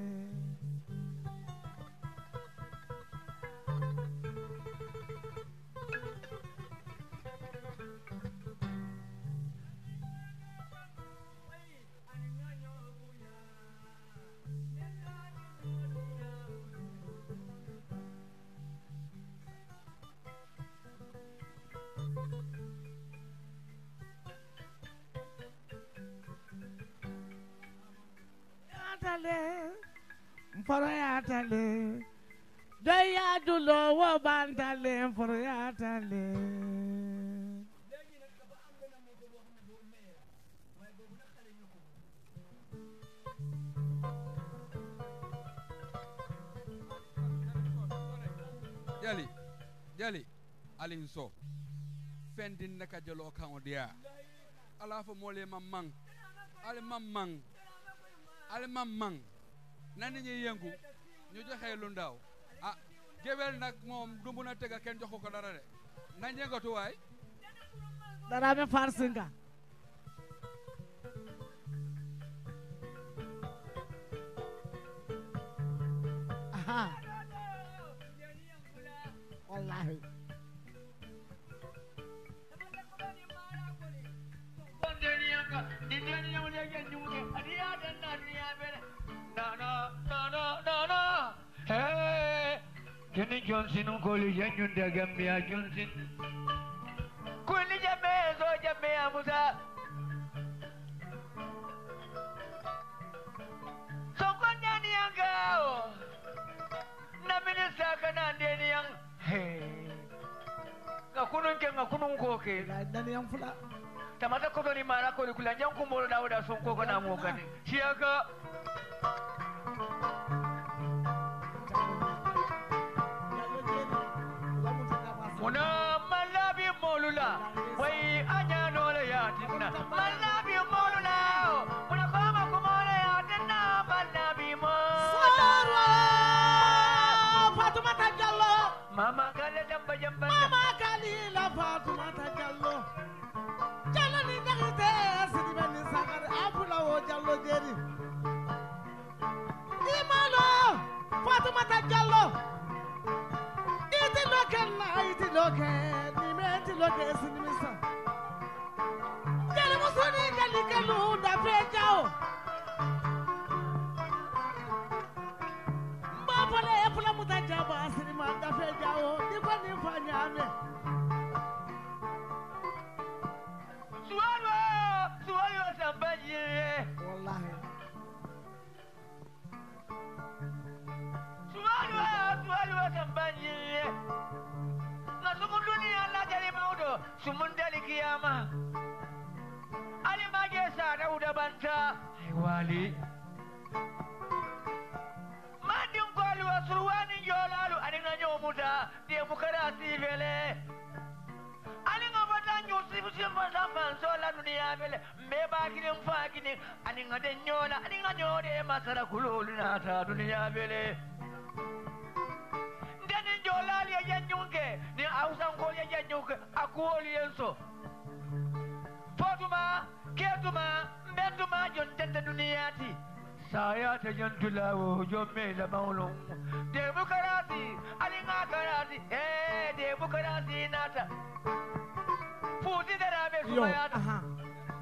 [SPEAKER 21] innaka jaloo kaŋo diya ala fo moolu ye maŋ maŋ ali maŋ maŋ ali maŋ maŋ nanni ñiŋ lundaw a ah, gewel nag moom dumbuna tega kenn joxu ko dara de na njengatu waay
[SPEAKER 17] dara be farsinga n a n i n i y j n n o h n s o n who called you and the Gambia Johnson. Quilly Jamea, so Jamea was up. So, when Danny and go, Namina s a k a Danny Young.
[SPEAKER 13] Hey,
[SPEAKER 17] Nakununke, Nakununkoke, Danny Young Flat. tamata ko bani mana ko ni kulanya ko mo na wada sun ko kana mo kane shi aga mata jallo iti loke na iti loke nime iti loke sinimisa sumun kiyama alimage sa dauda banta wali madin kwalu surwani jolalu aninga nyomuta die mukara sivele aninga bata nyusibu simba samba sola dunia vele mbeba kini mfakini aninga de nyola aninga nyode masara kululu nata duniya vele yanyuke ni ausankolia yanyuke akuoli yenso fotuma ketuma mbetuma jontete duniyati sayate jontulawo jomela maulo demokrasi aling'akarasi e demokrasi nata
[SPEAKER 7] fuzi derabesuayat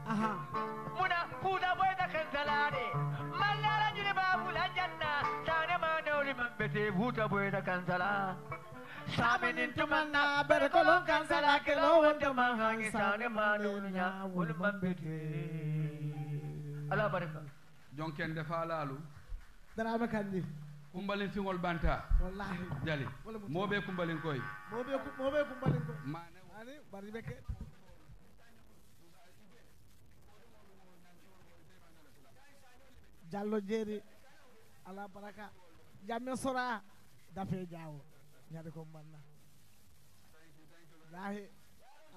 [SPEAKER 17] muna kuuta boyta kan salaane mallaala juri baabula janna saane maana oli man betee buuta boyta kan salaa saaminin tumanna bere kolon kan salaa keloo wonde man hangi saane maana oli nyaa wol
[SPEAKER 21] man betee ala barika jonken defa laalu daraama kandi kumbalin siŋol banta wallahi jali moo bee kumbalin koy
[SPEAKER 17] moo bee kumbalin koy maane bari be ke Diallo Jeeri ala baraka jamme sora
[SPEAKER 15] dafe jaawo oh. ñade ko mbanna
[SPEAKER 17] lahi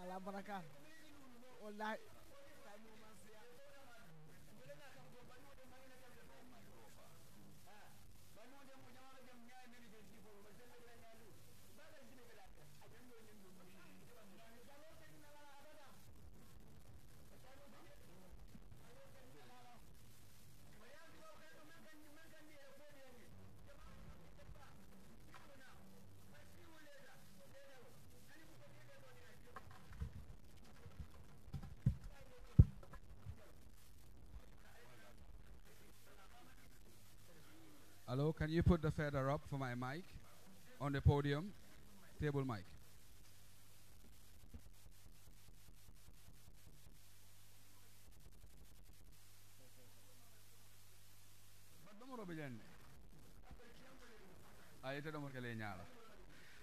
[SPEAKER 17] ala baraka wallahi
[SPEAKER 21] Can you put the feather up for my mic on the podium? Table mic. Ah,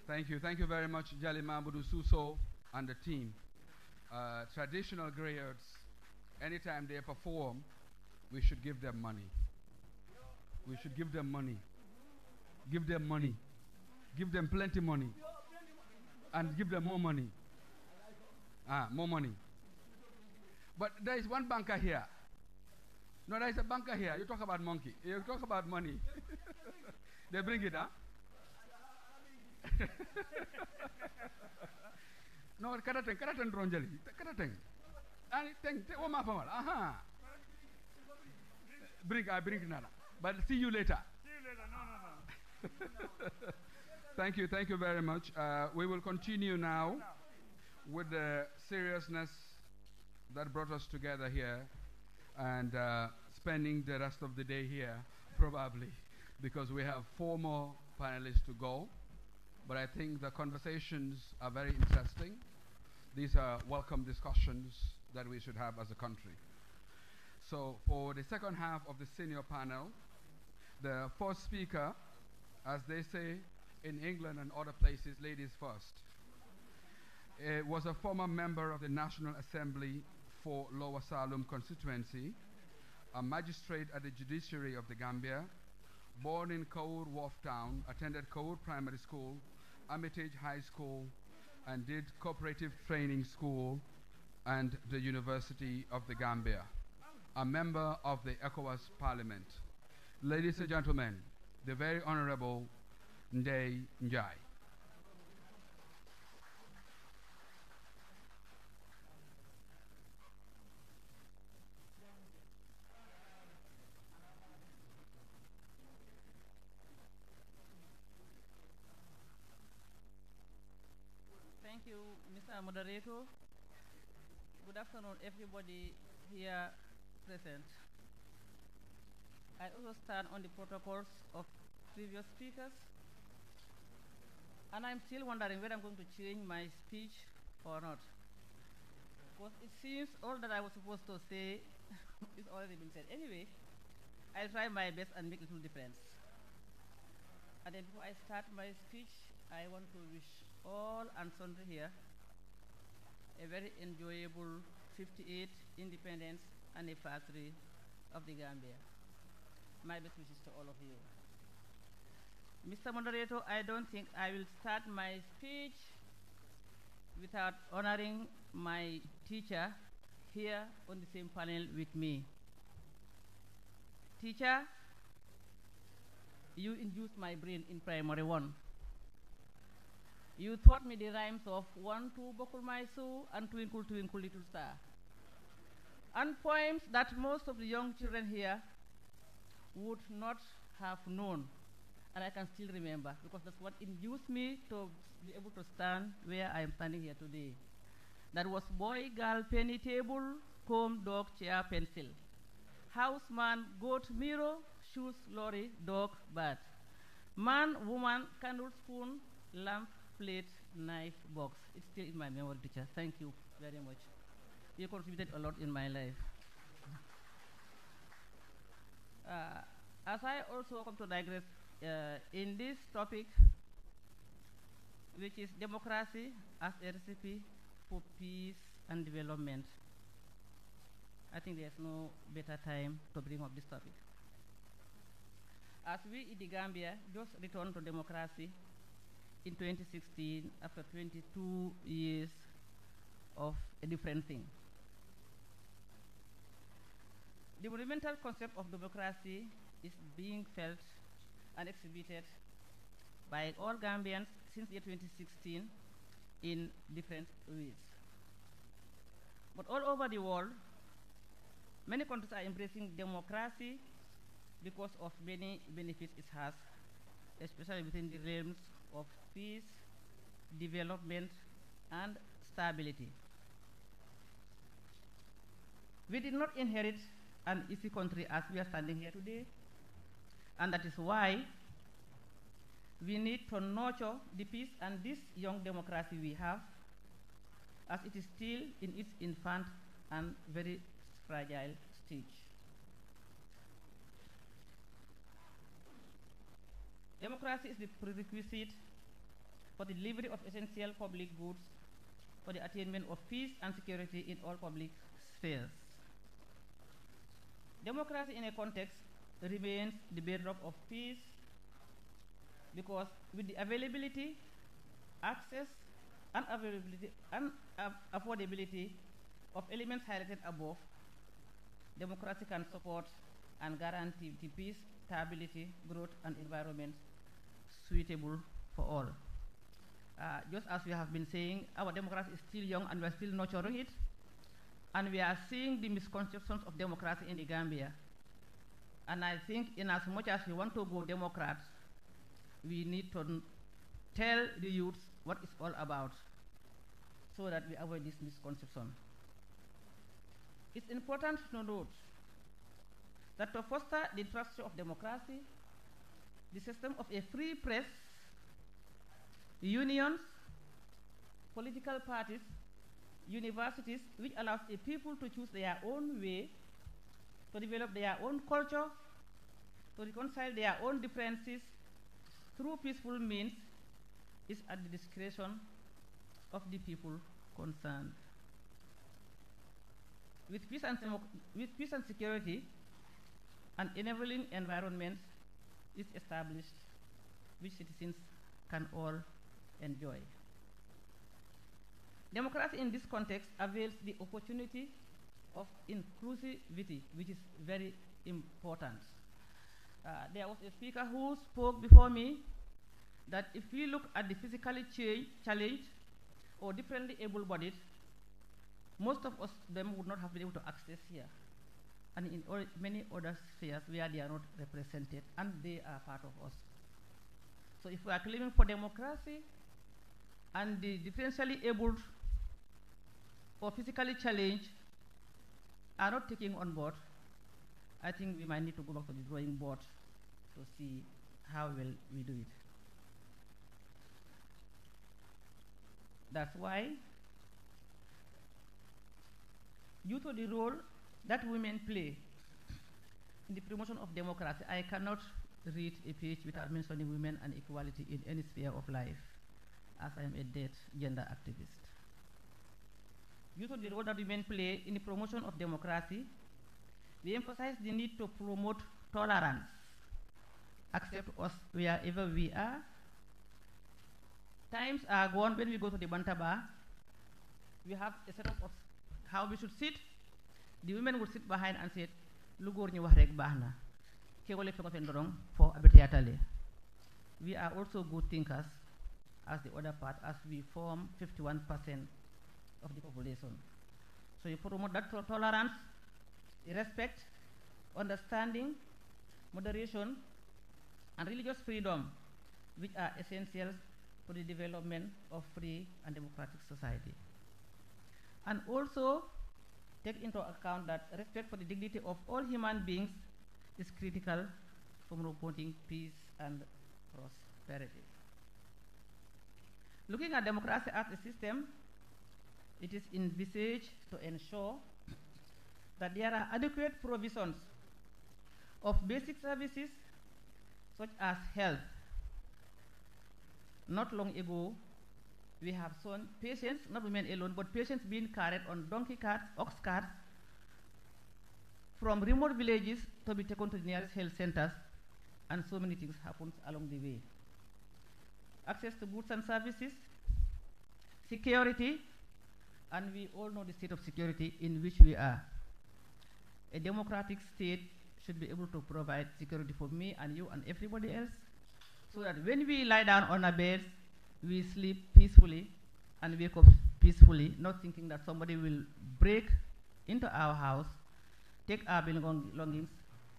[SPEAKER 21] Thank you. Thank you very much, Jalima Budususo and the team. Uh, traditional grayards, anytime they perform, we should give them money. We should give them money. Give them money. Give them plenty money. And give them more money. Ah, more money. But there is one banker here. No, there is a banker here. You talk about monkey. You talk about money. they bring it, huh? no, karateng, karateng ronjali. Karateng. And teng, teng, oh, my Aha. Bring, I bring nada. But see you later.
[SPEAKER 13] See you later. No, no, no.
[SPEAKER 21] thank you, thank you very much. Uh, we will continue now with the seriousness that brought us together here and uh, spending the rest of the day here, probably, because we have four more panelists to go. But I think the conversations are very interesting. These are welcome discussions that we should have as a country. So, for the second half of the senior panel, the first speaker as they say in England and other places, ladies first, uh, was a former member of the National Assembly for Lower Salem constituency, a magistrate at the judiciary of the Gambia, born in Kaur Wharf Town, attended Kaur Primary School, Armitage High School, and did Cooperative Training School and the University of the Gambia, a member of the ECOWAS Parliament. Ladies and gentlemen, the very Honorable Ndei Njai.
[SPEAKER 20] Thank you, Mr. Moderator. Good afternoon, everybody here present. I also stand on the protocols of previous speakers. And I'm still wondering whether I'm going to change my speech or not. Because it seems all that I was supposed to say is already been said. Anyway, I'll try my best and make little difference. And then before I start my speech, I want to wish all and sundry here a very enjoyable 58 Independence Anniversary of the Gambia. My best wishes to all of you. Mr. Moderator, I don't think I will start my speech without honoring my teacher here on the same panel with me. Teacher, you induced my brain in primary one. You taught me the rhymes of one, two, Bokul and twinkle, twinkle, little star. And poems that most of the young children here would not have known. And I can still remember because that's what induced me to be able to stand where I am standing here today. That was boy, girl, penny table, comb, dog, chair, pencil. Houseman, goat, mirror, shoes, lorry, dog, bat. Man, woman, candle, spoon, lamp, plate, knife, box. It's still in my memory, teacher. Thank you very much. You contributed a lot in my life. Uh, as I also come to digress uh, in this topic, which is democracy as a recipe for peace and development. I think there's no better time to bring up this topic. As we in the Gambia just returned to democracy in 2016 after 22 years of a different thing. The monumental concept of democracy is being felt and exhibited by all Gambians since year 2016 in different ways. But all over the world, many countries are embracing democracy because of many benefits it has, especially within the realms of peace, development, and stability. We did not inherit an easy country as we are standing here today. And that is why we need to nurture the peace and this young democracy we have, as it is still in its infant and very fragile stage. Democracy is the prerequisite for the delivery of essential public goods for the attainment of peace and security in all public spheres democracy in a context remains the bedrock of peace because with the availability, access, and availability and affordability of elements highlighted above, democracy can support and guarantee the peace, stability, growth, and environment suitable for all. Uh, just as we have been saying, our democracy is still young and we're still nurturing it. And we are seeing the misconceptions of democracy in the Gambia. And I think, in as much as we want to go Democrats, we need to tell the youths what it's all about so that we avoid this misconception. It's important to note that to foster the trust of democracy, the system of a free press, unions, political parties, universities which allows the people to choose their own way, to develop their own culture, to reconcile their own differences through peaceful means is at the discretion of the people concerned. With peace and, with peace and security, an enabling environment is established which citizens can all enjoy. Democracy in this context avails the opportunity of inclusivity, which is very important. Uh, there was a speaker who spoke before me that if we look at the physically challenged or differently able-bodied, most of us them would not have been able to access here and in many other spheres where they are not represented and they are part of us. So if we are claiming for democracy and the differentially able or physically challenged are not taking on board, I think we might need to go back to the drawing board to see how well we do it. That's why due to the role that women play in the promotion of democracy, I cannot read a page without mentioning women and equality in any sphere of life, as I am a dead gender activist. Due to the role that women play in the promotion of democracy, we emphasize the need to promote tolerance, accept us wherever we are. Times are gone when we go to the bantaba, we have a set of how we should sit. The women would sit behind and say, lu ñi wax rek na kewale fe we are also good thinkers as the other part as we form 51 percent of the population. So you promote that to tolerance, respect, understanding, moderation, and religious freedom, which are essential for the development of free and democratic society. And also take into account that respect for the dignity of all human beings is critical for promoting peace and prosperity. Looking at democracy as a system it is envisaged to ensure that there are adequate provisions of basic services such as health. Not long ago, we have seen patients, not women alone, but patients being carried on donkey carts, ox carts, from remote villages to be taken to the nearest health centers, and so many things happen along the way. Access to goods and services, security, and we all know the state of security in which we are. A democratic state should be able to provide security for me and you and everybody else, so that when we lie down on our beds, we sleep peacefully and wake up peacefully, not thinking that somebody will break into our house, take our belongings,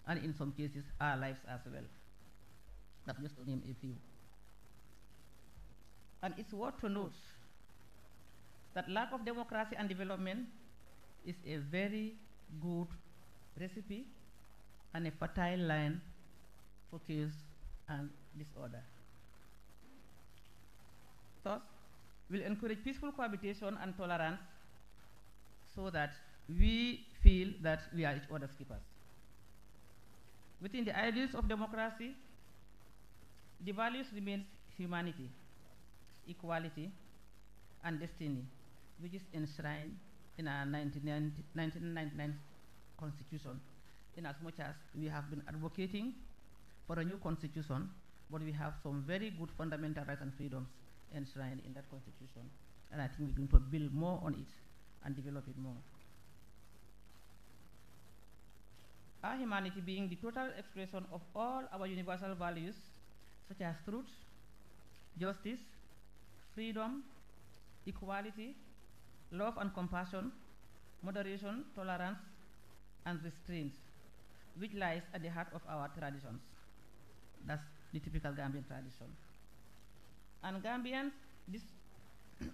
[SPEAKER 20] and in some cases, our lives as well. That's just to name a few. And it's worth to note that lack of democracy and development is a very good recipe and a fertile land for chaos and disorder. Thus, we'll encourage peaceful cohabitation and tolerance so that we feel that we are each other's keepers. Within the ideals of democracy, the values remain humanity, equality, and destiny which is enshrined in our 1999 constitution, in as much as we have been advocating for a new constitution, but we have some very good fundamental rights and freedoms enshrined in that constitution. And I think we're going to build more on it and develop it more. Our humanity being the total expression of all our universal values, such as truth, justice, freedom, equality, love and compassion, moderation, tolerance, and restraint, which lies at the heart of our traditions. That's the typical Gambian tradition. And Gambians, this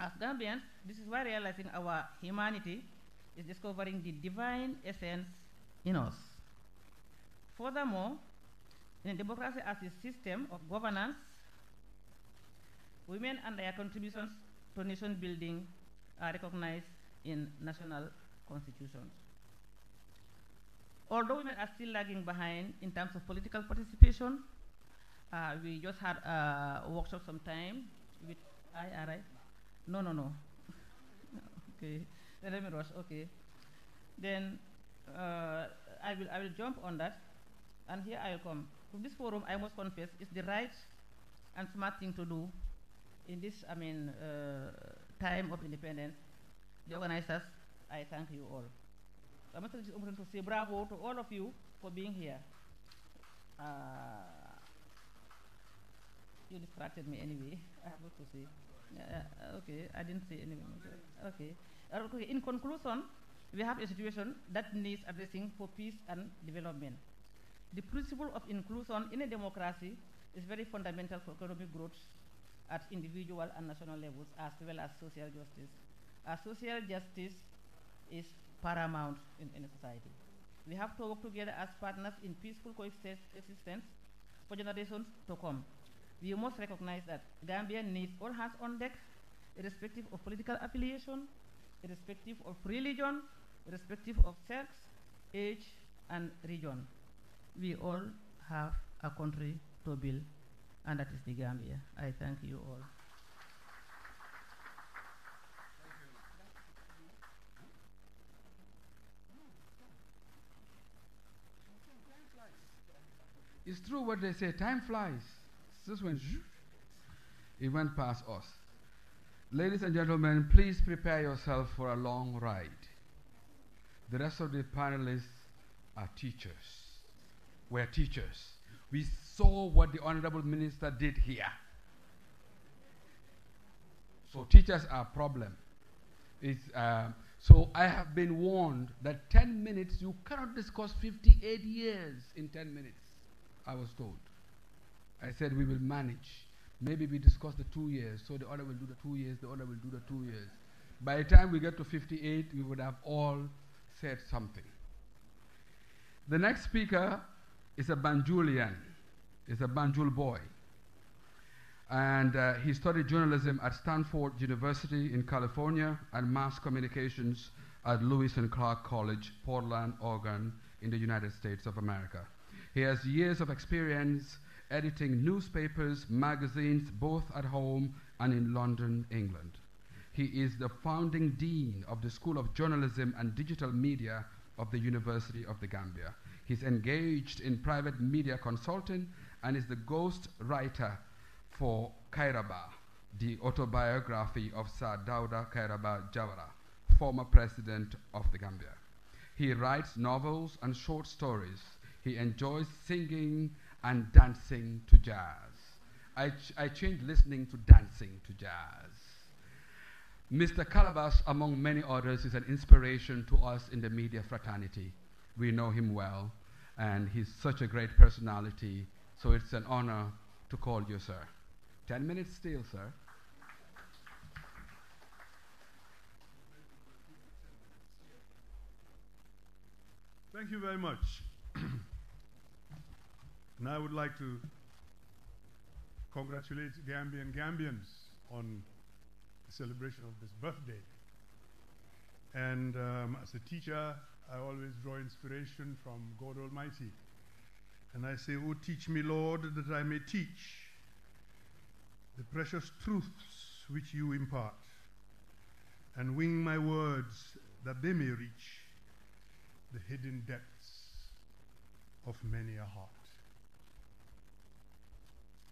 [SPEAKER 20] as Gambians, this is why realizing our humanity is discovering the divine essence in us. Furthermore, in democracy as a system of governance, women and their contributions nation building are recognized in national constitutions. Although women are still lagging behind in terms of political participation, uh, we just had a workshop sometime with IRI. No, no, no. okay, then let me rush. Okay, then uh, I will I will jump on that, and here I will come. From this forum, I must confess, it's the right and smart thing to do in this, I mean, uh, time of independence, the organizers, I thank you all. I must take to say bravo to all of you for being here. Uh, you distracted me anyway. I have to say. Uh, okay, I didn't say anything. Okay. Uh, okay. In conclusion, we have a situation that needs addressing for peace and development. The principle of inclusion in a democracy is very fundamental for economic growth at individual and national levels as well as social justice. Uh, social justice is paramount in, in society. We have to work together as partners in peaceful coexistence for generations to come. We must recognize that Gambia needs all hands on deck, irrespective of political affiliation, irrespective of religion, irrespective of sex, age, and region. We all have a country to build and that is the Gambia. I thank you all.
[SPEAKER 21] It's true what they say, time flies. This went, it went past us. Ladies and gentlemen, please prepare yourself for a long ride. The rest of the panelists are teachers. We're teachers. We saw what the Honorable Minister did here. So teachers are a problem. Uh, so I have been warned that 10 minutes, you cannot discuss 58 years in 10 minutes, I was told. I said, we will manage. Maybe we discuss the two years, so the order will do the two years, the order will do the two years. By the time we get to 58, we would have all said something. The next speaker is a Banjulian is a Banjul boy. And uh, he studied journalism at Stanford University in California and mass communications at Lewis and Clark College, Portland, Oregon, in the United States of America. He has years of experience editing newspapers, magazines, both at home and in London, England. He is the founding dean of the School of Journalism and Digital Media of the University of the Gambia. He's engaged in private media consulting and is the ghost writer for Kairaba, the autobiography of Sir Dawda Kairaba Jawara, former president of the Gambia. He writes novels and short stories. He enjoys singing and dancing to jazz. I, ch- I changed listening to dancing to jazz. Mr. Calabas, among many others, is an inspiration to us in the media fraternity. We know him well, and he's such a great personality so it's an honor to call you, sir. 10 minutes still, sir.
[SPEAKER 26] Thank you very much. and I would like to congratulate Gambian Gambians on the celebration of this birthday. And um, as a teacher, I always draw inspiration from God Almighty. And I say, Oh, teach me, Lord, that I may teach the precious truths which you impart, and wing my words that they may reach the hidden depths of many a heart.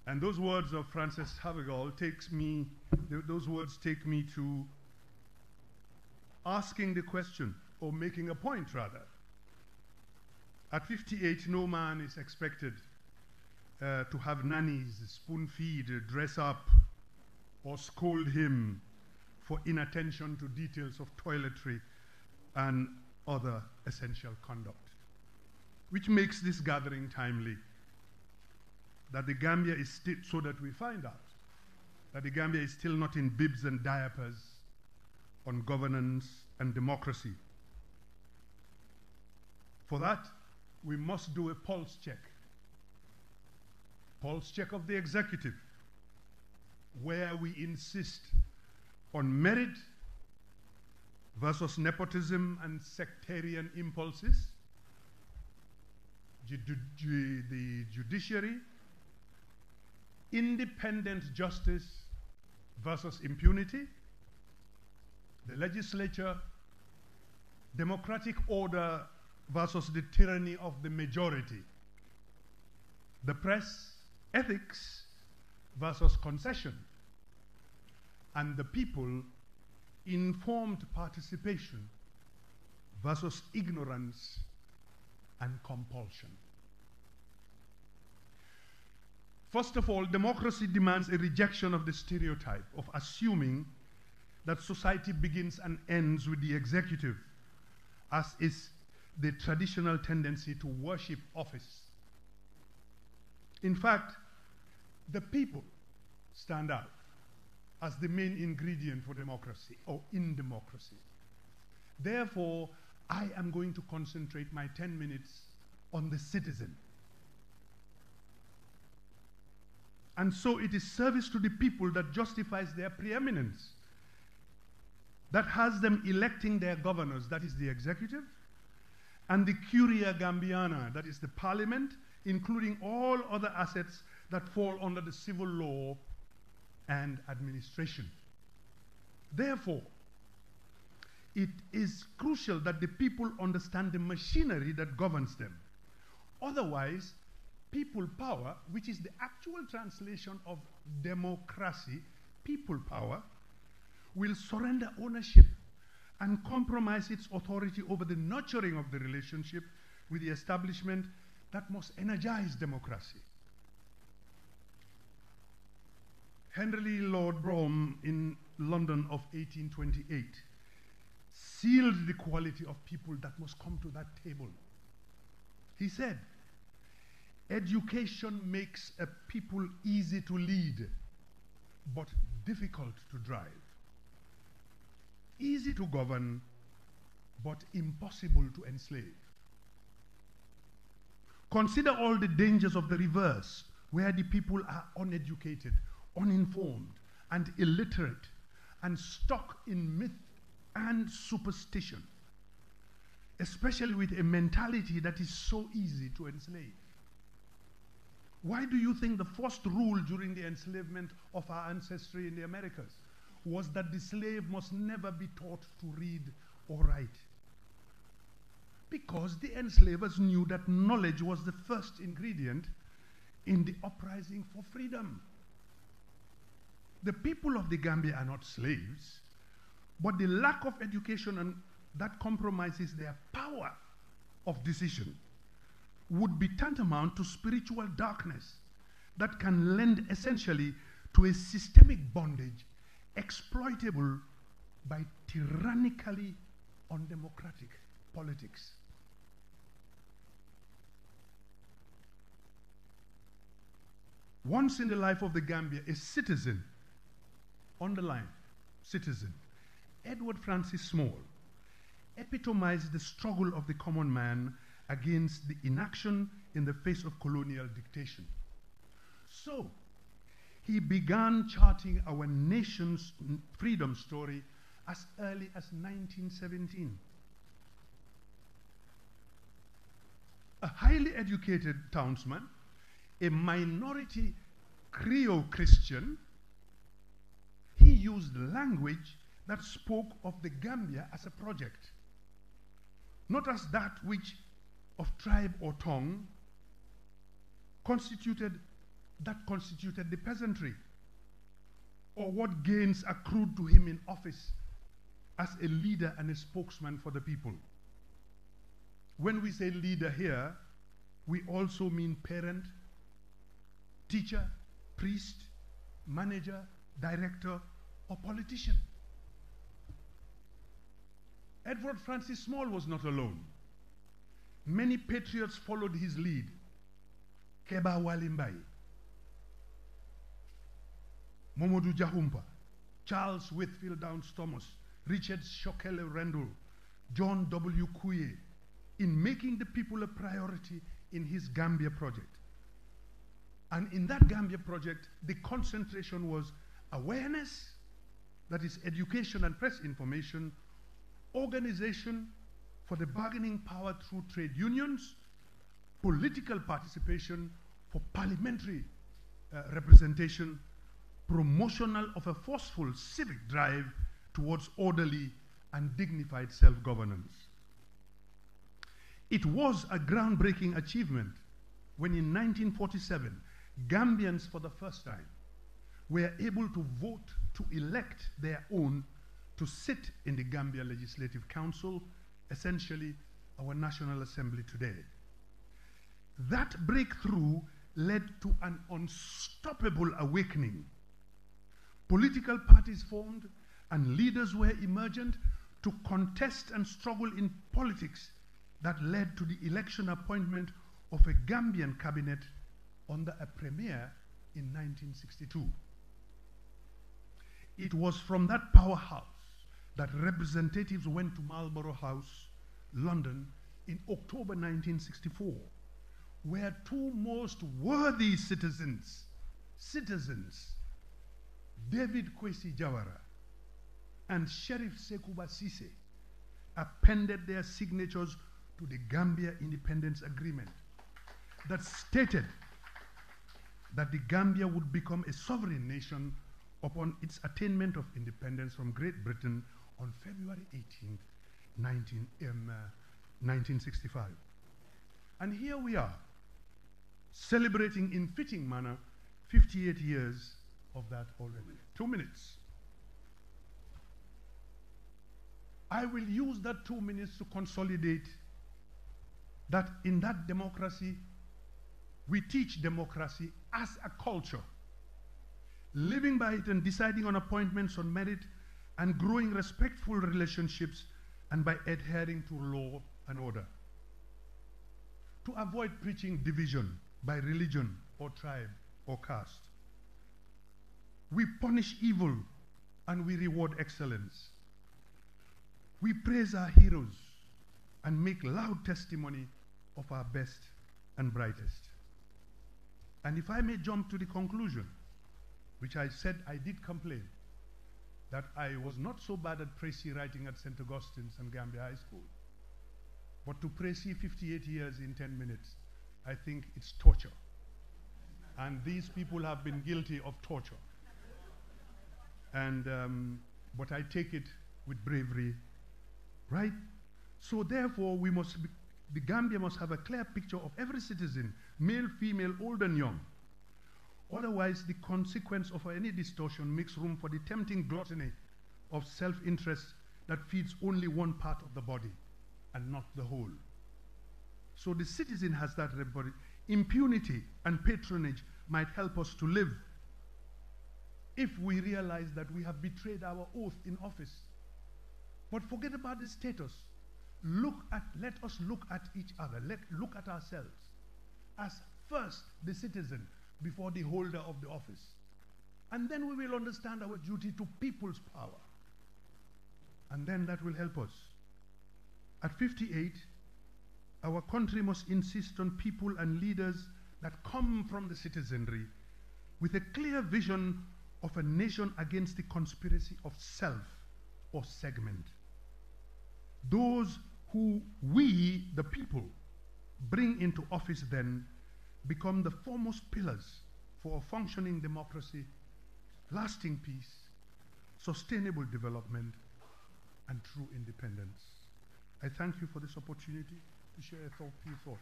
[SPEAKER 26] And those words of Francis Havergal takes me, those words take me to asking the question, or making a point rather, at 58, no man is expected uh, to have nannies spoon feed, dress up, or scold him for inattention to details of toiletry and other essential conduct, which makes this gathering timely. That the Gambia is still, so that we find out that the Gambia is still not in bibs and diapers on governance and democracy. For that, we must do a pulse check. Pulse check of the executive, where we insist on merit versus nepotism and sectarian impulses, the judiciary, independent justice versus impunity, the legislature, democratic order versus the tyranny of the majority. The press ethics versus concession. And the people informed participation versus ignorance and compulsion. First of all, democracy demands a rejection of the stereotype of assuming that society begins and ends with the executive, as is the traditional tendency to worship office. In fact, the people stand out as the main ingredient for democracy or in democracy. Therefore, I am going to concentrate my 10 minutes on the citizen. And so it is service to the people that justifies their preeminence, that has them electing their governors, that is the executive, and the Curia Gambiana, that is the parliament, including all other assets that fall under the civil law and administration. Therefore, it is crucial that the people understand the machinery that governs them. Otherwise, people power, which is the actual translation of democracy, people power, will surrender ownership and compromise its authority over the nurturing of the relationship with the establishment that must energize democracy. Henry Lord Brougham in London of 1828 sealed the quality of people that must come to that table. He said, Education makes a people easy to lead, but difficult to drive easy to govern, but impossible to enslave. Consider all the dangers of the reverse, where the people are uneducated, uninformed, and illiterate, and stuck in myth and superstition, especially with a mentality that is so easy to enslave. Why do you think the first rule during the enslavement of our ancestry in the Americas was that the slave must never be taught to read or write. Because the enslavers knew that knowledge was the first ingredient in the uprising for freedom. The people of the Gambia are not slaves, but the lack of education and that compromises their power of decision would be tantamount to spiritual darkness that can lend essentially to a systemic bondage exploitable by tyrannically undemocratic politics. Once in the life of the Gambia, a citizen, underline, citizen, Edward Francis Small, epitomized the struggle of the common man against the inaction in the face of colonial dictation. So, he began charting our nation's freedom story as early as 1917. A highly educated townsman, a minority Creole Christian, he used language that spoke of the Gambia as a project, not as that which of tribe or tongue constituted that constituted the peasantry, or what gains accrued to him in office as a leader and a spokesman for the people. When we say leader here, we also mean parent, teacher, priest, manager, director, or politician. Edward Francis Small was not alone. Many patriots followed his lead. Keba Walimbai, Momodu Jahumpa, Charles Whitfield Downs Thomas, Richard Shokele Randall, John W. Kuye, in making the people a priority in his Gambia project. And in that Gambia project, the concentration was awareness, that is education and press information, organization for the bargaining power through trade unions, political participation for parliamentary uh, representation, promotional of a forceful civic drive towards orderly and dignified self governance. It was a groundbreaking achievement when in 1947, Gambians for the first time were able to vote to elect their own to sit in the Gambia Legislative Council, essentially our National Assembly today. That breakthrough led to an unstoppable awakening Political parties formed and leaders were emergent to contest and struggle in politics that led to the election appointment of a Gambian cabinet under a premier in 1962. It was from that powerhouse that representatives went to Marlborough House, London, in October 1964, where two most worthy citizens, citizens David Kwesi Jawara and Sheriff Sekuba Sise appended their signatures to the Gambia Independence Agreement that stated that the Gambia would become a sovereign nation upon its attainment of independence from Great Britain on February 18, 19, um, uh, 1965. And here we are, celebrating in fitting manner 58 years of that already. Two minutes. I will use that two minutes to consolidate that in that democracy, we teach democracy as a culture. Living by it and deciding on appointments on merit and growing respectful relationships and by adhering to law and order. To avoid preaching division by religion or tribe or caste. We punish evil and we reward excellence. We praise our heroes and make loud testimony of our best and brightest. And if I may jump to the conclusion, which I said I did complain, that I was not so bad at Precy writing at St. Augustine's and Gambia High School. But to Precy 58 years in 10 minutes, I think it's torture. And these people have been guilty of torture. And, um, but I take it with bravery, right? So therefore, we must be, the Gambia must have a clear picture of every citizen, male, female, old and young. Otherwise, the consequence of any distortion makes room for the tempting gluttony of self-interest that feeds only one part of the body and not the whole. So the citizen has that impunity and patronage might help us to live if we realize that we have betrayed our oath in office. But forget about the status. Look at, let us look at each other. Let look at ourselves as first the citizen before the holder of the office. And then we will understand our duty to people's power. And then that will help us. At 58, our country must insist on people and leaders that come from the citizenry with a clear vision of a nation against the conspiracy of self or segment. Those who we, the people, bring into office then become the foremost pillars for a functioning democracy, lasting peace, sustainable development, and true independence. I thank you for this opportunity to share a few thoughts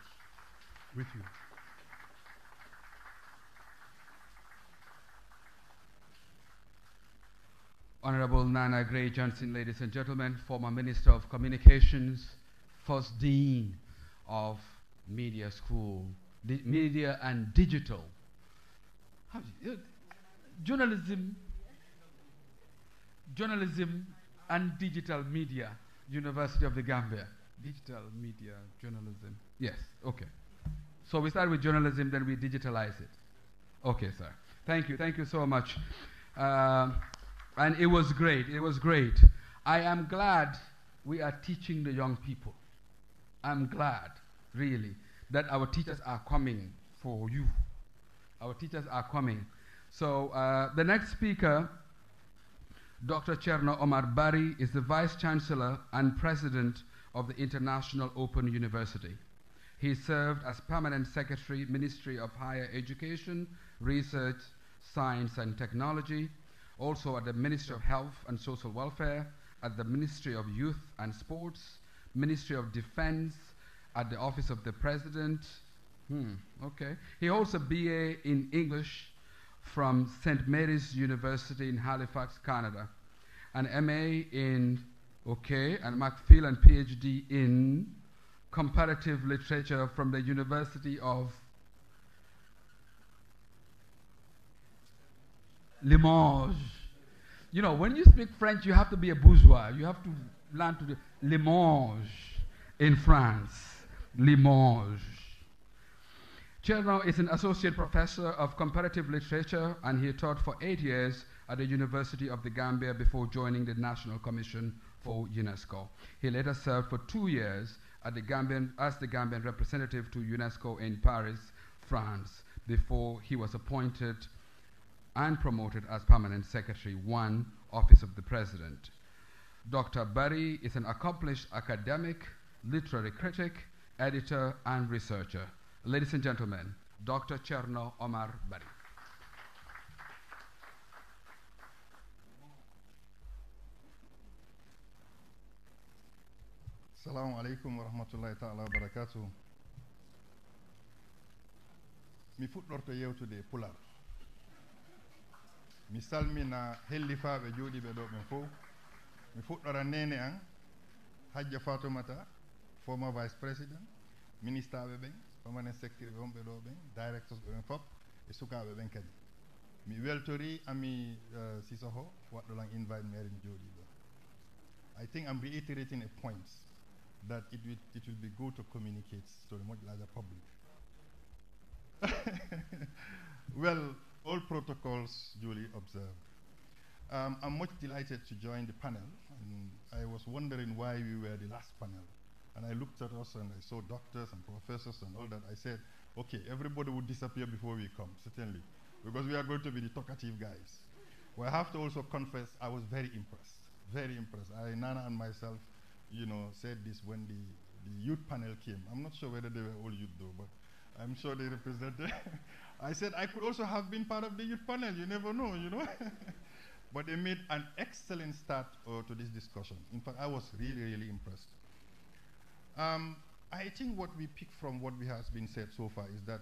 [SPEAKER 26] with you.
[SPEAKER 21] Honorable Nana Gray Johnson, ladies and gentlemen, former Minister of Communications, first Dean of Media School, Di Media and Digital. You, uh, journalism, journalism and digital media, University of the Gambia. Digital media, journalism. Yes, okay. So we start with journalism, then we digitalize it. Okay, sir. Thank you. Thank you so much. Uh, and it was great. It was great. I am glad we are teaching the young people. I'm glad, really, that our teachers are coming for you. Our teachers are coming. So uh, the next speaker, Dr. Cherno Omar Bari, is the Vice Chancellor and President of the International Open University. He served as permanent secretary, Ministry of Higher Education, Research, Science and Technology, also at the Ministry of Health and Social Welfare, at the Ministry of Youth and Sports, Ministry of Defense, at the Office of the President. Hmm, okay. He holds a BA in English from St. Mary's University in Halifax, Canada, an MA in, okay, and MacPhail and PhD in comparative literature from the University of Limoges. You know, when you speak French, you have to be a bourgeois. You have to learn to do Limoges in France. Limoges. Chernow is an associate professor of comparative literature, and he taught for eight years at the University of the Gambia before joining the National Commission for UNESCO. He later served for two years the Gambian, as the Gambian representative to UNESCO in Paris, France, before he was appointed and promoted as Permanent Secretary 1, Office of the President. Dr. Barry is an accomplished academic, literary critic, editor, and researcher. Ladies and gentlemen, Dr. Cherno Omar Barry.
[SPEAKER 27] Assalamu alaikum wa rahmatullahi ta'ala wa barakatuh. Mi fuɗɗorto yewtude pular mi salmina hellifaɓe jooɗiɓe ɗo ɓen fof mi fuɗɗora nene an hajja fatoumata former vice président ministre aɓe ɓen permanent secretary ɓe wonɓe ɗo ɓen directeurs ɓe ɓen fop e sukaɓe ɓen kadi mi weltori ami uh, sisoho waɗɗolan invite mi ari mi jooɗi ɗo i think i'm reiterating a point that it will, it will be good to communicate to the much public well all protocols duly observed. Um, I'm much delighted to join the panel, and I was wondering why we were the last panel. And I looked at us and I saw doctors and professors and all that. I said, okay, everybody will disappear before we come, certainly, because we are going to be the talkative guys. Well, I have to also confess, I was very impressed, very impressed. I, Nana and myself, you know, said this when the, the youth panel came. I'm not sure whether they were all youth, though, but I'm sure they represented I said I could also have been part of the youth panel. You never know, you know. but they made an excellent start uh, to this discussion. In fact, I was really, really impressed. Um, I think what we pick from what we has been said so far is that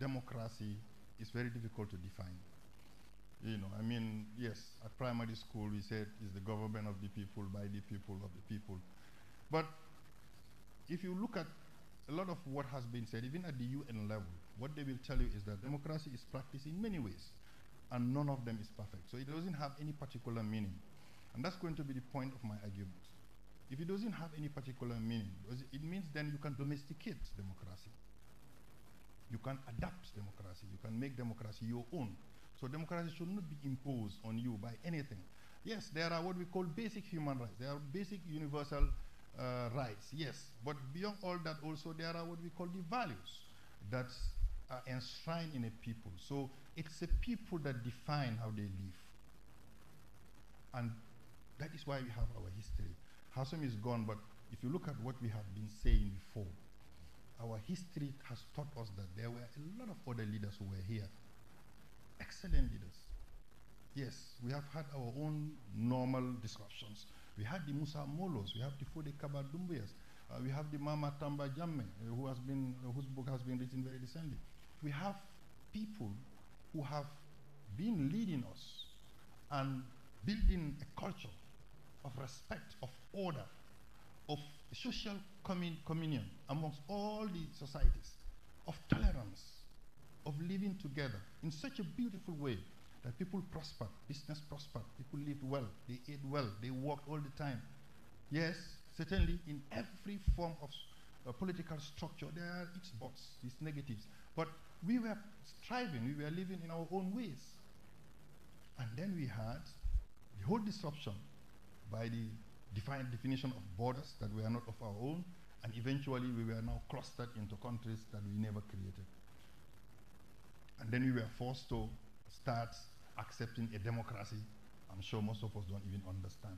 [SPEAKER 27] democracy is very difficult to define. You know, I mean, yes, at primary school we said it's the government of the people, by the people, of the people. But if you look at a lot of what has been said, even at the UN level, what they will tell you is that democracy is practiced in many ways, and none of them is perfect. So it doesn't have any particular meaning. And that's going to be the point of my argument. If it doesn't have any particular meaning, it means then you can domesticate democracy. You can adapt democracy. You can make democracy your own. So democracy should not be imposed on you by anything. Yes, there are what we call basic human rights. There are basic universal uh, rights, yes. But beyond all that also, there are what we call the values that are enshrined in a people. So it's a people that define how they live. And that is why we have our history. Hassan is gone, but if you look at what we have been saying before, our history has taught us that there were a lot of other leaders who were here. Excellent leaders. Yes, we have had our own normal disruptions. We had the Musa Molos, we have the Fode Kabadumbias, uh, we have the Mama Tamba Jamme, uh, who has been, uh, whose book has been written very recently we have people who have been leading us and building a culture of respect, of order, of social commun communion amongst all the societies, of tolerance, of living together in such a beautiful way that people prosper, business prosper, people live well, they eat well, they work all the time. Yes, certainly in every form of uh, political structure, there are its bots, its negatives. But we were striving, we were living in our own ways. And then we had the whole disruption by the defined definition of borders that were not of our own, and eventually we were now clustered into countries that we never created. And then we were forced to start accepting a democracy I'm sure most of us don't even understand.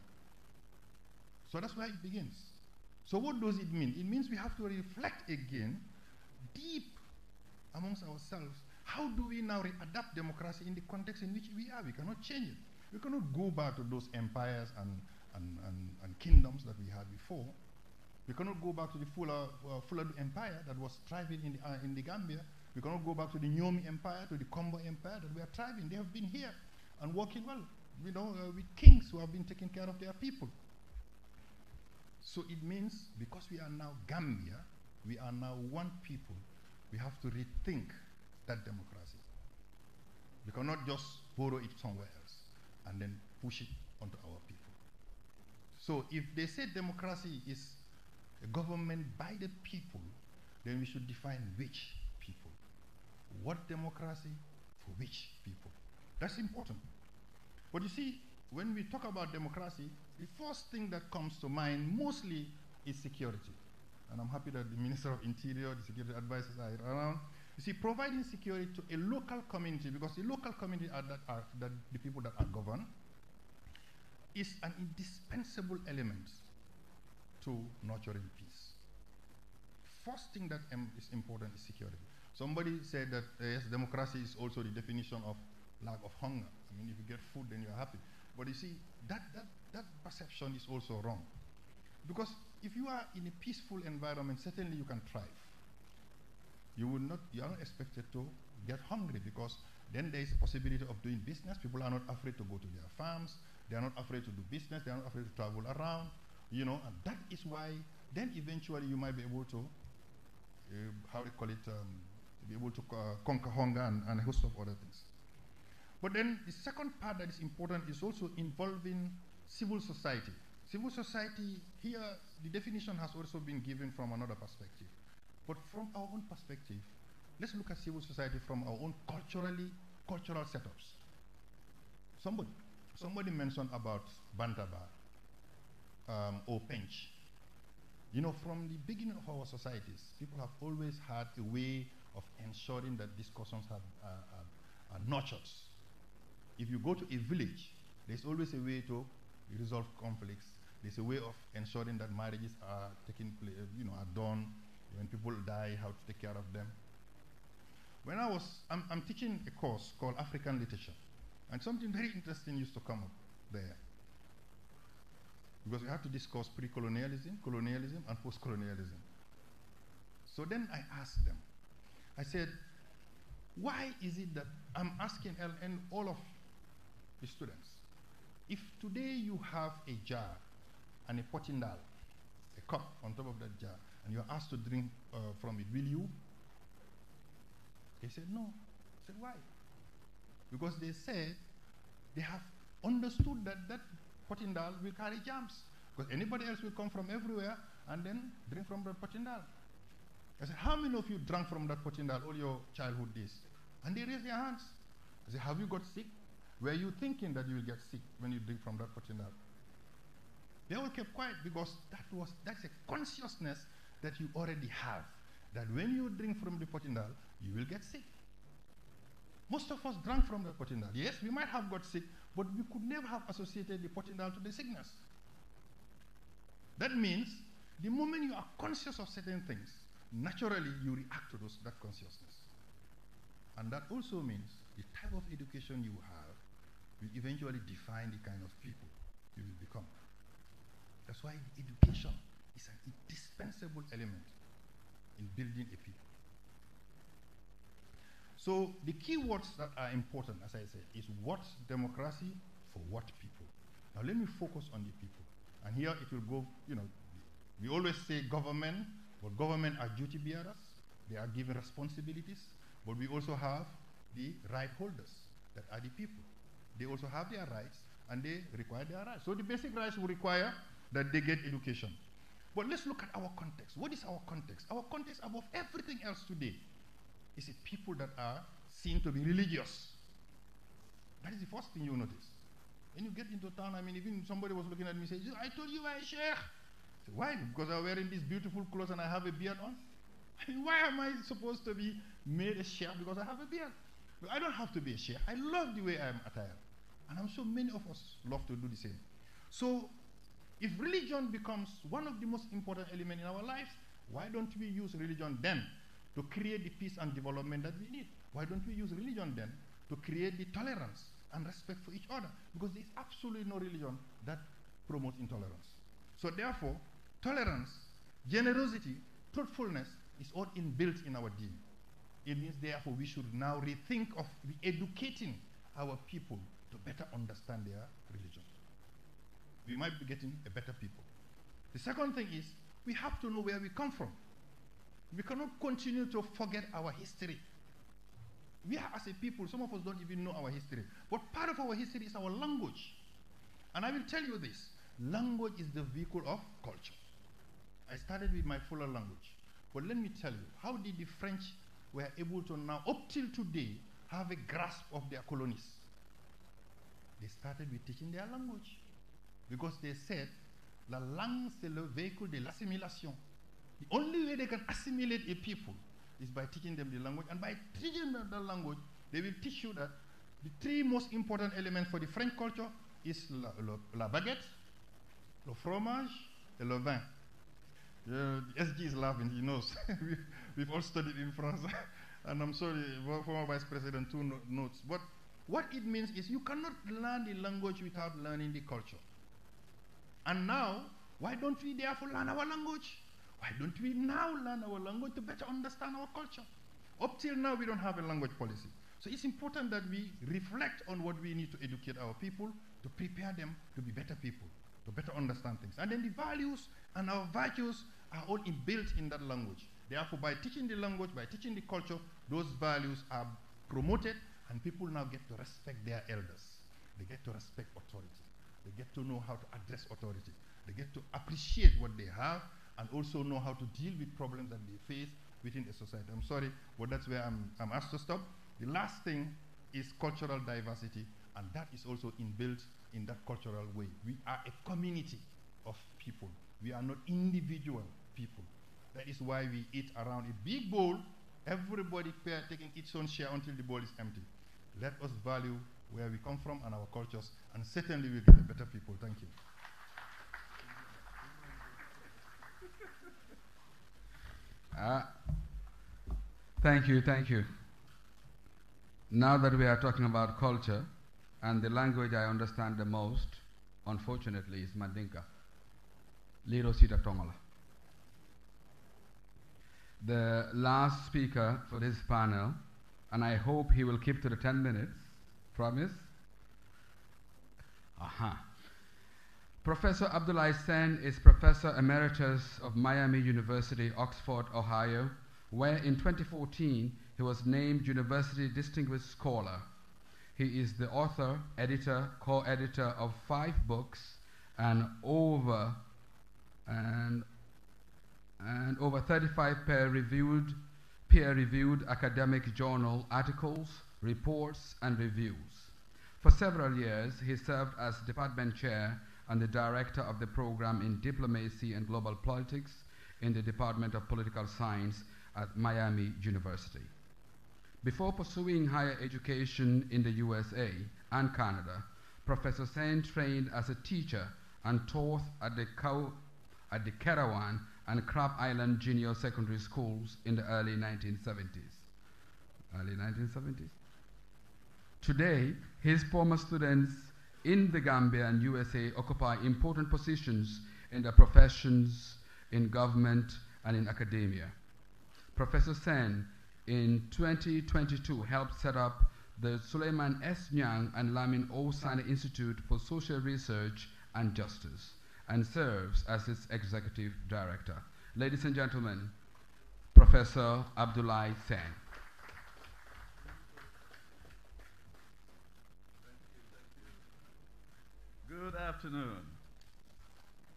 [SPEAKER 27] So that's where it begins. So what does it mean? It means we have to reflect again deep amongst ourselves, how do we now adapt democracy in the context in which we are? We cannot change it. We cannot go back to those empires and, and, and, and kingdoms that we had before. We cannot go back to the Fula, uh, Empire that was thriving in the, uh, in the Gambia. We cannot go back to the Nyomi Empire, to the Combo Empire that we are thriving. They have been here and working well, you know, uh, with kings who have been taking care of their people. So it means because we are now Gambia, we are now one people, we have to rethink that democracy. We cannot just borrow it somewhere else and then push it onto our people. So if they say democracy is a government by the people, then we should define which people. What democracy for which people? That's important. But you see, when we talk about democracy, the first thing that comes to mind mostly is security and I'm happy that the Minister of Interior, the security advisors are around. You see, providing security to a local community, because the local community are, that are that the people that are governed, is an indispensable element to nurturing peace. First thing that um, is important is security. Somebody said that uh, yes, democracy is also the definition of lack of hunger. I mean, if you get food, then you're happy. But you see, that, that, that perception is also wrong. Because if you are in a peaceful environment, certainly you can thrive. You will not, you are not expected to get hungry because then there is a possibility of doing business. People are not afraid to go to their farms. They are not afraid to do business. They are not afraid to travel around, you know, and that is why then eventually you might be able to, uh, how do you call it, um, be able to uh, conquer hunger and, and a host of other things. But then the second part that is important is also involving civil society. Civil society here the definition has also been given from another perspective. But from our own perspective, let's look at civil society from our own culturally, cultural setups. Somebody, somebody mentioned about Bantaba um, or Pench. You know, from the beginning of our societies, people have always had a way of ensuring that discussions are, are, are, are nurtured. If you go to a village, there's always a way to resolve conflicts there's a way of ensuring that marriages are taking place, you know, are done. When people die, how to take care of them. When I was, I'm, I'm teaching a course called African Literature, and something very interesting used to come up there. Because we have to discuss pre-colonialism, colonialism, and post-colonialism. So then I asked them, I said, why is it that I'm asking LN all of the students, if today you have a job?" and a potindal, a cup on top of that jar, and you're asked to drink uh, from it, will you? They said, No. I said, Why? Because they said they have understood that that potindal will carry germs. Because anybody else will come from everywhere and then drink from that potindal. I said, How many of you drank from that potindal all your childhood days? And they raised their hands. I said, Have you got sick? Were you thinking that you will get sick when you drink from that potindal? They all kept quiet because that was that's a consciousness that you already have. That when you drink from the potinal, you will get sick. Most of us drank from the potinal. Yes, we might have got sick, but we could never have associated the potinal to the sickness. That means the moment you are conscious of certain things, naturally you react to those, that consciousness. And that also means the type of education you have will eventually define the kind of people you will become. That's why education is an indispensable element in building a people. So the key words that are important, as I said, is what democracy for what people. Now let me focus on the people. And here it will go, you know, we always say government, but government are duty bearers. They are given responsibilities, but we also have the right holders that are the people. They also have their rights, and they require their rights. So the basic rights will require that they get education. But let's look at our context. What is our context? Our context above everything else today is it people that are seen to be religious. That is the first thing you notice. When you get into town, I mean, even somebody was looking at me and said, I told you I sheikh. I why? Because I'm wearing these beautiful clothes and I have a beard on? why am I supposed to be made a sheikh because I have a beard? But I don't have to be a sheikh. I love the way I am attired. And I'm sure many of us love to do the same. So if religion becomes one of the most important elements in our lives, why don't we use religion then to create the peace and development that we need? Why don't we use religion then to create the tolerance and respect for each other? Because there's absolutely no religion that promotes intolerance. So therefore, tolerance, generosity, truthfulness is all inbuilt in our DNA. It means therefore we should now rethink of educating our people to better understand their we might be getting a better people. The second thing is we have to know where we come from. We cannot continue to forget our history. We are, as a people, some of us don't even know our history. But part of our history is our language. And I will tell you this language is the vehicle of culture. I started with my Fula language. But let me tell you, how did the French were able to now, up till today, have a grasp of their colonies? They started with teaching their language because they said the langue is le véhicule de l'assimilation. The only way they can assimilate a people is by teaching them the language, and by teaching them the language, they will teach you that the three most important elements for the French culture is la, la, la baguette, le fromage, and le vin. Uh, SG is laughing, he knows. we've, we've, all studied in France. and I'm sorry, former Vice President, two no notes. But what it means is you cannot learn the language without learning the culture. And now, why don't we therefore learn our language? Why don't we now learn our language to better understand our culture? Up till now, we don't have a language policy. So it's important that we reflect on what we need to educate our people to prepare them to be better people, to better understand things. And then the values and our virtues are all inbuilt in that language. Therefore, by teaching the language, by teaching the culture, those values are promoted and people now get to respect their elders. They get to respect authority. They get to know how to address authority. They get to appreciate what they have and also know how to deal with problems that they face within a society. I'm sorry, but that's where I'm, I'm asked to stop. The last thing is cultural diversity, and that is also inbuilt in that cultural way. We are a community of people. We are not individual people. That is why we eat around a big bowl, everybody taking its own share until the bowl is empty. Let us value where we come from and our cultures, and certainly we'll be better people. Thank you.
[SPEAKER 21] Uh, thank you, thank you. Now that we are talking about culture, and the language I understand the most, unfortunately, is Mandinka, Liro Sita Tongola. The last speaker for this panel, and I hope he will keep to the 10 minutes, Promise? Aha. Uh-huh. Professor Abdullah Sen is Professor Emeritus of Miami University, Oxford, Ohio, where in 2014 he was named University Distinguished Scholar. He is the author, editor, co editor of five books and over and, and over 35 peer-reviewed, peer-reviewed academic journal articles, reports, and reviews. For several years, he served as department chair and the director of the program in diplomacy and global politics in the Department of Political Science at Miami University. Before pursuing higher education in the USA and Canada, Professor Sen trained as a teacher and taught at the, Kau, at the Kerawan and Crab Island Junior Secondary Schools in the early 1970s. Early 1970s? Today, his former students in the Gambia and USA occupy important positions in their professions, in government, and in academia. Professor Sen, in 2022, helped set up the Suleiman S. Nyang and Lamin O. Sani Institute for Social Research and Justice, and serves as its executive director. Ladies and gentlemen, Professor Abdullah Sen.
[SPEAKER 28] afternoon.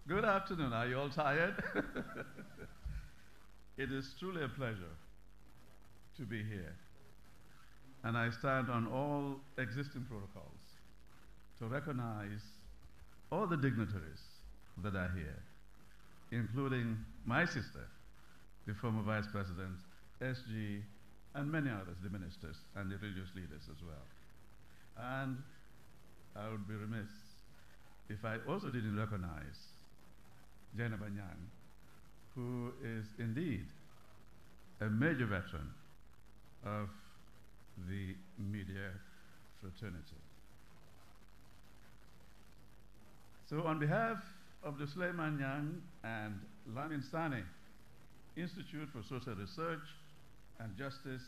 [SPEAKER 28] Good afternoon. Are you all tired? it is truly a pleasure to be here. And I stand on all existing protocols to recognize all the dignitaries that are here, including my sister, the former Vice President, SG, and many others, the ministers and the religious leaders as well. And I would be remiss if I also didn't recognize Jaina Banyan, who is indeed a major veteran of the media fraternity. So on behalf of the Suleiman Yang and Lamin Sani Institute for Social Research and Justice,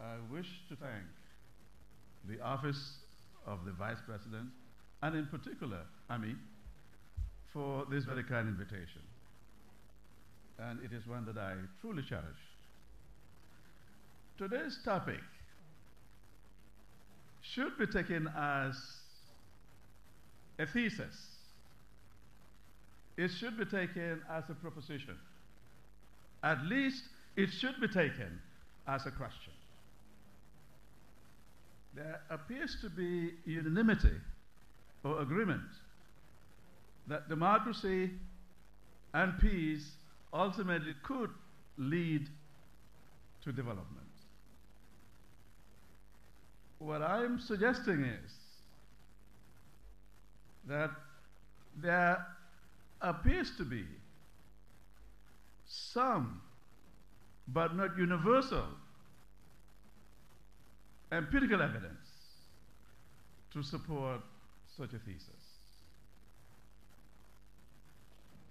[SPEAKER 28] I wish to thank the Office of the Vice President and in particular, Ami, for this very kind invitation. And it is one that I truly cherish. Today's topic should be taken as a thesis. It should be taken as a proposition. At least it should be taken as a question. There appears to be unanimity or agreement that democracy and peace ultimately could lead to development. What I'm suggesting is that there appears to be some, but not universal, empirical evidence to support such a thesis.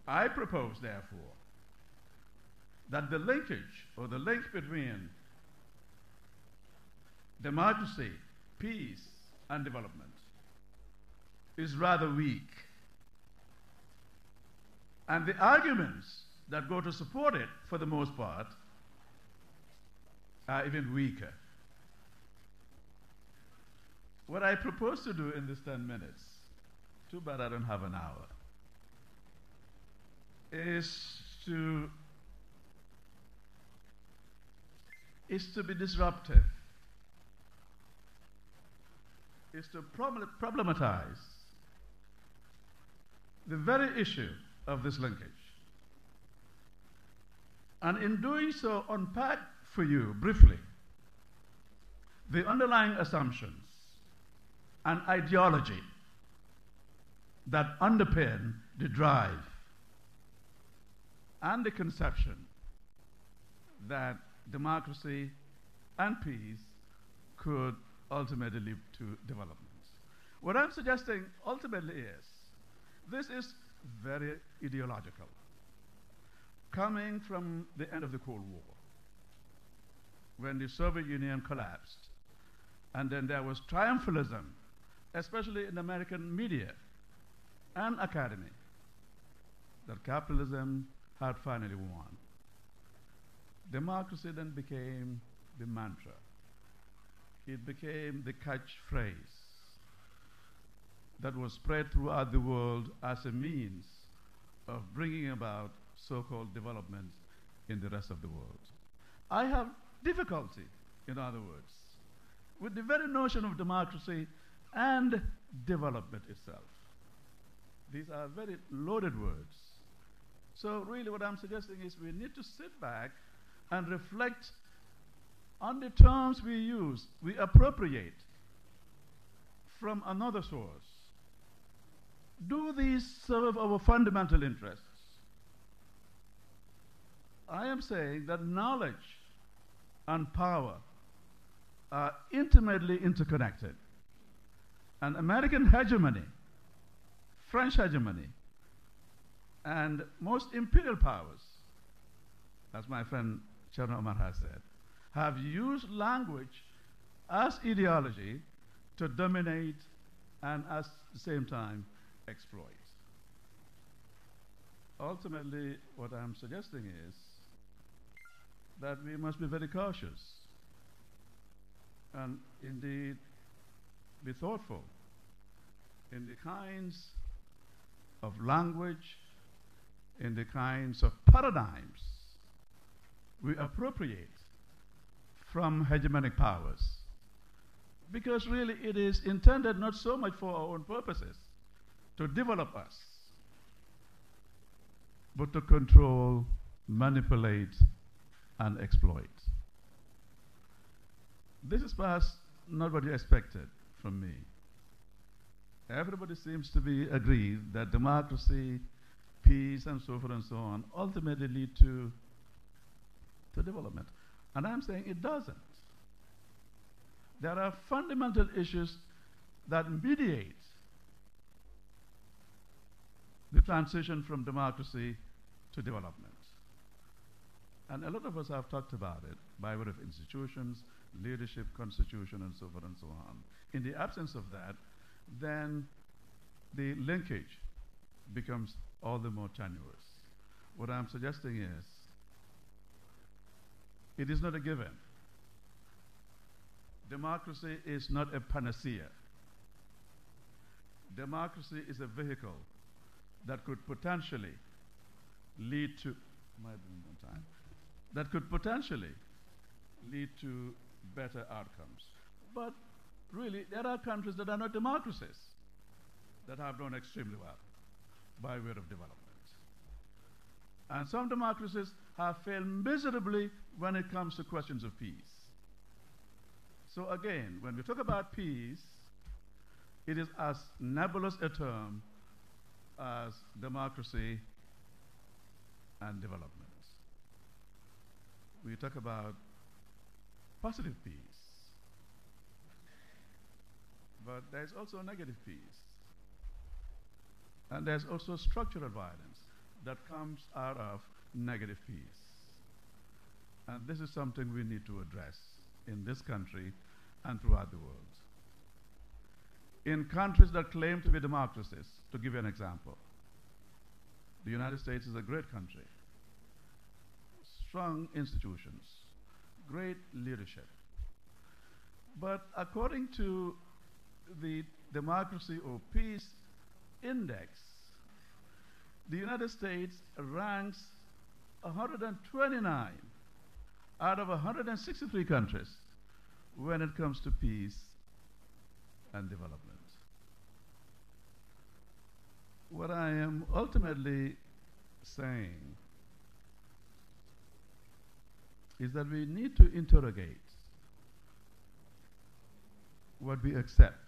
[SPEAKER 28] I propose, therefore, that the linkage or the link between democracy, peace, and development is rather weak. And the arguments that go to support it, for the most part, are even weaker what I propose to do in this 10 minutes, too bad I don't have an hour, is to is to be disruptive, is to problem problematize the very issue of this linkage. And in doing so, unpack for you briefly the underlying assumptions and ideology that underpin the drive and the conception that democracy and peace could ultimately lead to development. What I'm suggesting ultimately is this is very ideological, coming from the end of the Cold War, when the Soviet Union collapsed, and then there was triumphalism especially in American media and academy, that capitalism had finally won. Democracy then became the mantra. It became the catchphrase that was spread throughout the world as a means of bringing about so-called developments in the rest of the world. I have difficulty, in other words, with the very notion of democracy and development itself. These are very loaded words. So really what I'm suggesting is we need to sit back and reflect on the terms we use, we appropriate from another source. Do these serve our fundamental interests? I am saying that knowledge and power are intimately interconnected and American hegemony, French hegemony, and most imperial powers, as my friend Cherno Omar has said, have used language as ideology to dominate and at the same time exploit. Ultimately, what I'm suggesting is that we must be very cautious and indeed be thoughtful in the kinds of language, in the kinds of paradigms we appropriate from hegemonic powers. Because really it is intended not so much for our own purposes to develop us, but to control, manipulate, and exploit. This is perhaps not what you expected from me. Everybody seems to be agreed that democracy, peace, and so forth and so on ultimately lead to, to development. And I'm saying it doesn't. There are fundamental issues that mediate the transition from democracy to development. And a lot of us have talked about it by way of institutions, leadership, constitution, and so forth and so on. In the absence of that, then the linkage becomes all the more tenuous. What I'm suggesting is it is not a given. Democracy is not a panacea. Democracy is a vehicle that could potentially lead to that could potentially lead to better outcomes. But really, there are countries that are not democracies that have done extremely well by way of development. And some democracies have failed miserably when it comes to questions of peace. So again, when we talk about peace, it is as nebulous a term as democracy and development. We talk about positive peace but there's also a negative piece. And there's also structural violence that comes out of negative peace. And this is something we need to address in this country and throughout the world. In countries that claim to be democracies, to give you an example, the United States is a great country, strong institutions, great leadership. But according to the Democracy or Peace Index, the United States ranks 129 out of 163 countries when it comes to peace and development. What I am ultimately saying is that we need to interrogate what we accept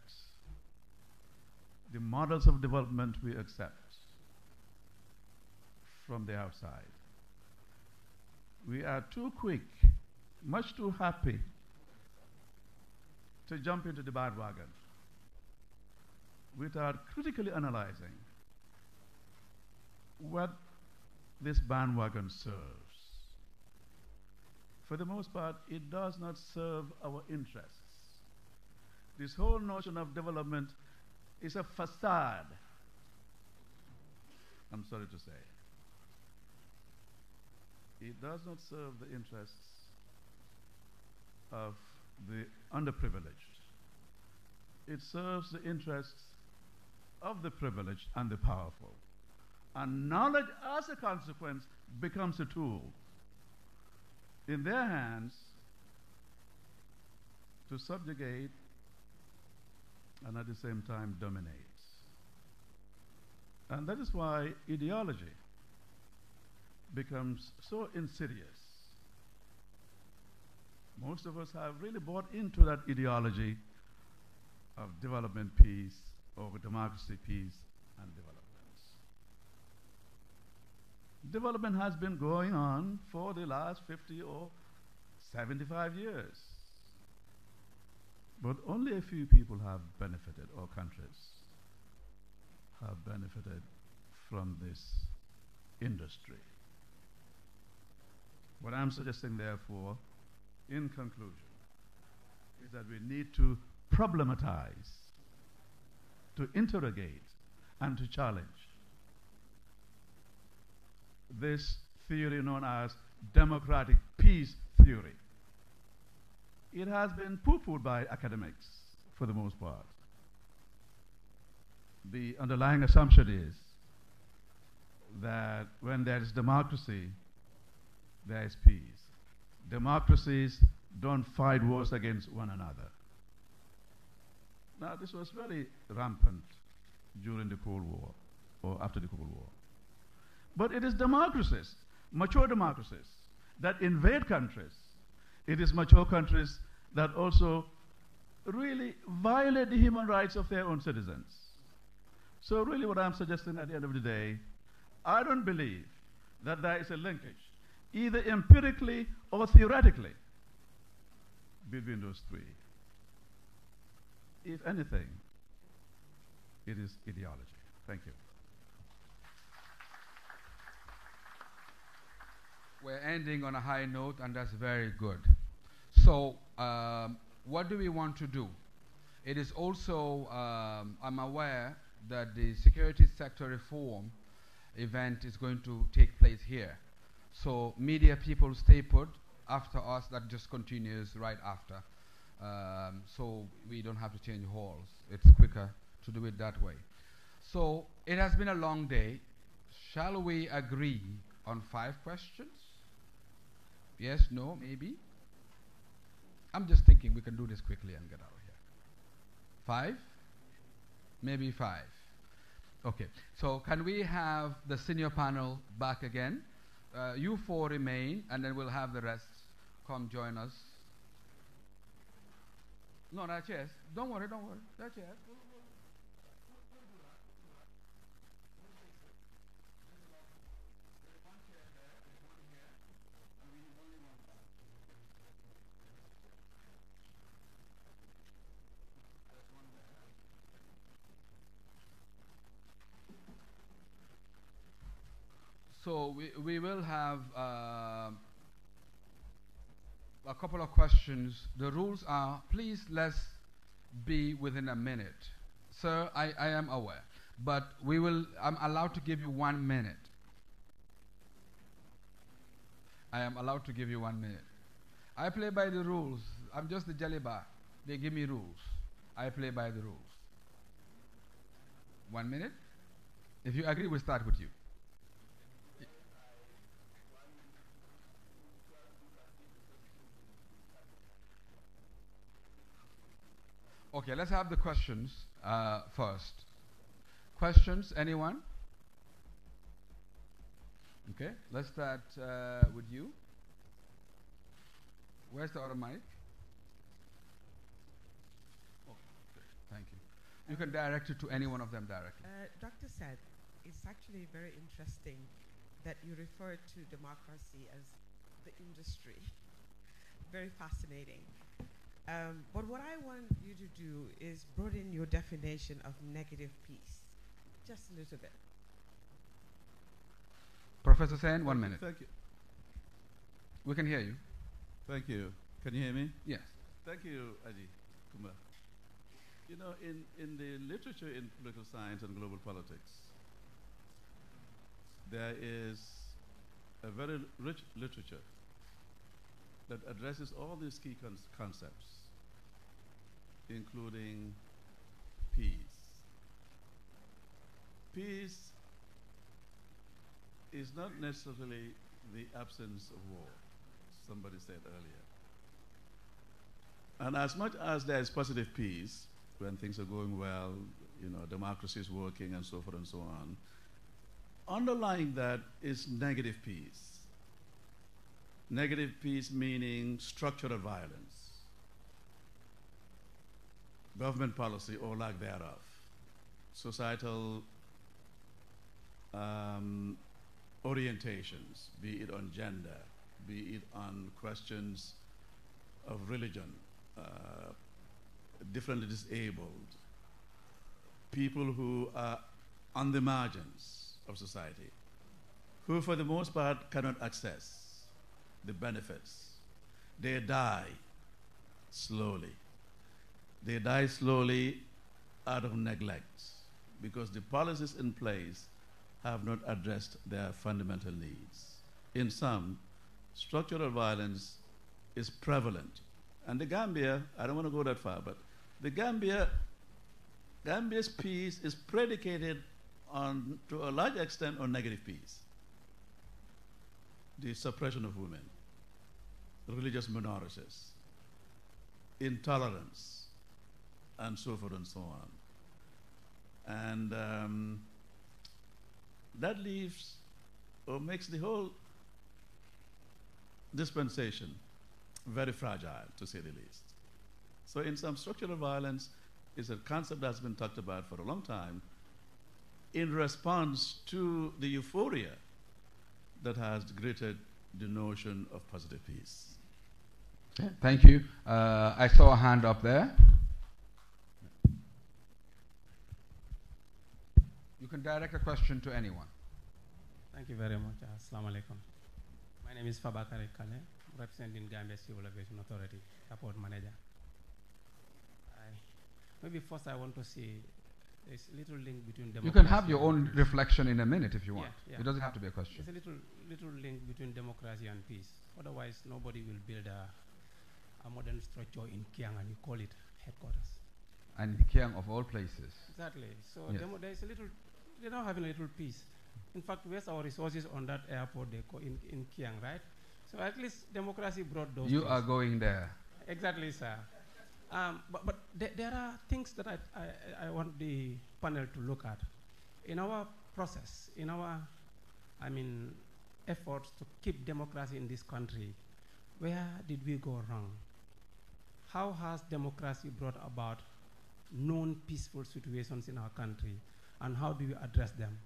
[SPEAKER 28] the models of development we accept from the outside. We are too quick, much too happy to jump into the bandwagon without critically analyzing what this bandwagon serves. For the most part, it does not serve our interests. This whole notion of development is a facade. I'm sorry to say. It does not serve the interests of the underprivileged. It serves the interests of the privileged and the powerful. And knowledge, as a consequence, becomes a tool in their hands to subjugate and at the same time dominates. And that is why ideology becomes so insidious. Most of us have really bought into that ideology of development peace or democracy peace and development. Development has been going on for the last 50 or 75 years. But only a few people have benefited, or countries have benefited from this industry. What I'm suggesting, therefore, in conclusion, is that we need to problematize, to interrogate, and to challenge this theory known as democratic peace theory it has been poo-pooed by academics for the most part. The underlying assumption is that when there is democracy, there is peace. Democracies don't fight wars against one another. Now, this was very rampant during the Cold War or after the Cold War. But it is democracies, mature democracies, that invade countries it is mature countries that also really violate the human rights of their own citizens. So really what I'm suggesting at the end of the day, I don't believe that there is a linkage, either empirically or theoretically, between those three. If anything, it is ideology. Thank you.
[SPEAKER 21] We're ending on a high note, and that's very good. So, um, what do we want to do? It is also, um, I'm aware that the security sector reform event is going to take place here. So, media people stay put after us, that just continues right after. Um, so, we don't have to change halls. It's quicker to do it that way. So, it has been a long day. Shall we agree on five questions? Yes, no, maybe? I'm just thinking we can do this quickly and get out of here. Five? Maybe five. Okay, so can we have the senior panel back again? Uh, you four remain, and then we'll have the rest come join us. No, not chairs. Don't worry, don't worry. Not chairs. so we, we will have uh, a couple of questions. The rules are, please let's be within a minute. Sir, I, I am aware, but we will, I'm allowed to give you one minute. I am allowed to give you one minute. I play by the rules. I'm just the jelly bar. They give me rules. I play by the rules. One minute. If you agree, we'll start with you. Okay, let's have the questions uh, first. Questions, anyone? Okay, let's start uh, with you. Where's the other mic? Oh, thank you. You can direct it to any one of them directly.
[SPEAKER 3] Uh, Dr. said it's actually very interesting that you refer to democracy as the industry. very fascinating. Um, but what I want you to do is broaden your definition of negative peace, just a little bit.
[SPEAKER 21] Professor Sen, one minute. Thank
[SPEAKER 28] you. We can hear you. Thank you. Can you hear me? Yes. Thank you, Adi Kumar. You know, in, in the literature in political science and global politics, there is a very rich literature that addresses all these key concepts, including peace. Peace is not necessarily the absence of war, somebody said earlier. And as much as there is positive peace, when things are going well, you know, democracy is working and so forth and so on, underlying that is negative peace Negative peace meaning structural violence, government policy or lack thereof, societal um, orientations, be it on gender, be it on questions of religion, uh, differently disabled, people who are on the margins of society, who for the most part cannot access the benefits. They die slowly. They die slowly out of neglect because the policies in place have not addressed their fundamental needs. In some, structural violence is prevalent. And the Gambia, I don't want to go that far, but the Gambia, Gambia's peace is predicated on, to a large extent, on negative peace the suppression of women, religious minorities, intolerance, and so forth and so on. And um, that leaves or makes the whole dispensation very fragile, to say the least. So, in some structural violence is a concept that's been talked about for a long time in response to the euphoria that has greeted the notion of positive peace.
[SPEAKER 21] thank you. Uh, I saw a hand up there.
[SPEAKER 19] You can direct a question to anyone. Thank you very much. Uh, Assalamu alaikum. My name is Fabakari Kale, representing Gambia Civil Aviation Authority, airport manager. I, maybe first I want to see. There's a little link between democracy. You can have your own reflection
[SPEAKER 21] in a minute if you want. Yeah, yeah. It doesn't have to be a question.
[SPEAKER 19] There's a little, little link between democracy and peace. Otherwise, nobody will build a, a modern structure in Kiang and you call it headquarters.
[SPEAKER 21] And Kiang of all places. Exactly. So yes.
[SPEAKER 19] there's a little, they're not having a little peace. In fact, where's our resources on that airport they in, in Kiang, right? So at least democracy brought those. You things. are going there. Exactly, sir. Um, but, but th there are things that I, I, I, want the panel to look at. In our process, in our, I mean, efforts to keep democracy in this country, where did we go wrong? How has democracy brought about known peaceful situations in our country, and how do we address them?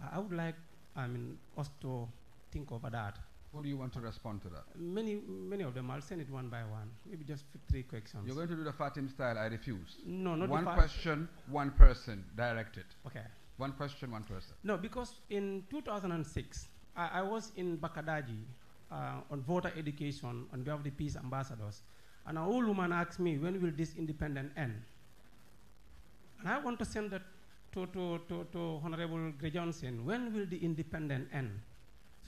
[SPEAKER 19] I, I would like, I mean, us to think over that. Who do you want to respond to that? Many, many of them. I'll send it one by one. Maybe just three questions. You're going
[SPEAKER 21] to do the Fatim style. I refuse. No, not one question, one person directed. Okay. One question, one person.
[SPEAKER 19] No, because in 2006, I, I was in Bakadaji uh, on voter education on behalf of the peace ambassadors, and an old woman asked me, "When will this independence end?" And I want to send that to to to, to Honorable Gray Johnson. When will the independence end?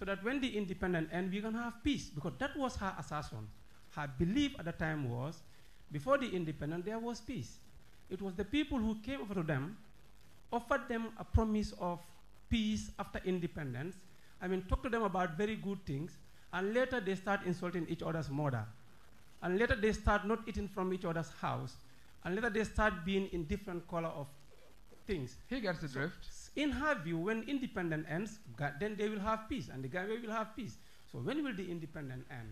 [SPEAKER 19] so that when the independent end, we're going to have peace. Because that was her assassin. Her belief at the time was before the independent, there was peace. It was the people who came over to them, offered them a promise of peace after independence. I mean, talk to them about very good things, and later they start insulting each other's mother. And later they start not eating from each other's house. And later they start being in different color of things. He gets the so drift. In her view, when independence ends, then they will have peace, and the Gambia will have peace. So when will the independence end?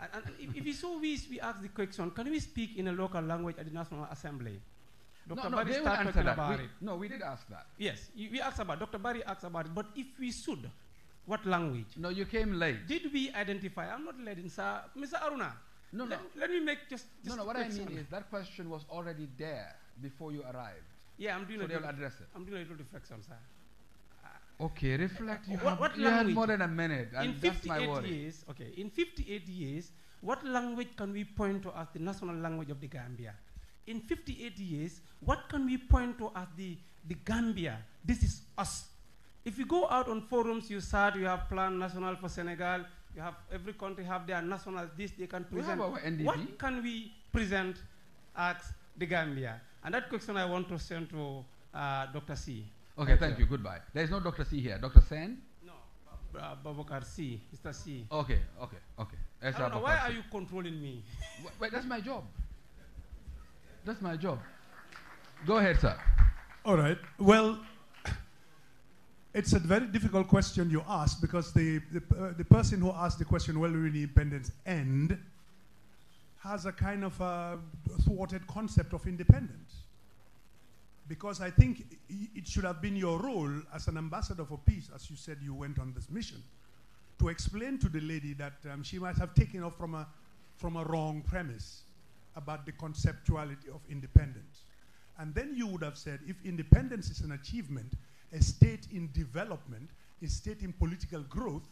[SPEAKER 19] And, and if, if it's so we, we ask the question, can we speak in a local language at the National Assembly? Dr. No, no, started talking about we, it. No, we did ask that. Yes, you, we asked about Dr. Barry asked about it, but if we should, what language? No, you came late. Did we identify? I'm not leading, sir. Mr. Aruna. No, let, no. Let me make just. just no, no. What I mean is that question was already there before you arrived. Yeah, I'm doing so a they will address it. I'm doing a little reflection, sir.
[SPEAKER 21] Okay, reflect. You, what, have, what you had more than a minute. in 58
[SPEAKER 19] years, okay, in 58 years, what language can we point to as the national language of the Gambia? In 58 years, what can we point to as the, the Gambia? This is us. If you go out on forums, you start, you have plan national for Senegal, you have every country have their national this they can present. What can we present as the Gambia? And that question I want to send to uh, Dr. C. Okay, thank, thank you. Goodbye. There is no Dr. C here. Dr. Sen? No, uh, Babakar C. Mr. C. Okay, okay, okay. Ezra know, why C. are you controlling me? Wait, that's my job.
[SPEAKER 26] That's my job. Go ahead, sir. All right. Well, it's a very difficult question you ask because the, the, uh, the person who asked the question, will will independence end, has a kind of a thwarted concept of independence. Because I think it should have been your role as an ambassador for peace, as you said you went on this mission, to explain to the lady that um, she might have taken off from a, from a wrong premise about the conceptuality of independence. And then you would have said, if independence is an achievement, a state in development, a state in political growth,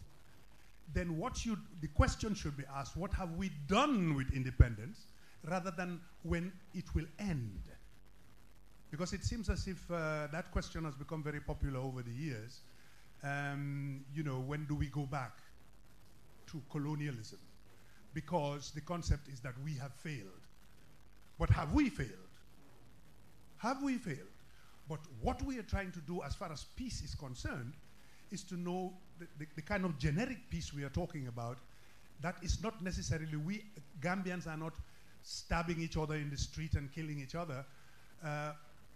[SPEAKER 26] then what should, the question should be asked, what have we done with independence rather than when it will end? Because it seems as if uh, that question has become very popular over the years. Um, you know, when do we go back to colonialism? Because the concept is that we have failed. But have we failed? Have we failed? But what we are trying to do as far as peace is concerned is to know the, the, kind of generic peace we are talking about, that is not necessarily we Gambians are not stabbing each other in the street and killing each other, uh,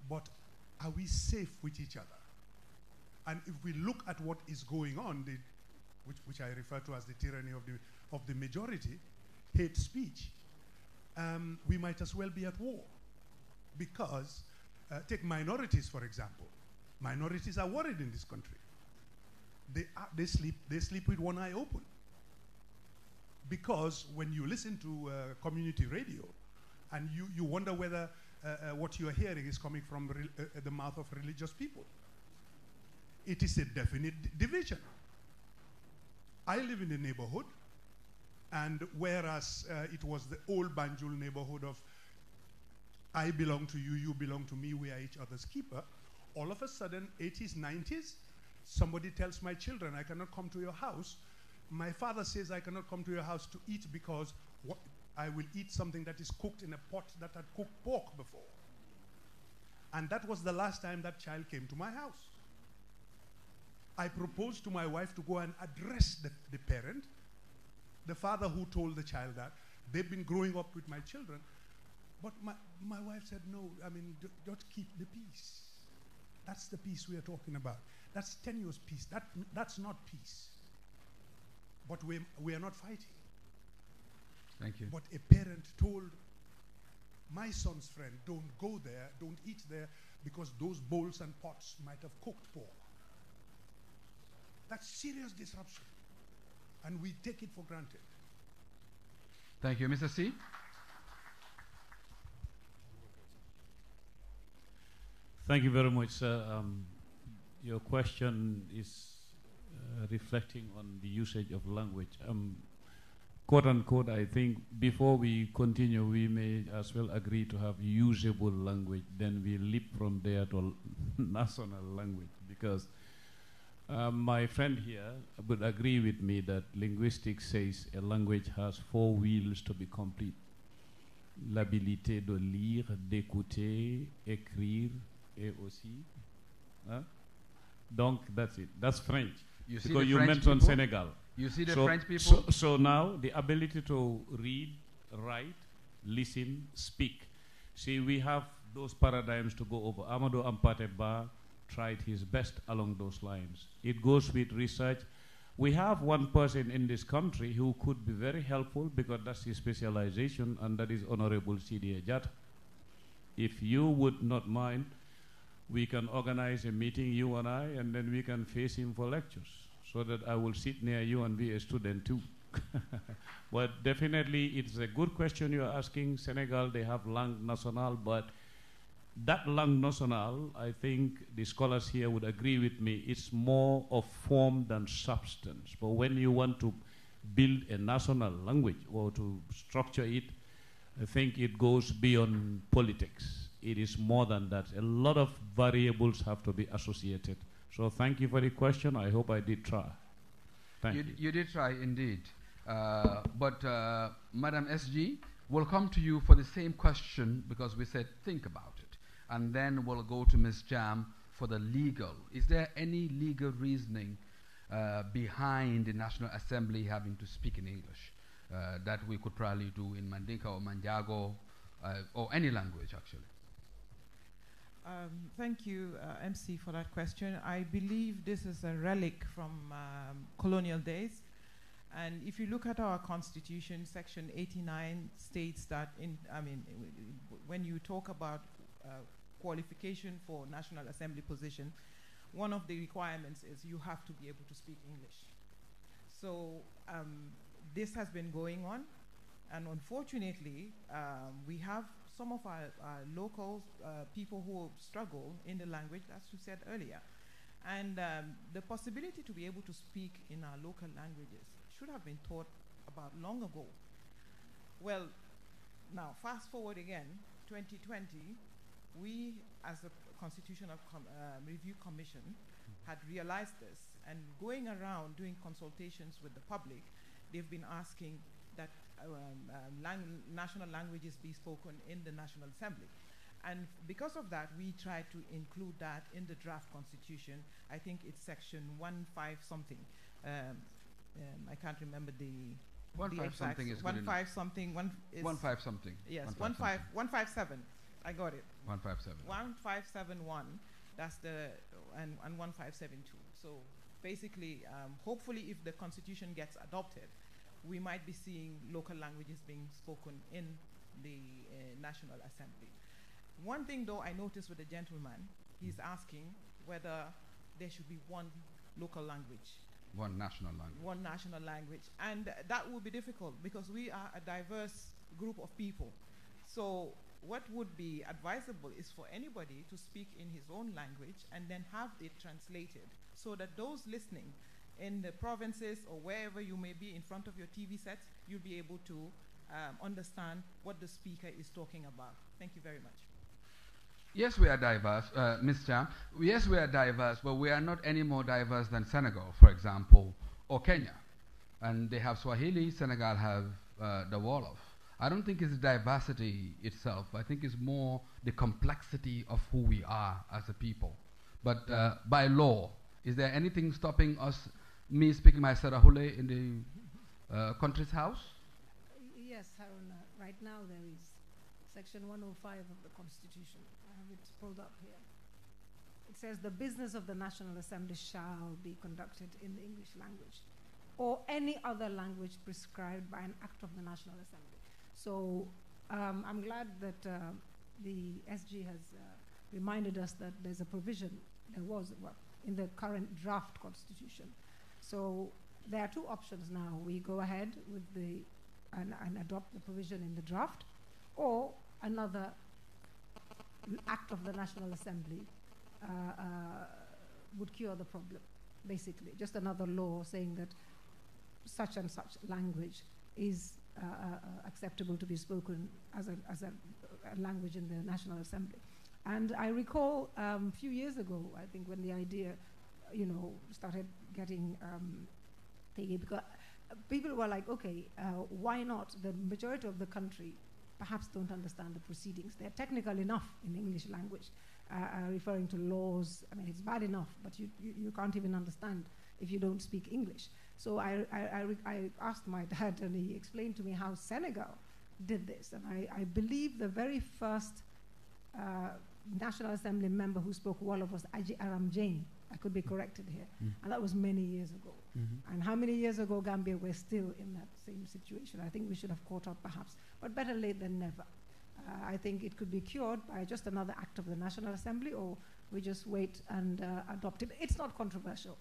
[SPEAKER 26] but are we safe with each other? And if we look at what is going on, the, which, which I refer to as the tyranny of the, of the majority, hate speech, um, we might as well be at war. Because, uh, take minorities for example. Minorities are worried in this country they, uh, they, sleep, they sleep with one eye open. Because when you listen to uh, community radio and you, you wonder whether uh, uh what you are hearing is coming from uh, the mouth of religious people, it is a definite division. I live in a neighborhood, and whereas it was the old Banjul neighborhood of I belong to you, you belong to me, we are each other's keeper, all of a sudden, 80s, 90s, Somebody tells my children, I cannot come to your house. My father says, I cannot come to your house to eat because I will eat something that is cooked in a pot that had cooked pork before. And that was the last time that child came to my house. I proposed to my wife to go and address the, the parent, the father who told the child that. They've been growing up with my children. But my, my wife said, no, I mean, don't keep the peace. That's the peace we are talking about. That's tenuous peace. That, that's not peace. But we, we are not fighting. Thank you. But a parent told my son's friend, don't go there, don't eat there, because those bowls and pots might have cooked poor. That's serious disruption. And we take it for granted.
[SPEAKER 21] Thank you. Mr. C? Thank you
[SPEAKER 25] very much, sir. Um, your question is uh, reflecting on the usage of language. Um, quote unquote, I think before we continue, we may as well agree to have usable language. Then we leap from there to national language because uh, my friend here would agree with me that linguistics says a language has four wheels to be complete. L'habilité de lire, d'écouter, écrire et aussi hein, Donc that's it. That's French. You because you French mentioned people? Senegal. You see the so, French people. So, so now the ability to read, write, listen, speak. See, we have those paradigms to go over. Amadou Ampateba tried his best along those lines. It goes with research. We have one person in this country who could be very helpful because that's his specialization, and that is Honorable C.D. Jat. If you would not mind, we can organize a meeting, you and I, and then we can face him for lectures so that I will sit near you and be a student too. but definitely, it's a good question you're asking. Senegal, they have langue nationale, but that langue nationale, I think the scholars here would agree with me, it's more of form than substance. But when you want to build a national language or to structure it, I think it goes beyond politics it is more than that. A lot of variables have to be associated. So thank you for the question. I hope I did try.
[SPEAKER 21] Thank you. You, you did try indeed. Uh, but uh, Madam SG will come to you for the same question because we said think about it. And then we'll go to Ms. Jam for the legal. Is there any legal reasoning uh, behind the National Assembly having to speak in English uh, that we could probably do in Mandinka or Manjago uh, or any language actually?
[SPEAKER 24] Um, thank you, uh, MC, for that question. I believe this is a relic from um, colonial days. And if you look at our constitution, section 89 states that, in, I mean, when you talk about uh, qualification for National Assembly position, one of the requirements is you have to be able to speak English. So um, this has been going on. And unfortunately, um, we have some of our, our uh, people who struggle in the language, as you said earlier. And um, the possibility to be able to speak in our local languages should have been taught about long ago. Well, now fast forward again, 2020, we as the Constitutional Com um, Review Commission had realized this and going around doing consultations with the public, they've been asking that um, uh, lang national languages be spoken in the National Assembly. And because of that, we try to include that in the draft constitution. I think it's section 15 something. Um, um, I can't remember the. One five something is one five enough. something. five something. Yes, one, one five, five one five seven. I got it. One five seven. One five seven one. That's the and and one five seven two. So basically, um, hopefully, if the constitution gets adopted, we might be seeing local languages being spoken in the uh, National Assembly. One thing, though, I noticed with the gentleman, he's hmm. asking whether there should be one local language.
[SPEAKER 21] One national language.
[SPEAKER 24] One national language. And that would be difficult because we are a diverse group of people. So, what would be advisable is for anybody to speak in his own language and then have it translated so that those listening in the provinces or wherever you may be in front of your TV sets, you'll be able to um, understand what the speaker is talking about. Thank you very much.
[SPEAKER 21] Yes, we are diverse, uh, Ms. Cham. Yes, we are diverse, but we are not any more diverse than Senegal, for example, or Kenya. And they have Swahili, Senegal have uh, the Wolof. I don't think it's diversity itself. I think it's more the complexity of who we are as a people. But uh, by law, is there anything stopping us me speaking my Sarahule in the uh, country's house?
[SPEAKER 22] Yes, Haruna. Right now there is section 105 of the Constitution. I have it pulled up here. It says the business of the National Assembly shall be conducted in the English language or any other language prescribed by an act of the National Assembly. So um, I'm glad that uh, the SG has uh, reminded us that there's a provision, there was well, in the current draft constitution so there are two options now. We go ahead with the and, and adopt the provision in the draft, or another act of the National Assembly uh, uh, would cure the problem, basically. Just another law saying that such and such language is uh, uh acceptable to be spoken as, a, as a, a, language in the National Assembly. And I recall a um, few years ago, I think, when the idea you know, started getting um, thingy because people were like, okay, uh, why not? The majority of the country perhaps don't understand the proceedings. They're technical enough in English language, uh, uh, referring to laws. I mean, it's bad enough, but you, you, you, can't even understand if you don't speak English. So I, I, I, I asked my dad, and he explained to me how Senegal did this. And I, I believe the very first uh, National Assembly member who spoke Wolof was Aji Aram Jane I could be corrected here. Mm. And that was many years ago. Mm-hmm. And how many years ago, Gambia, we're still in that same situation. I think we should have caught up perhaps, but better late than never. Uh, I think it could be cured by just another act of the National Assembly, or we just wait and uh, adopt it. It's not controversial.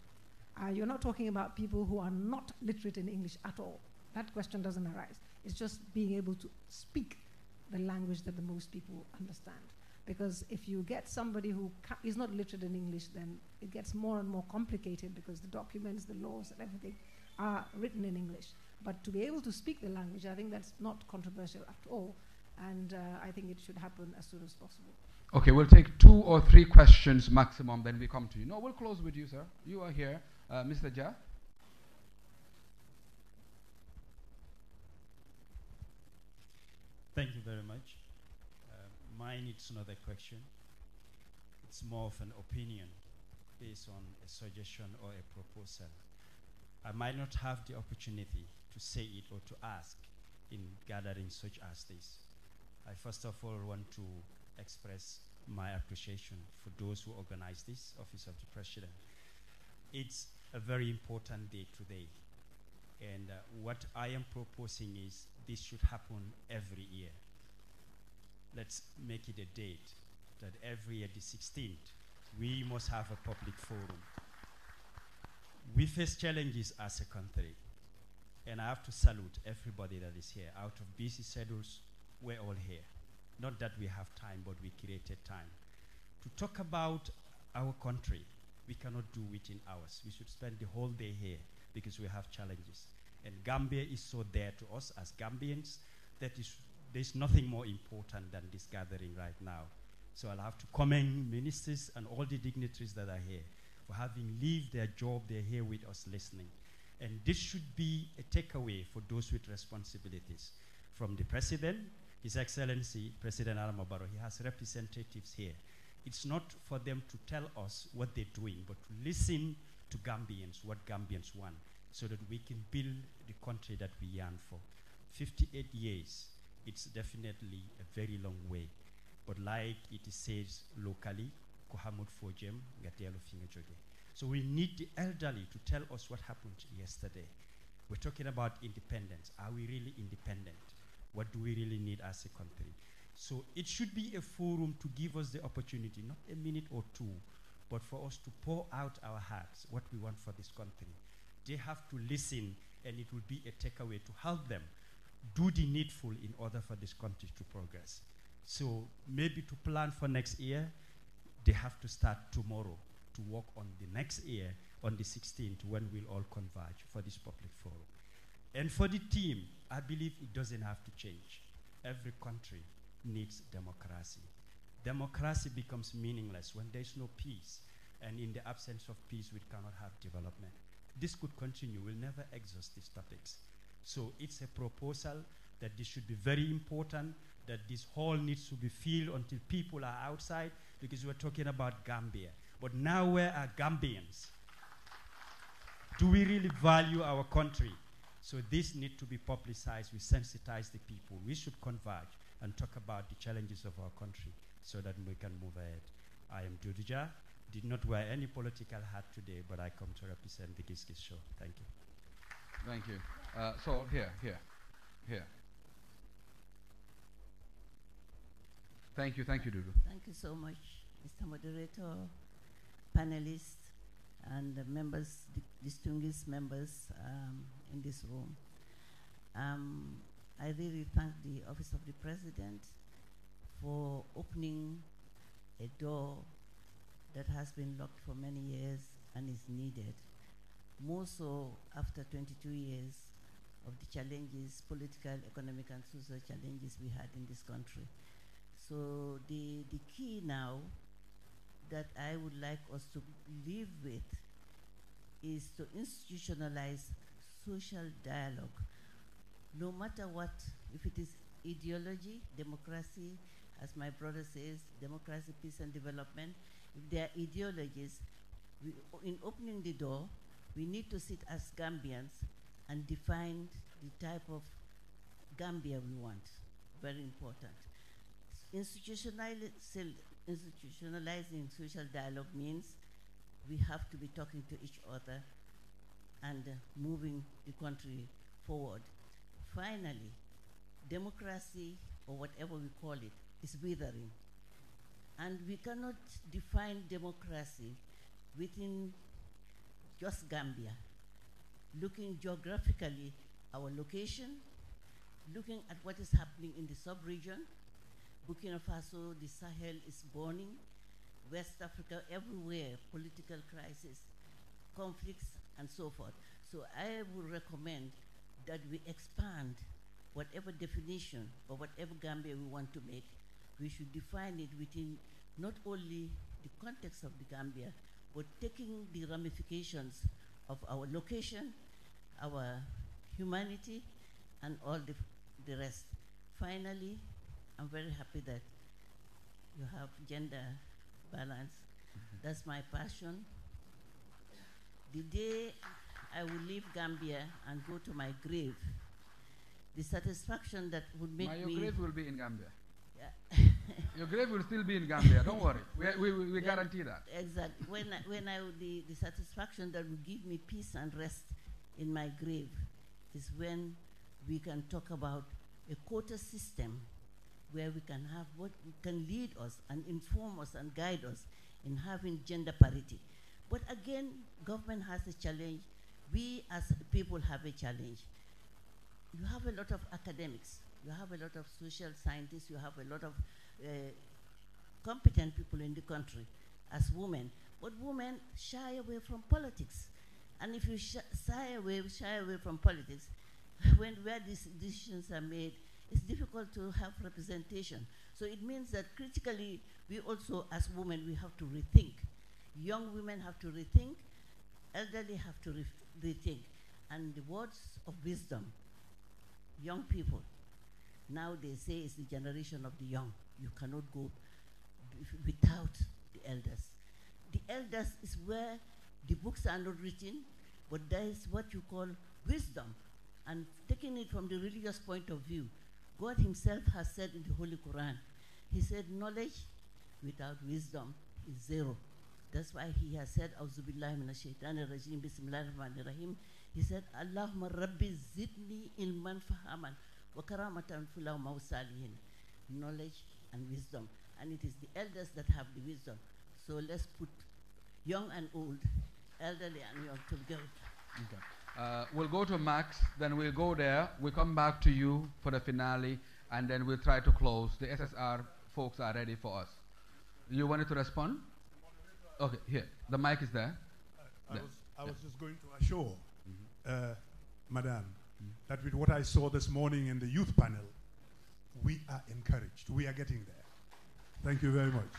[SPEAKER 22] Uh, you're not talking about people who are not literate in English at all. That question doesn't arise. It's just being able to speak the language that the most people understand because if you get somebody who is not literate in English, then it gets more and more complicated because the documents, the laws, and everything are written in English. But to be able to speak the language, I think that's not controversial at all, and uh, I think it should happen as soon as possible.
[SPEAKER 21] Okay, we'll take two or three questions maximum, then we come to you. No, we'll close with you, sir. You are here, uh, Mr. Jha.
[SPEAKER 29] Thank you very much mine, it's not a question. It's more of an opinion based on a suggestion or a proposal. I might not have the opportunity to say it or to ask in gatherings such as this. I first of all want to express my appreciation for those who organized this, Office of the President. It's a very important day today. And uh, what I am proposing is this should happen every year let's make it a date that every year, the 16th, we must have a public forum. We face challenges as a country, and I have to salute everybody that is here. Out of busy schedules, we're all here. Not that we have time, but we created time. To talk about our country, we cannot do it in hours. We should spend the whole day here because we have challenges. And Gambia is so there to us as Gambians that is there's nothing more important than this gathering right now. So I'll have to commend ministers and all the dignitaries that are here for having leave their job. They're here with us listening. And this should be a takeaway for those with responsibilities from the President, His Excellency President Alamobaro. He has representatives here. It's not for them to tell us what they're doing, but to listen to Gambians, what Gambians want, so that we can build the country that we yearn for. 58 years it's definitely a very long way. But like it says locally, Kohamut Fojem, Gatelo So we need the elderly to tell us what happened yesterday. We're talking about independence. Are we really independent? What do we really need as a country? So it should be a forum to give us the opportunity, not a minute or two, but for us to pour out our hearts, what we want for this country. They have to listen, and it will be a takeaway to help them do the needful in order for this country to progress. So maybe to plan for next year, they have to start tomorrow to work on the next year, on the 16th, when we'll all converge for this public forum. And for the team, I believe it doesn't have to change. Every country needs democracy. Democracy becomes meaningless when there's no peace. And in the absence of peace, we cannot have development. This could continue. We'll never exhaust these topics. So it's a proposal that this should be very important, that this hall needs to be filled until people are outside, because we're talking about Gambia. But now where are Gambians? Do we really value our country? So this needs to be publicized. We sensitize the people. We should converge and talk about the challenges of our country so that we can move ahead. I am Judija. Did not wear any political hat today, but I come to represent the Kiskis Show. Thank you.
[SPEAKER 21] Thank you. Uh, so here,
[SPEAKER 29] here, here.
[SPEAKER 21] Thank you, thank you, Dudu.
[SPEAKER 30] Thank you so much, Mr. Moderator, panelists, and members, distinguished members um, in this room. Um, I really thank the Office of the President for opening a door that has been locked for many years and is needed. More so after 22 years of the challenges, political, economic, and social challenges we had in this country. So the, the key now that I would like us to live with is to institutionalize social dialogue. No matter what, if it is ideology, democracy, as my brother says, democracy, peace and development, if there are ideologies, we, in opening the door, we need to sit as Gambians and define the type of Gambia we want. Very important. Institutionalizing, institutionalizing social dialogue means we have to be talking to each other and uh, moving the country forward. Finally, democracy, or whatever we call it, is withering. And we cannot define democracy within just Gambia looking geographically our location, looking at what is happening in the sub-region. Burkina Faso, the Sahel is burning. West Africa, everywhere, political crisis, conflicts, and so forth. So I would recommend that we expand whatever definition or whatever Gambia we want to make, we should define it within not only the context of the Gambia, but taking the ramifications of our location, our humanity, and all the, the rest. Finally, I'm very happy that you have gender balance. That's my passion. The day I will leave Gambia and go to my grave, the satisfaction that would make my me. My grave will be in Gambia. Your grave will still be in Gambia. Don't worry. We, we, we, we guarantee that. Exactly. When I, when I the, the satisfaction that will give me peace and rest in my grave is when we can talk about a quota system where we can have what can lead us and inform us and guide us in having gender parity. But again, government has a challenge. We as people have a challenge. You have a lot of academics. You have a lot of social scientists. You have a lot of uh, competent people in the country as women. But women shy away from politics. And if you shy away, shy away from politics, when where these decisions are made, it's difficult to have representation. So it means that critically, we also, as women, we have to rethink. Young women have to rethink, elderly have to re rethink. And the words of wisdom, young people, now they say it's the generation of the young you cannot go without the elders. The elders is where the books are not written, but there is what you call wisdom. And taking it from the religious point of view, God Himself has said in the Holy Quran, He said, knowledge without wisdom is zero. That's why He has said, Auzubillah ash shaitanir rajim, bismillahir rahmanir rahim. He said, Allahumma rabbi zidni ilman fahaman wa karamatan filaw Knowledge and wisdom. And it is the elders that have the wisdom. So let's put young and old, elderly and young together.
[SPEAKER 21] Okay. Uh, we'll go to Max, then we'll go there. We'll come back to you for the finale, and then we'll try to close. The SSR folks are ready for us. You wanted to respond? Okay,
[SPEAKER 26] here. The mic is there.
[SPEAKER 21] I, I there. was, I yeah. was just going to assure, mm -hmm.
[SPEAKER 26] uh, Madam, mm -hmm. that with what I saw this morning in the youth panel, we are encouraged. We are getting there. Thank you very much.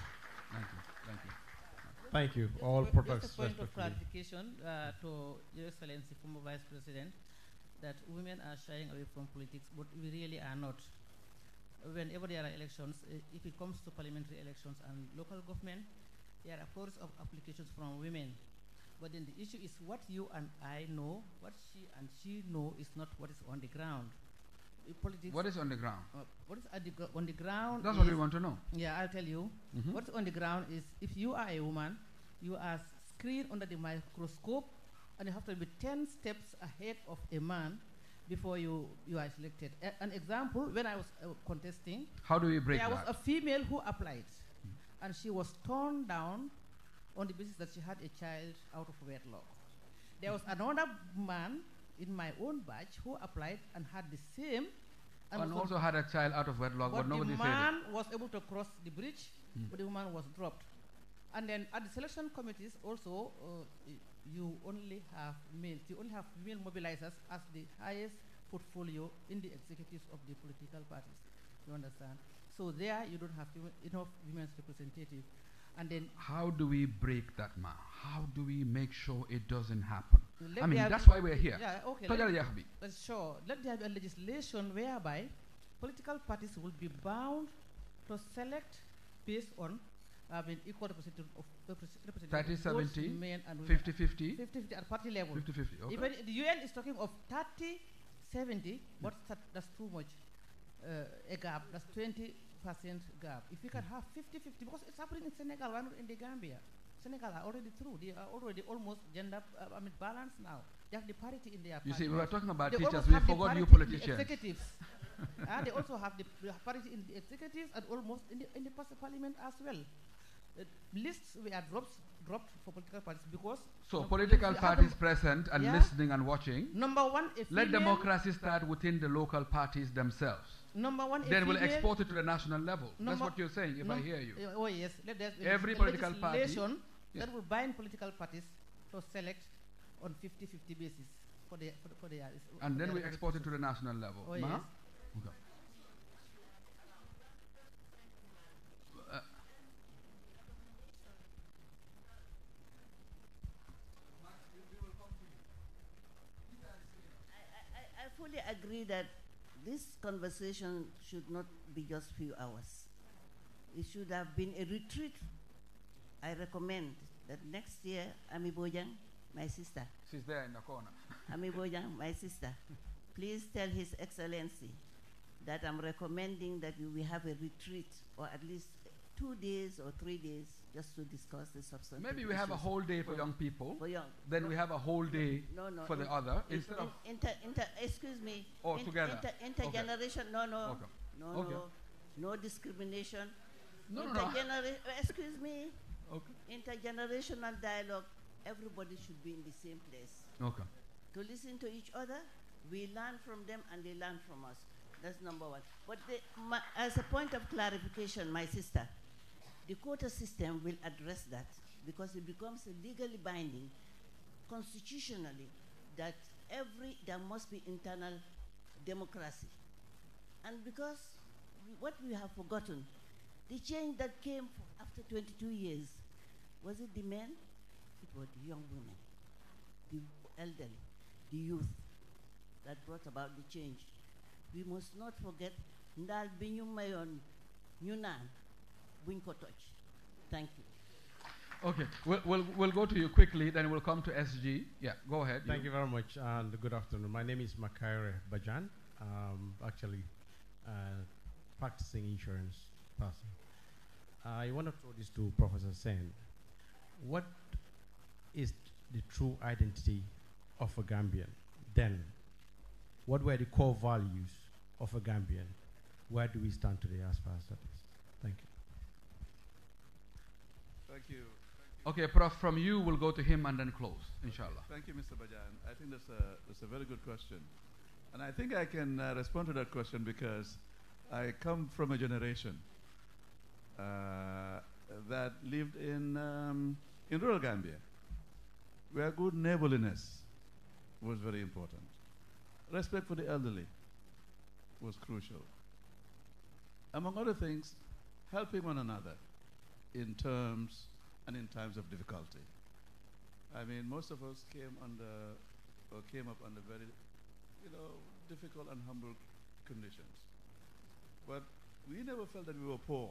[SPEAKER 23] Thank you. Thank you. Thank you.
[SPEAKER 26] All but products. Just a point of
[SPEAKER 20] clarification uh, to Your Excellency, former Vice President, that women are shying away from politics, but we really are not. Whenever there are elections, uh, if it comes to parliamentary elections and local government, there are force of applications from women. But then the issue is what you and I know, what she and she know is not what is on the ground politics. What is on the ground? Uh, what is the on the ground? That's is, what we want to know. Yeah, I'll tell you. Mm -hmm. What's on the ground is if you are a woman, you are screened under the microscope, and you have to be ten steps ahead of a man before you you are selected. A an example: when I was uh, contesting, how
[SPEAKER 16] do we break? There that? was
[SPEAKER 20] a female who applied, mm. and she was torn down on the basis that she had a child out of wedlock. There was another man in my own batch who applied and had the same. And, and also had
[SPEAKER 21] a child out of wedlock, but, but nobody said The man
[SPEAKER 20] was able to cross the bridge, hmm. but the woman was dropped. And then at the selection committees, also, uh, you only have males. You only have male mobilizers as the highest portfolio in the executives of the political parties. You understand? So there, you don't have enough women's representatives. And then,
[SPEAKER 21] how do we break that, man? How do we make sure it doesn't happen? Let I mean, that's why we're here. Yeah, okay. Let, uh,
[SPEAKER 20] sure. Let there be a legislation whereby political parties will be bound to select based on I mean, equal representation of uh, 30, 70, 50, 50. 50, at party level. 50, 50, okay. Even the UN is talking of 30, 70, but yeah. that's too much. Uh, a gap, that's 20% gap. If we can hmm. have 50, 50, because it's happening in Senegal, why not in the Gambia? Senegal are already through. They are already almost gender, uh, I mean, balanced now. They have the parity in their. Party. You see, we were talking about they teachers. We forgot you politicians. executives. uh, they also have the parity in the executives and almost in the, in the parliament as well. Uh, lists were dropped dropped for political parties because
[SPEAKER 21] so political parties present and yeah. listening and watching.
[SPEAKER 20] Number one,
[SPEAKER 14] let democracy
[SPEAKER 21] start within the local parties themselves.
[SPEAKER 20] Number
[SPEAKER 14] one, then we'll export
[SPEAKER 21] it to the national level. That's what you're saying, if I hear you. Uh, oh yes, let every political party yes. that
[SPEAKER 20] will bind political parties to select on 50-50 basis for the, for the, for the
[SPEAKER 21] And then we export it to the national level. Oh, yes. Okay.
[SPEAKER 30] I, I fully agree that this conversation should not be just few hours. It should have been a retreat I recommend that next year, Ami my sister. She's there in the corner. Ami my sister. Please tell His Excellency that I'm recommending that we have a retreat or at least two days or three days just to discuss the substance. Maybe we issues. have a whole day for, young
[SPEAKER 21] people. For young. Then no, we have a whole day no, no, for the other instead of.
[SPEAKER 30] Inter, inter, excuse me. Or in, together. Inter, intergeneration. Okay. No, no. Okay. No, okay. no. No discrimination. No, no, no. Excuse me. Okay. Intergenerational dialogue, everybody should be in the same place. Okay. To listen to each other, we learn from them and they learn from us. That's number one. But my, as a point of clarification, my sister, the quota system will address that because it becomes legally binding constitutionally that every there must be internal democracy. And because we, what we have forgotten the change that came after 22 years, was it the men? It was the young women, the elderly, the youth that brought about the change. We must not forget ndal Thank you.
[SPEAKER 13] Okay, we'll,
[SPEAKER 21] we'll,
[SPEAKER 19] we'll go to you quickly, then we'll come to SG. Yeah, go ahead.
[SPEAKER 30] Thank
[SPEAKER 21] you,
[SPEAKER 19] you very much, and good afternoon. My name is Makaire Bajan. Um, actually, uh, practicing insurance person. I want to throw this to Professor Sen. What is the true identity of a Gambian then? What were the core values of a Gambian? Where do we stand today as far as that is? Thank you. Thank you. Okay, Prof,
[SPEAKER 28] from you, we'll go to him and then close, inshallah. Thank you, Mr. Bajan. I think that's a, that's a very good question. And I think I can uh, respond to that question because I come from a generation uh, that lived in, um, in rural Gambia, where good neighborliness was very important. Respect for the elderly was crucial. Among other things, helping one another in terms and in times of difficulty. I mean, most of us came under or came up under very, you know, difficult and humble conditions. But we never felt that we were poor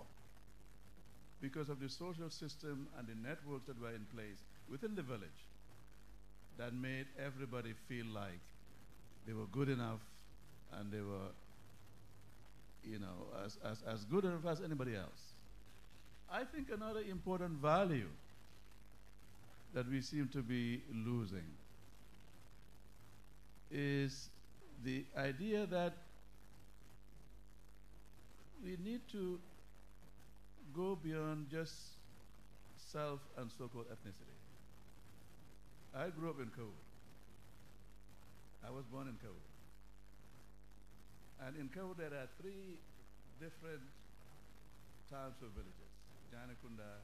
[SPEAKER 28] because of the social system and the networks that were in place within the village that made everybody feel like they were good enough and they were, you know, as, as, as good enough as anybody else. I think another important value that we seem to be losing is the idea that we need to go beyond just self and so-called ethnicity. I grew up in Kabul. I was born in Kabul. And in Kabul there are three different towns or villages, Janakunda,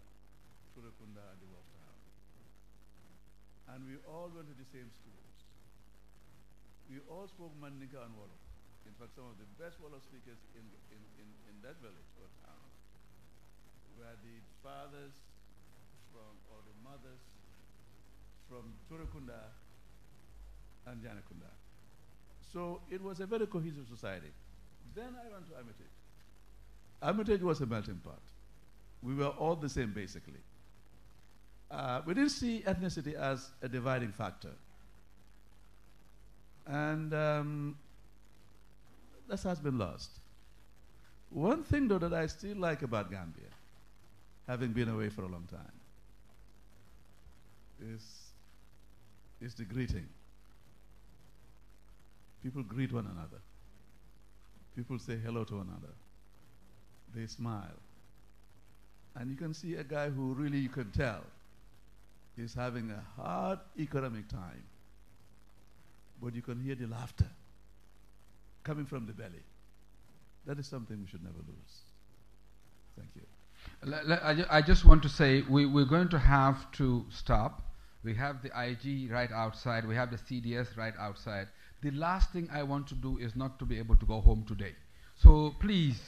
[SPEAKER 28] Turakunda, and the Wolf Town. And we all went to the same schools. We all spoke Mandinka and Wolof. In fact, some of the best Wolof speakers in, in, in, in that village town where the fathers from, or the mothers from Turakunda and Janakunda. So it was a very cohesive society. Then I went to Hermitage. Hermitage was a melting pot. We were all the same, basically. Uh, we didn't see ethnicity as a dividing factor. And um, this has been lost. One thing, though, that I still like about Gambia having been away for a long time is, is the greeting. People greet one another. People say hello to one another. They smile. And you can see a guy who really you can tell is having a hard economic time. But you can hear the laughter coming from the belly. That is something we should never lose. Thank you.
[SPEAKER 21] I just want to say we, we're going to have to stop. We have the IG right outside, we have the CDS right outside. The last thing I want to do is not to be able to go home today. So please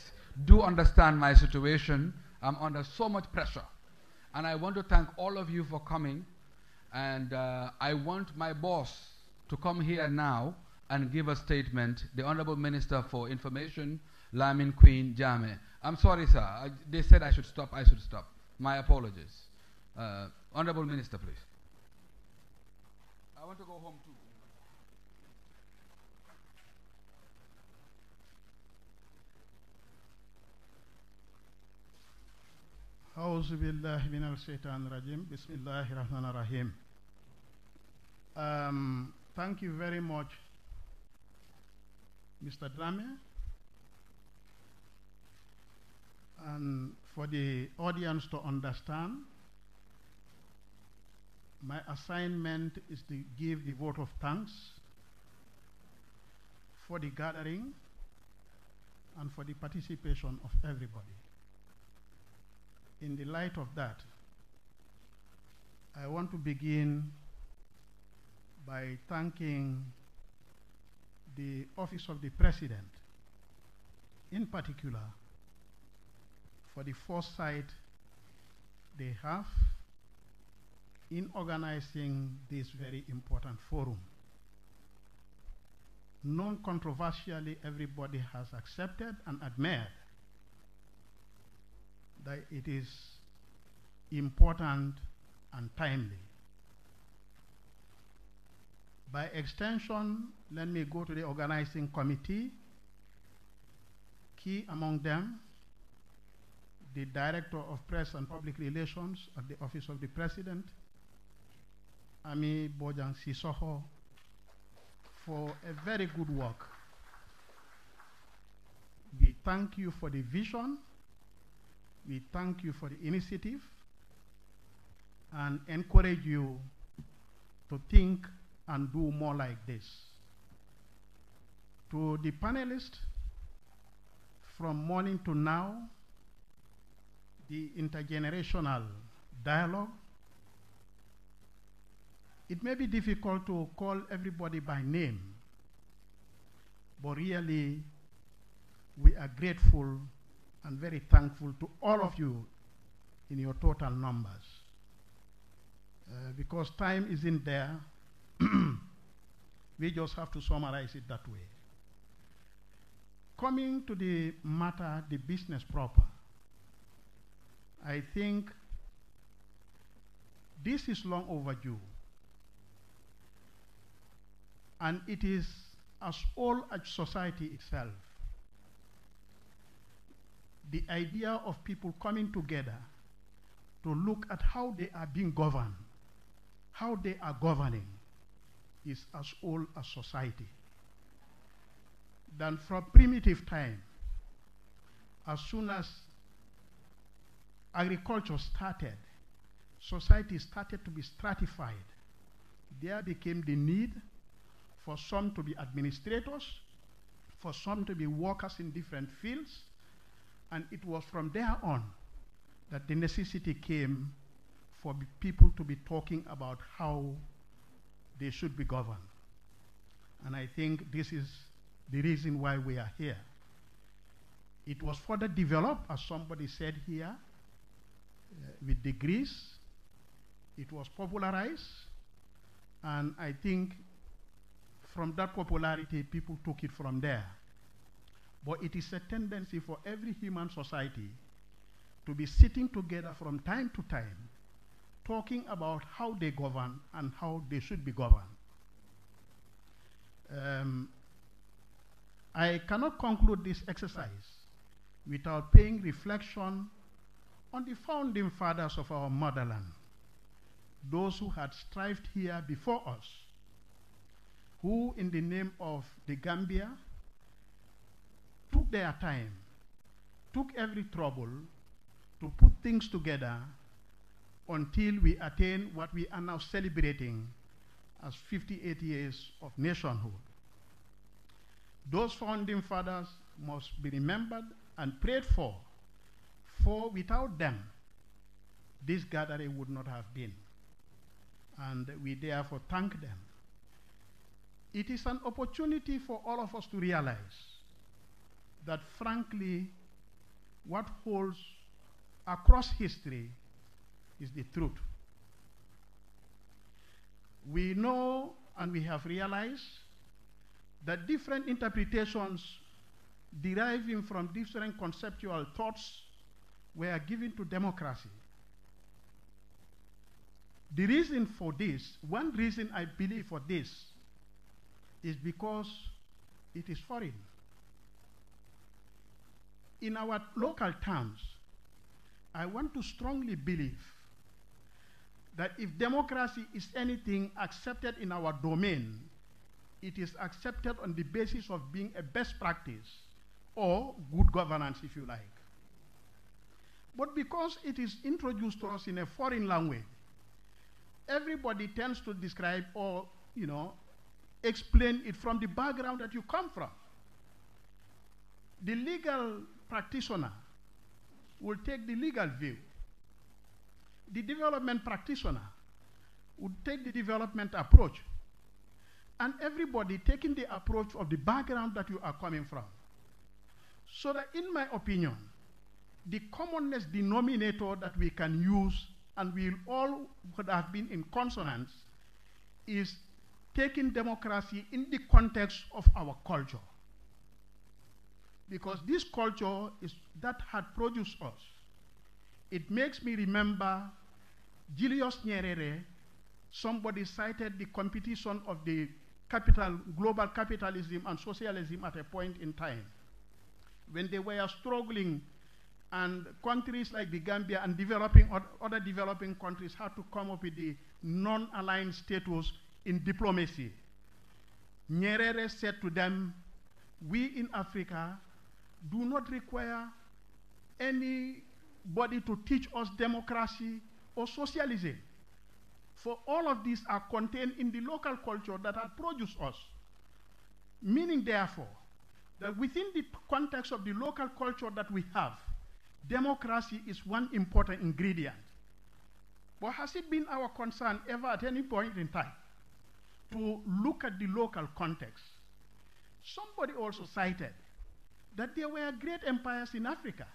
[SPEAKER 21] do understand my situation. I'm under so much pressure. And I want to thank all of you for coming. And uh, I want my boss to come here now and give a statement, the Honorable Minister for Information, Lamin Queen Jame. I'm sorry, sir. I, they said I should stop. I should stop. My apologies. Uh, Honorable Minister, please. I want to go home too.
[SPEAKER 31] أعوذ بالله من الشيطان الرجيم بسم الله الرحمن الرحيم um, Thank you very much Mr. Drame and for the audience to understand, my assignment is to give the vote of thanks for the gathering and for the participation of everybody. In the light of that, I want to begin by thanking the Office of the President, in particular, for the foresight they have in organizing this very important forum. Non-controversially, everybody has accepted and admired that it is important and timely. By extension, let me go to the organizing committee. Key among them the Director of Press and Public Relations at the Office of the President, Ami Bojan Sisoho, for a very good work. We thank you for the vision. We thank you for the initiative and encourage you to think and do more like this. To the panelists, from morning to now, the intergenerational dialogue. It may be difficult to call everybody by name, but really, we are grateful and very thankful to all of you in your total numbers. Uh, because time isn't there, we just have to summarize it that way. Coming to the matter, the business proper, I think this is long overdue. And it is as old as society itself. The idea of people coming together to look at how they are being governed, how they are governing, is as old as society. Than from primitive time, as soon as agriculture started, society started to be stratified. There became the need for some to be administrators, for some to be workers in different fields, and it was from there on that the necessity came for people to be talking about how they should be governed. And I think this is the reason why we are here. It was further developed, as somebody said here, with degrees, It was popularized, and I think from that popularity, people took it from there. But it is a tendency for every human society to be sitting together from time to time, talking about how they govern and how they should be governed. Um, I cannot conclude this exercise without paying reflection on the founding fathers of our motherland, those who had strived here before us, who, in the name of the Gambia, took their time, took every trouble to put things together until we attain what we are now celebrating as 58 years of nationhood. Those founding fathers must be remembered and prayed for for without them, this gathering would not have been. And we therefore thank them. It is an opportunity for all of us to realize that, frankly, what holds across history is the truth. We know and we have realized that different interpretations deriving from different conceptual thoughts were given to democracy. The reason for this, one reason I believe for this, is because it is foreign. In our local terms, I want to strongly believe that if democracy is anything accepted in our domain, it is accepted on the basis of being a best practice or good governance, if you like. But because it is introduced to us in a foreign language, everybody tends to describe or, you know, explain it from the background that you come from. The legal practitioner will take the legal view. The development practitioner would take the development approach. And everybody taking the approach of the background that you are coming from. So that in my opinion, the commonest denominator that we can use, and we all would have been in consonance, is taking democracy in the context of our culture. Because this culture is that had produced us. It makes me remember Julius Nyerere. Somebody cited the competition of the capital, global capitalism and socialism at a point in time when they were struggling and countries like the Gambia and developing other developing countries had to come up with the non-aligned status in diplomacy. Nyerere said to them, we in Africa do not require anybody to teach us democracy or socialism. For all of these are contained in the local culture that had produced us. Meaning, therefore, that within the context of the local culture that we have, democracy is one important ingredient. But has it been our concern ever at any point in time to look at the local context? Somebody also cited that there were great empires in Africa.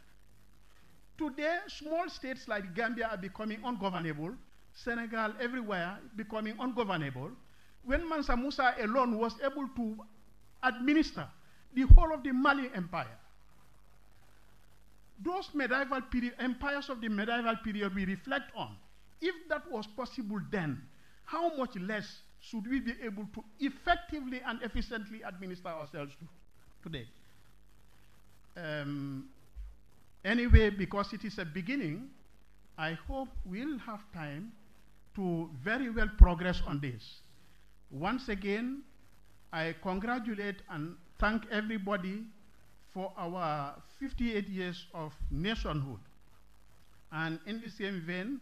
[SPEAKER 31] Today, small states like Gambia are becoming ungovernable, Senegal, everywhere, becoming ungovernable. When Mansa Musa alone was able to administer the whole of the Mali Empire, those medieval period, empires of the medieval period we reflect on, if that was possible then, how much less should we be able to effectively and efficiently administer ourselves to today? Um, anyway, because it is a beginning, I hope we'll have time to very well progress on this. Once again, I congratulate and thank everybody for our 58 years of nationhood. And in the same vein,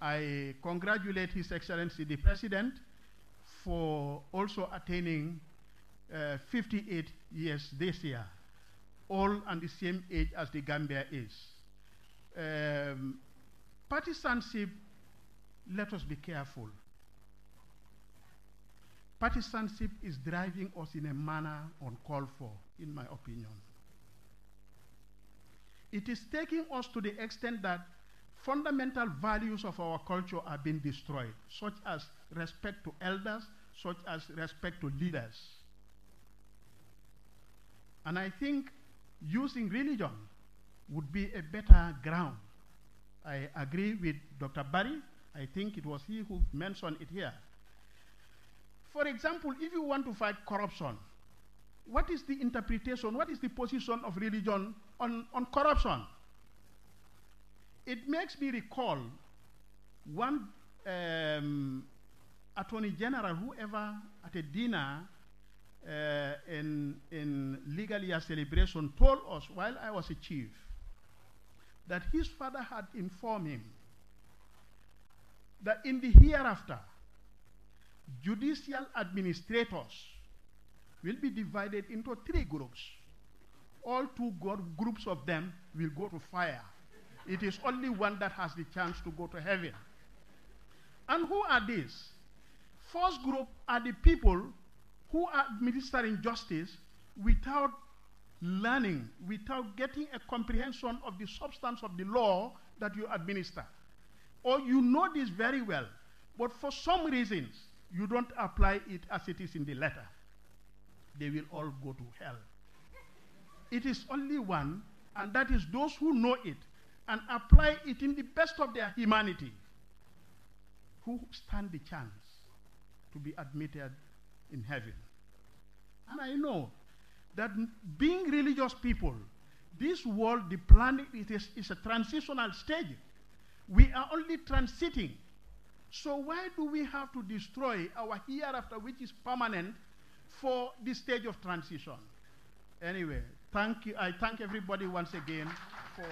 [SPEAKER 31] I congratulate His Excellency the President for also attaining uh, 58 years this year, all on the same age as the Gambia is. Um, partisanship, let us be careful. Partisanship is driving us in a manner uncalled for, in my opinion it is taking us to the extent that fundamental values of our culture are being destroyed, such as respect to elders, such as respect to leaders. And I think using religion would be a better ground. I agree with Dr. Barry. I think it was he who mentioned it here. For example, if you want to fight corruption, what is the interpretation, what is the position of religion on, on corruption. It makes me recall one um, attorney general, whoever at a dinner uh, in, in legal year celebration, told us while I was a chief that his father had informed him that in the hereafter, judicial administrators will be divided into three groups all two God, groups of them will go to fire. It is only one that has the chance to go to heaven. And who are these? First group are the people who are administering justice without learning, without getting a comprehension of the substance of the law that you administer. Or you know this very well, but for some reasons, you don't apply it as it is in the letter. They will all go to hell. It is only one, and that is those who know it and apply it in the best of their humanity who stand the chance to be admitted in heaven. And I know that being religious people, this world, the planet, it is, is a transitional stage. We are only transiting. So why do we have to destroy our hereafter, which is permanent, for this stage of transition? Anyway, Thank you. I thank everybody once again
[SPEAKER 19] for.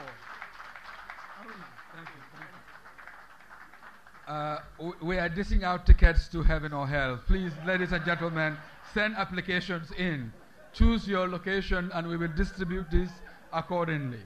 [SPEAKER 13] Thank
[SPEAKER 21] you. Uh, we are dishing out tickets to heaven or hell. Please, ladies and gentlemen, send applications in. Choose your location and we will distribute this accordingly.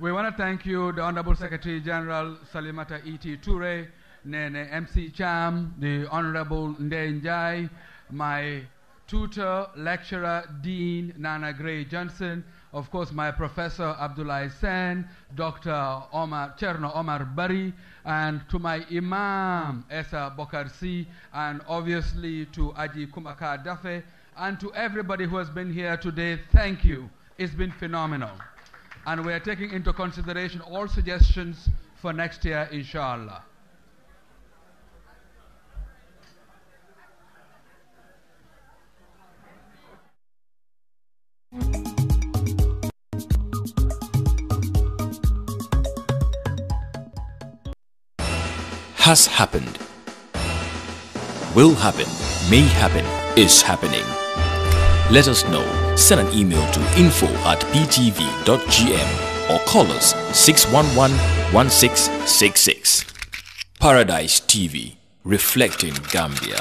[SPEAKER 21] We want to thank you, the Honorable Secretary General Salimata E.T. Toure, Nene MC Cham, the Honorable Ndenjai, my tutor, lecturer, dean, Nana Gray Johnson, of course, my professor, Abdullah Sen, Dr. Omar, Cherno Omar Bari, and to my imam, Esa Bokarsi, and obviously to Aji Kumaka Dafe, and to everybody who has been here today, thank you. It's been phenomenal. And we are taking into consideration all suggestions for next year, inshallah.
[SPEAKER 5] has happened, will happen, may happen, is happening. Let us know. Send an email to info at ptv.gm or call us 611-1666. Paradise TV, reflecting Gambia.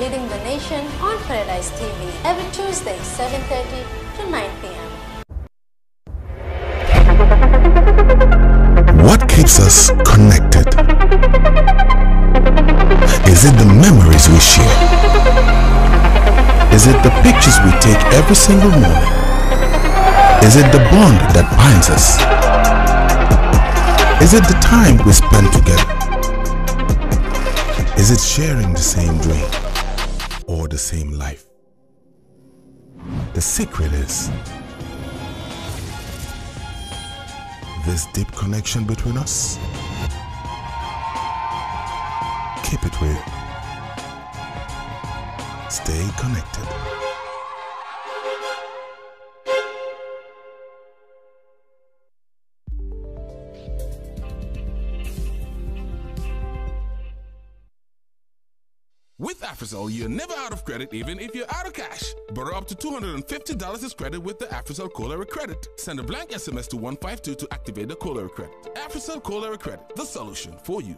[SPEAKER 8] Leading the Nation on Paradise TV every Tuesday, 7.30 to 9 p.m.
[SPEAKER 10] What keeps us connected? Is it the memories we share? Is it the pictures we take every single morning? Is it the bond that binds us? Is it the time we spend together? Is it sharing the same dream? the same life. The secret is this deep connection between us. Keep it real.
[SPEAKER 13] Stay connected.
[SPEAKER 10] AfriCell, you're never out of credit even if you're out of cash. Borrow up to $250 as credit with the AfriCell Cola Credit. Send a blank SMS to 152 to activate the Cola Credit. AfriCell Cola Credit, the solution for you.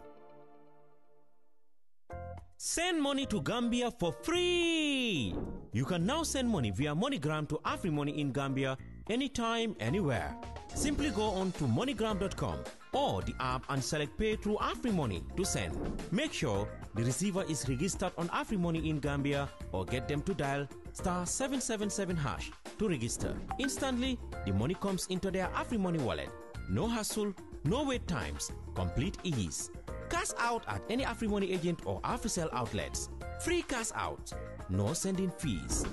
[SPEAKER 29] Send money to Gambia for free! You can now send money via MoneyGram to AfriMoney in Gambia anytime, anywhere. Simply go on to MoneyGram.com or the app and select Pay through AfriMoney to send. Make sure the receiver is registered on AfriMoney in Gambia or get them to dial star 777 hash to register. Instantly, the money comes into their AfriMoney wallet. No hassle, no wait times, complete ease. Cash out at any AfriMoney agent or AfriCell outlets. Free cash out, no sending fees.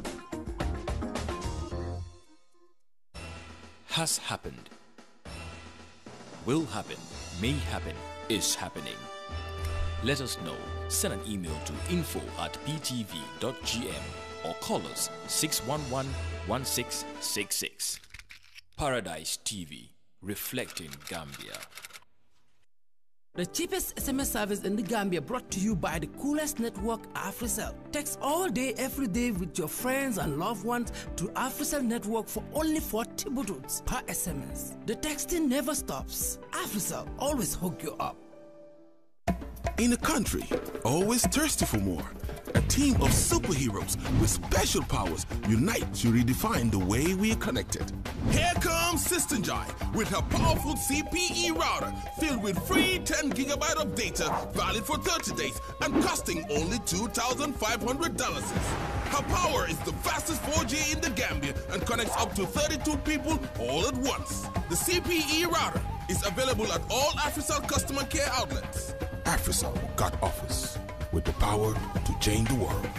[SPEAKER 5] Has happened. Will happen, may happen, is happening. Let us know send an email to info at btv.gm or call us 611 1666. Paradise TV, reflecting Gambia. The cheapest SMS service in the Gambia brought to you by the coolest network,
[SPEAKER 11] AfriCell. Text all day, every day with your friends and loved ones to AfriCell network for only 40 buduts per SMS. The texting never stops. AfriCell
[SPEAKER 10] always hook you up. In a country always thirsty for more, a team of superheroes with special powers unite to redefine the way we're connected. Here comes Sister Jai with her powerful CPE router filled with free 10 gigabyte of data valid for 30 days and costing only $2,500. Her power is the fastest 4G in the Gambia and connects up to 32 people all at once. The CPE router is available at all AfriCell customer care outlets.
[SPEAKER 13] AfriCell got office with the power to change the world.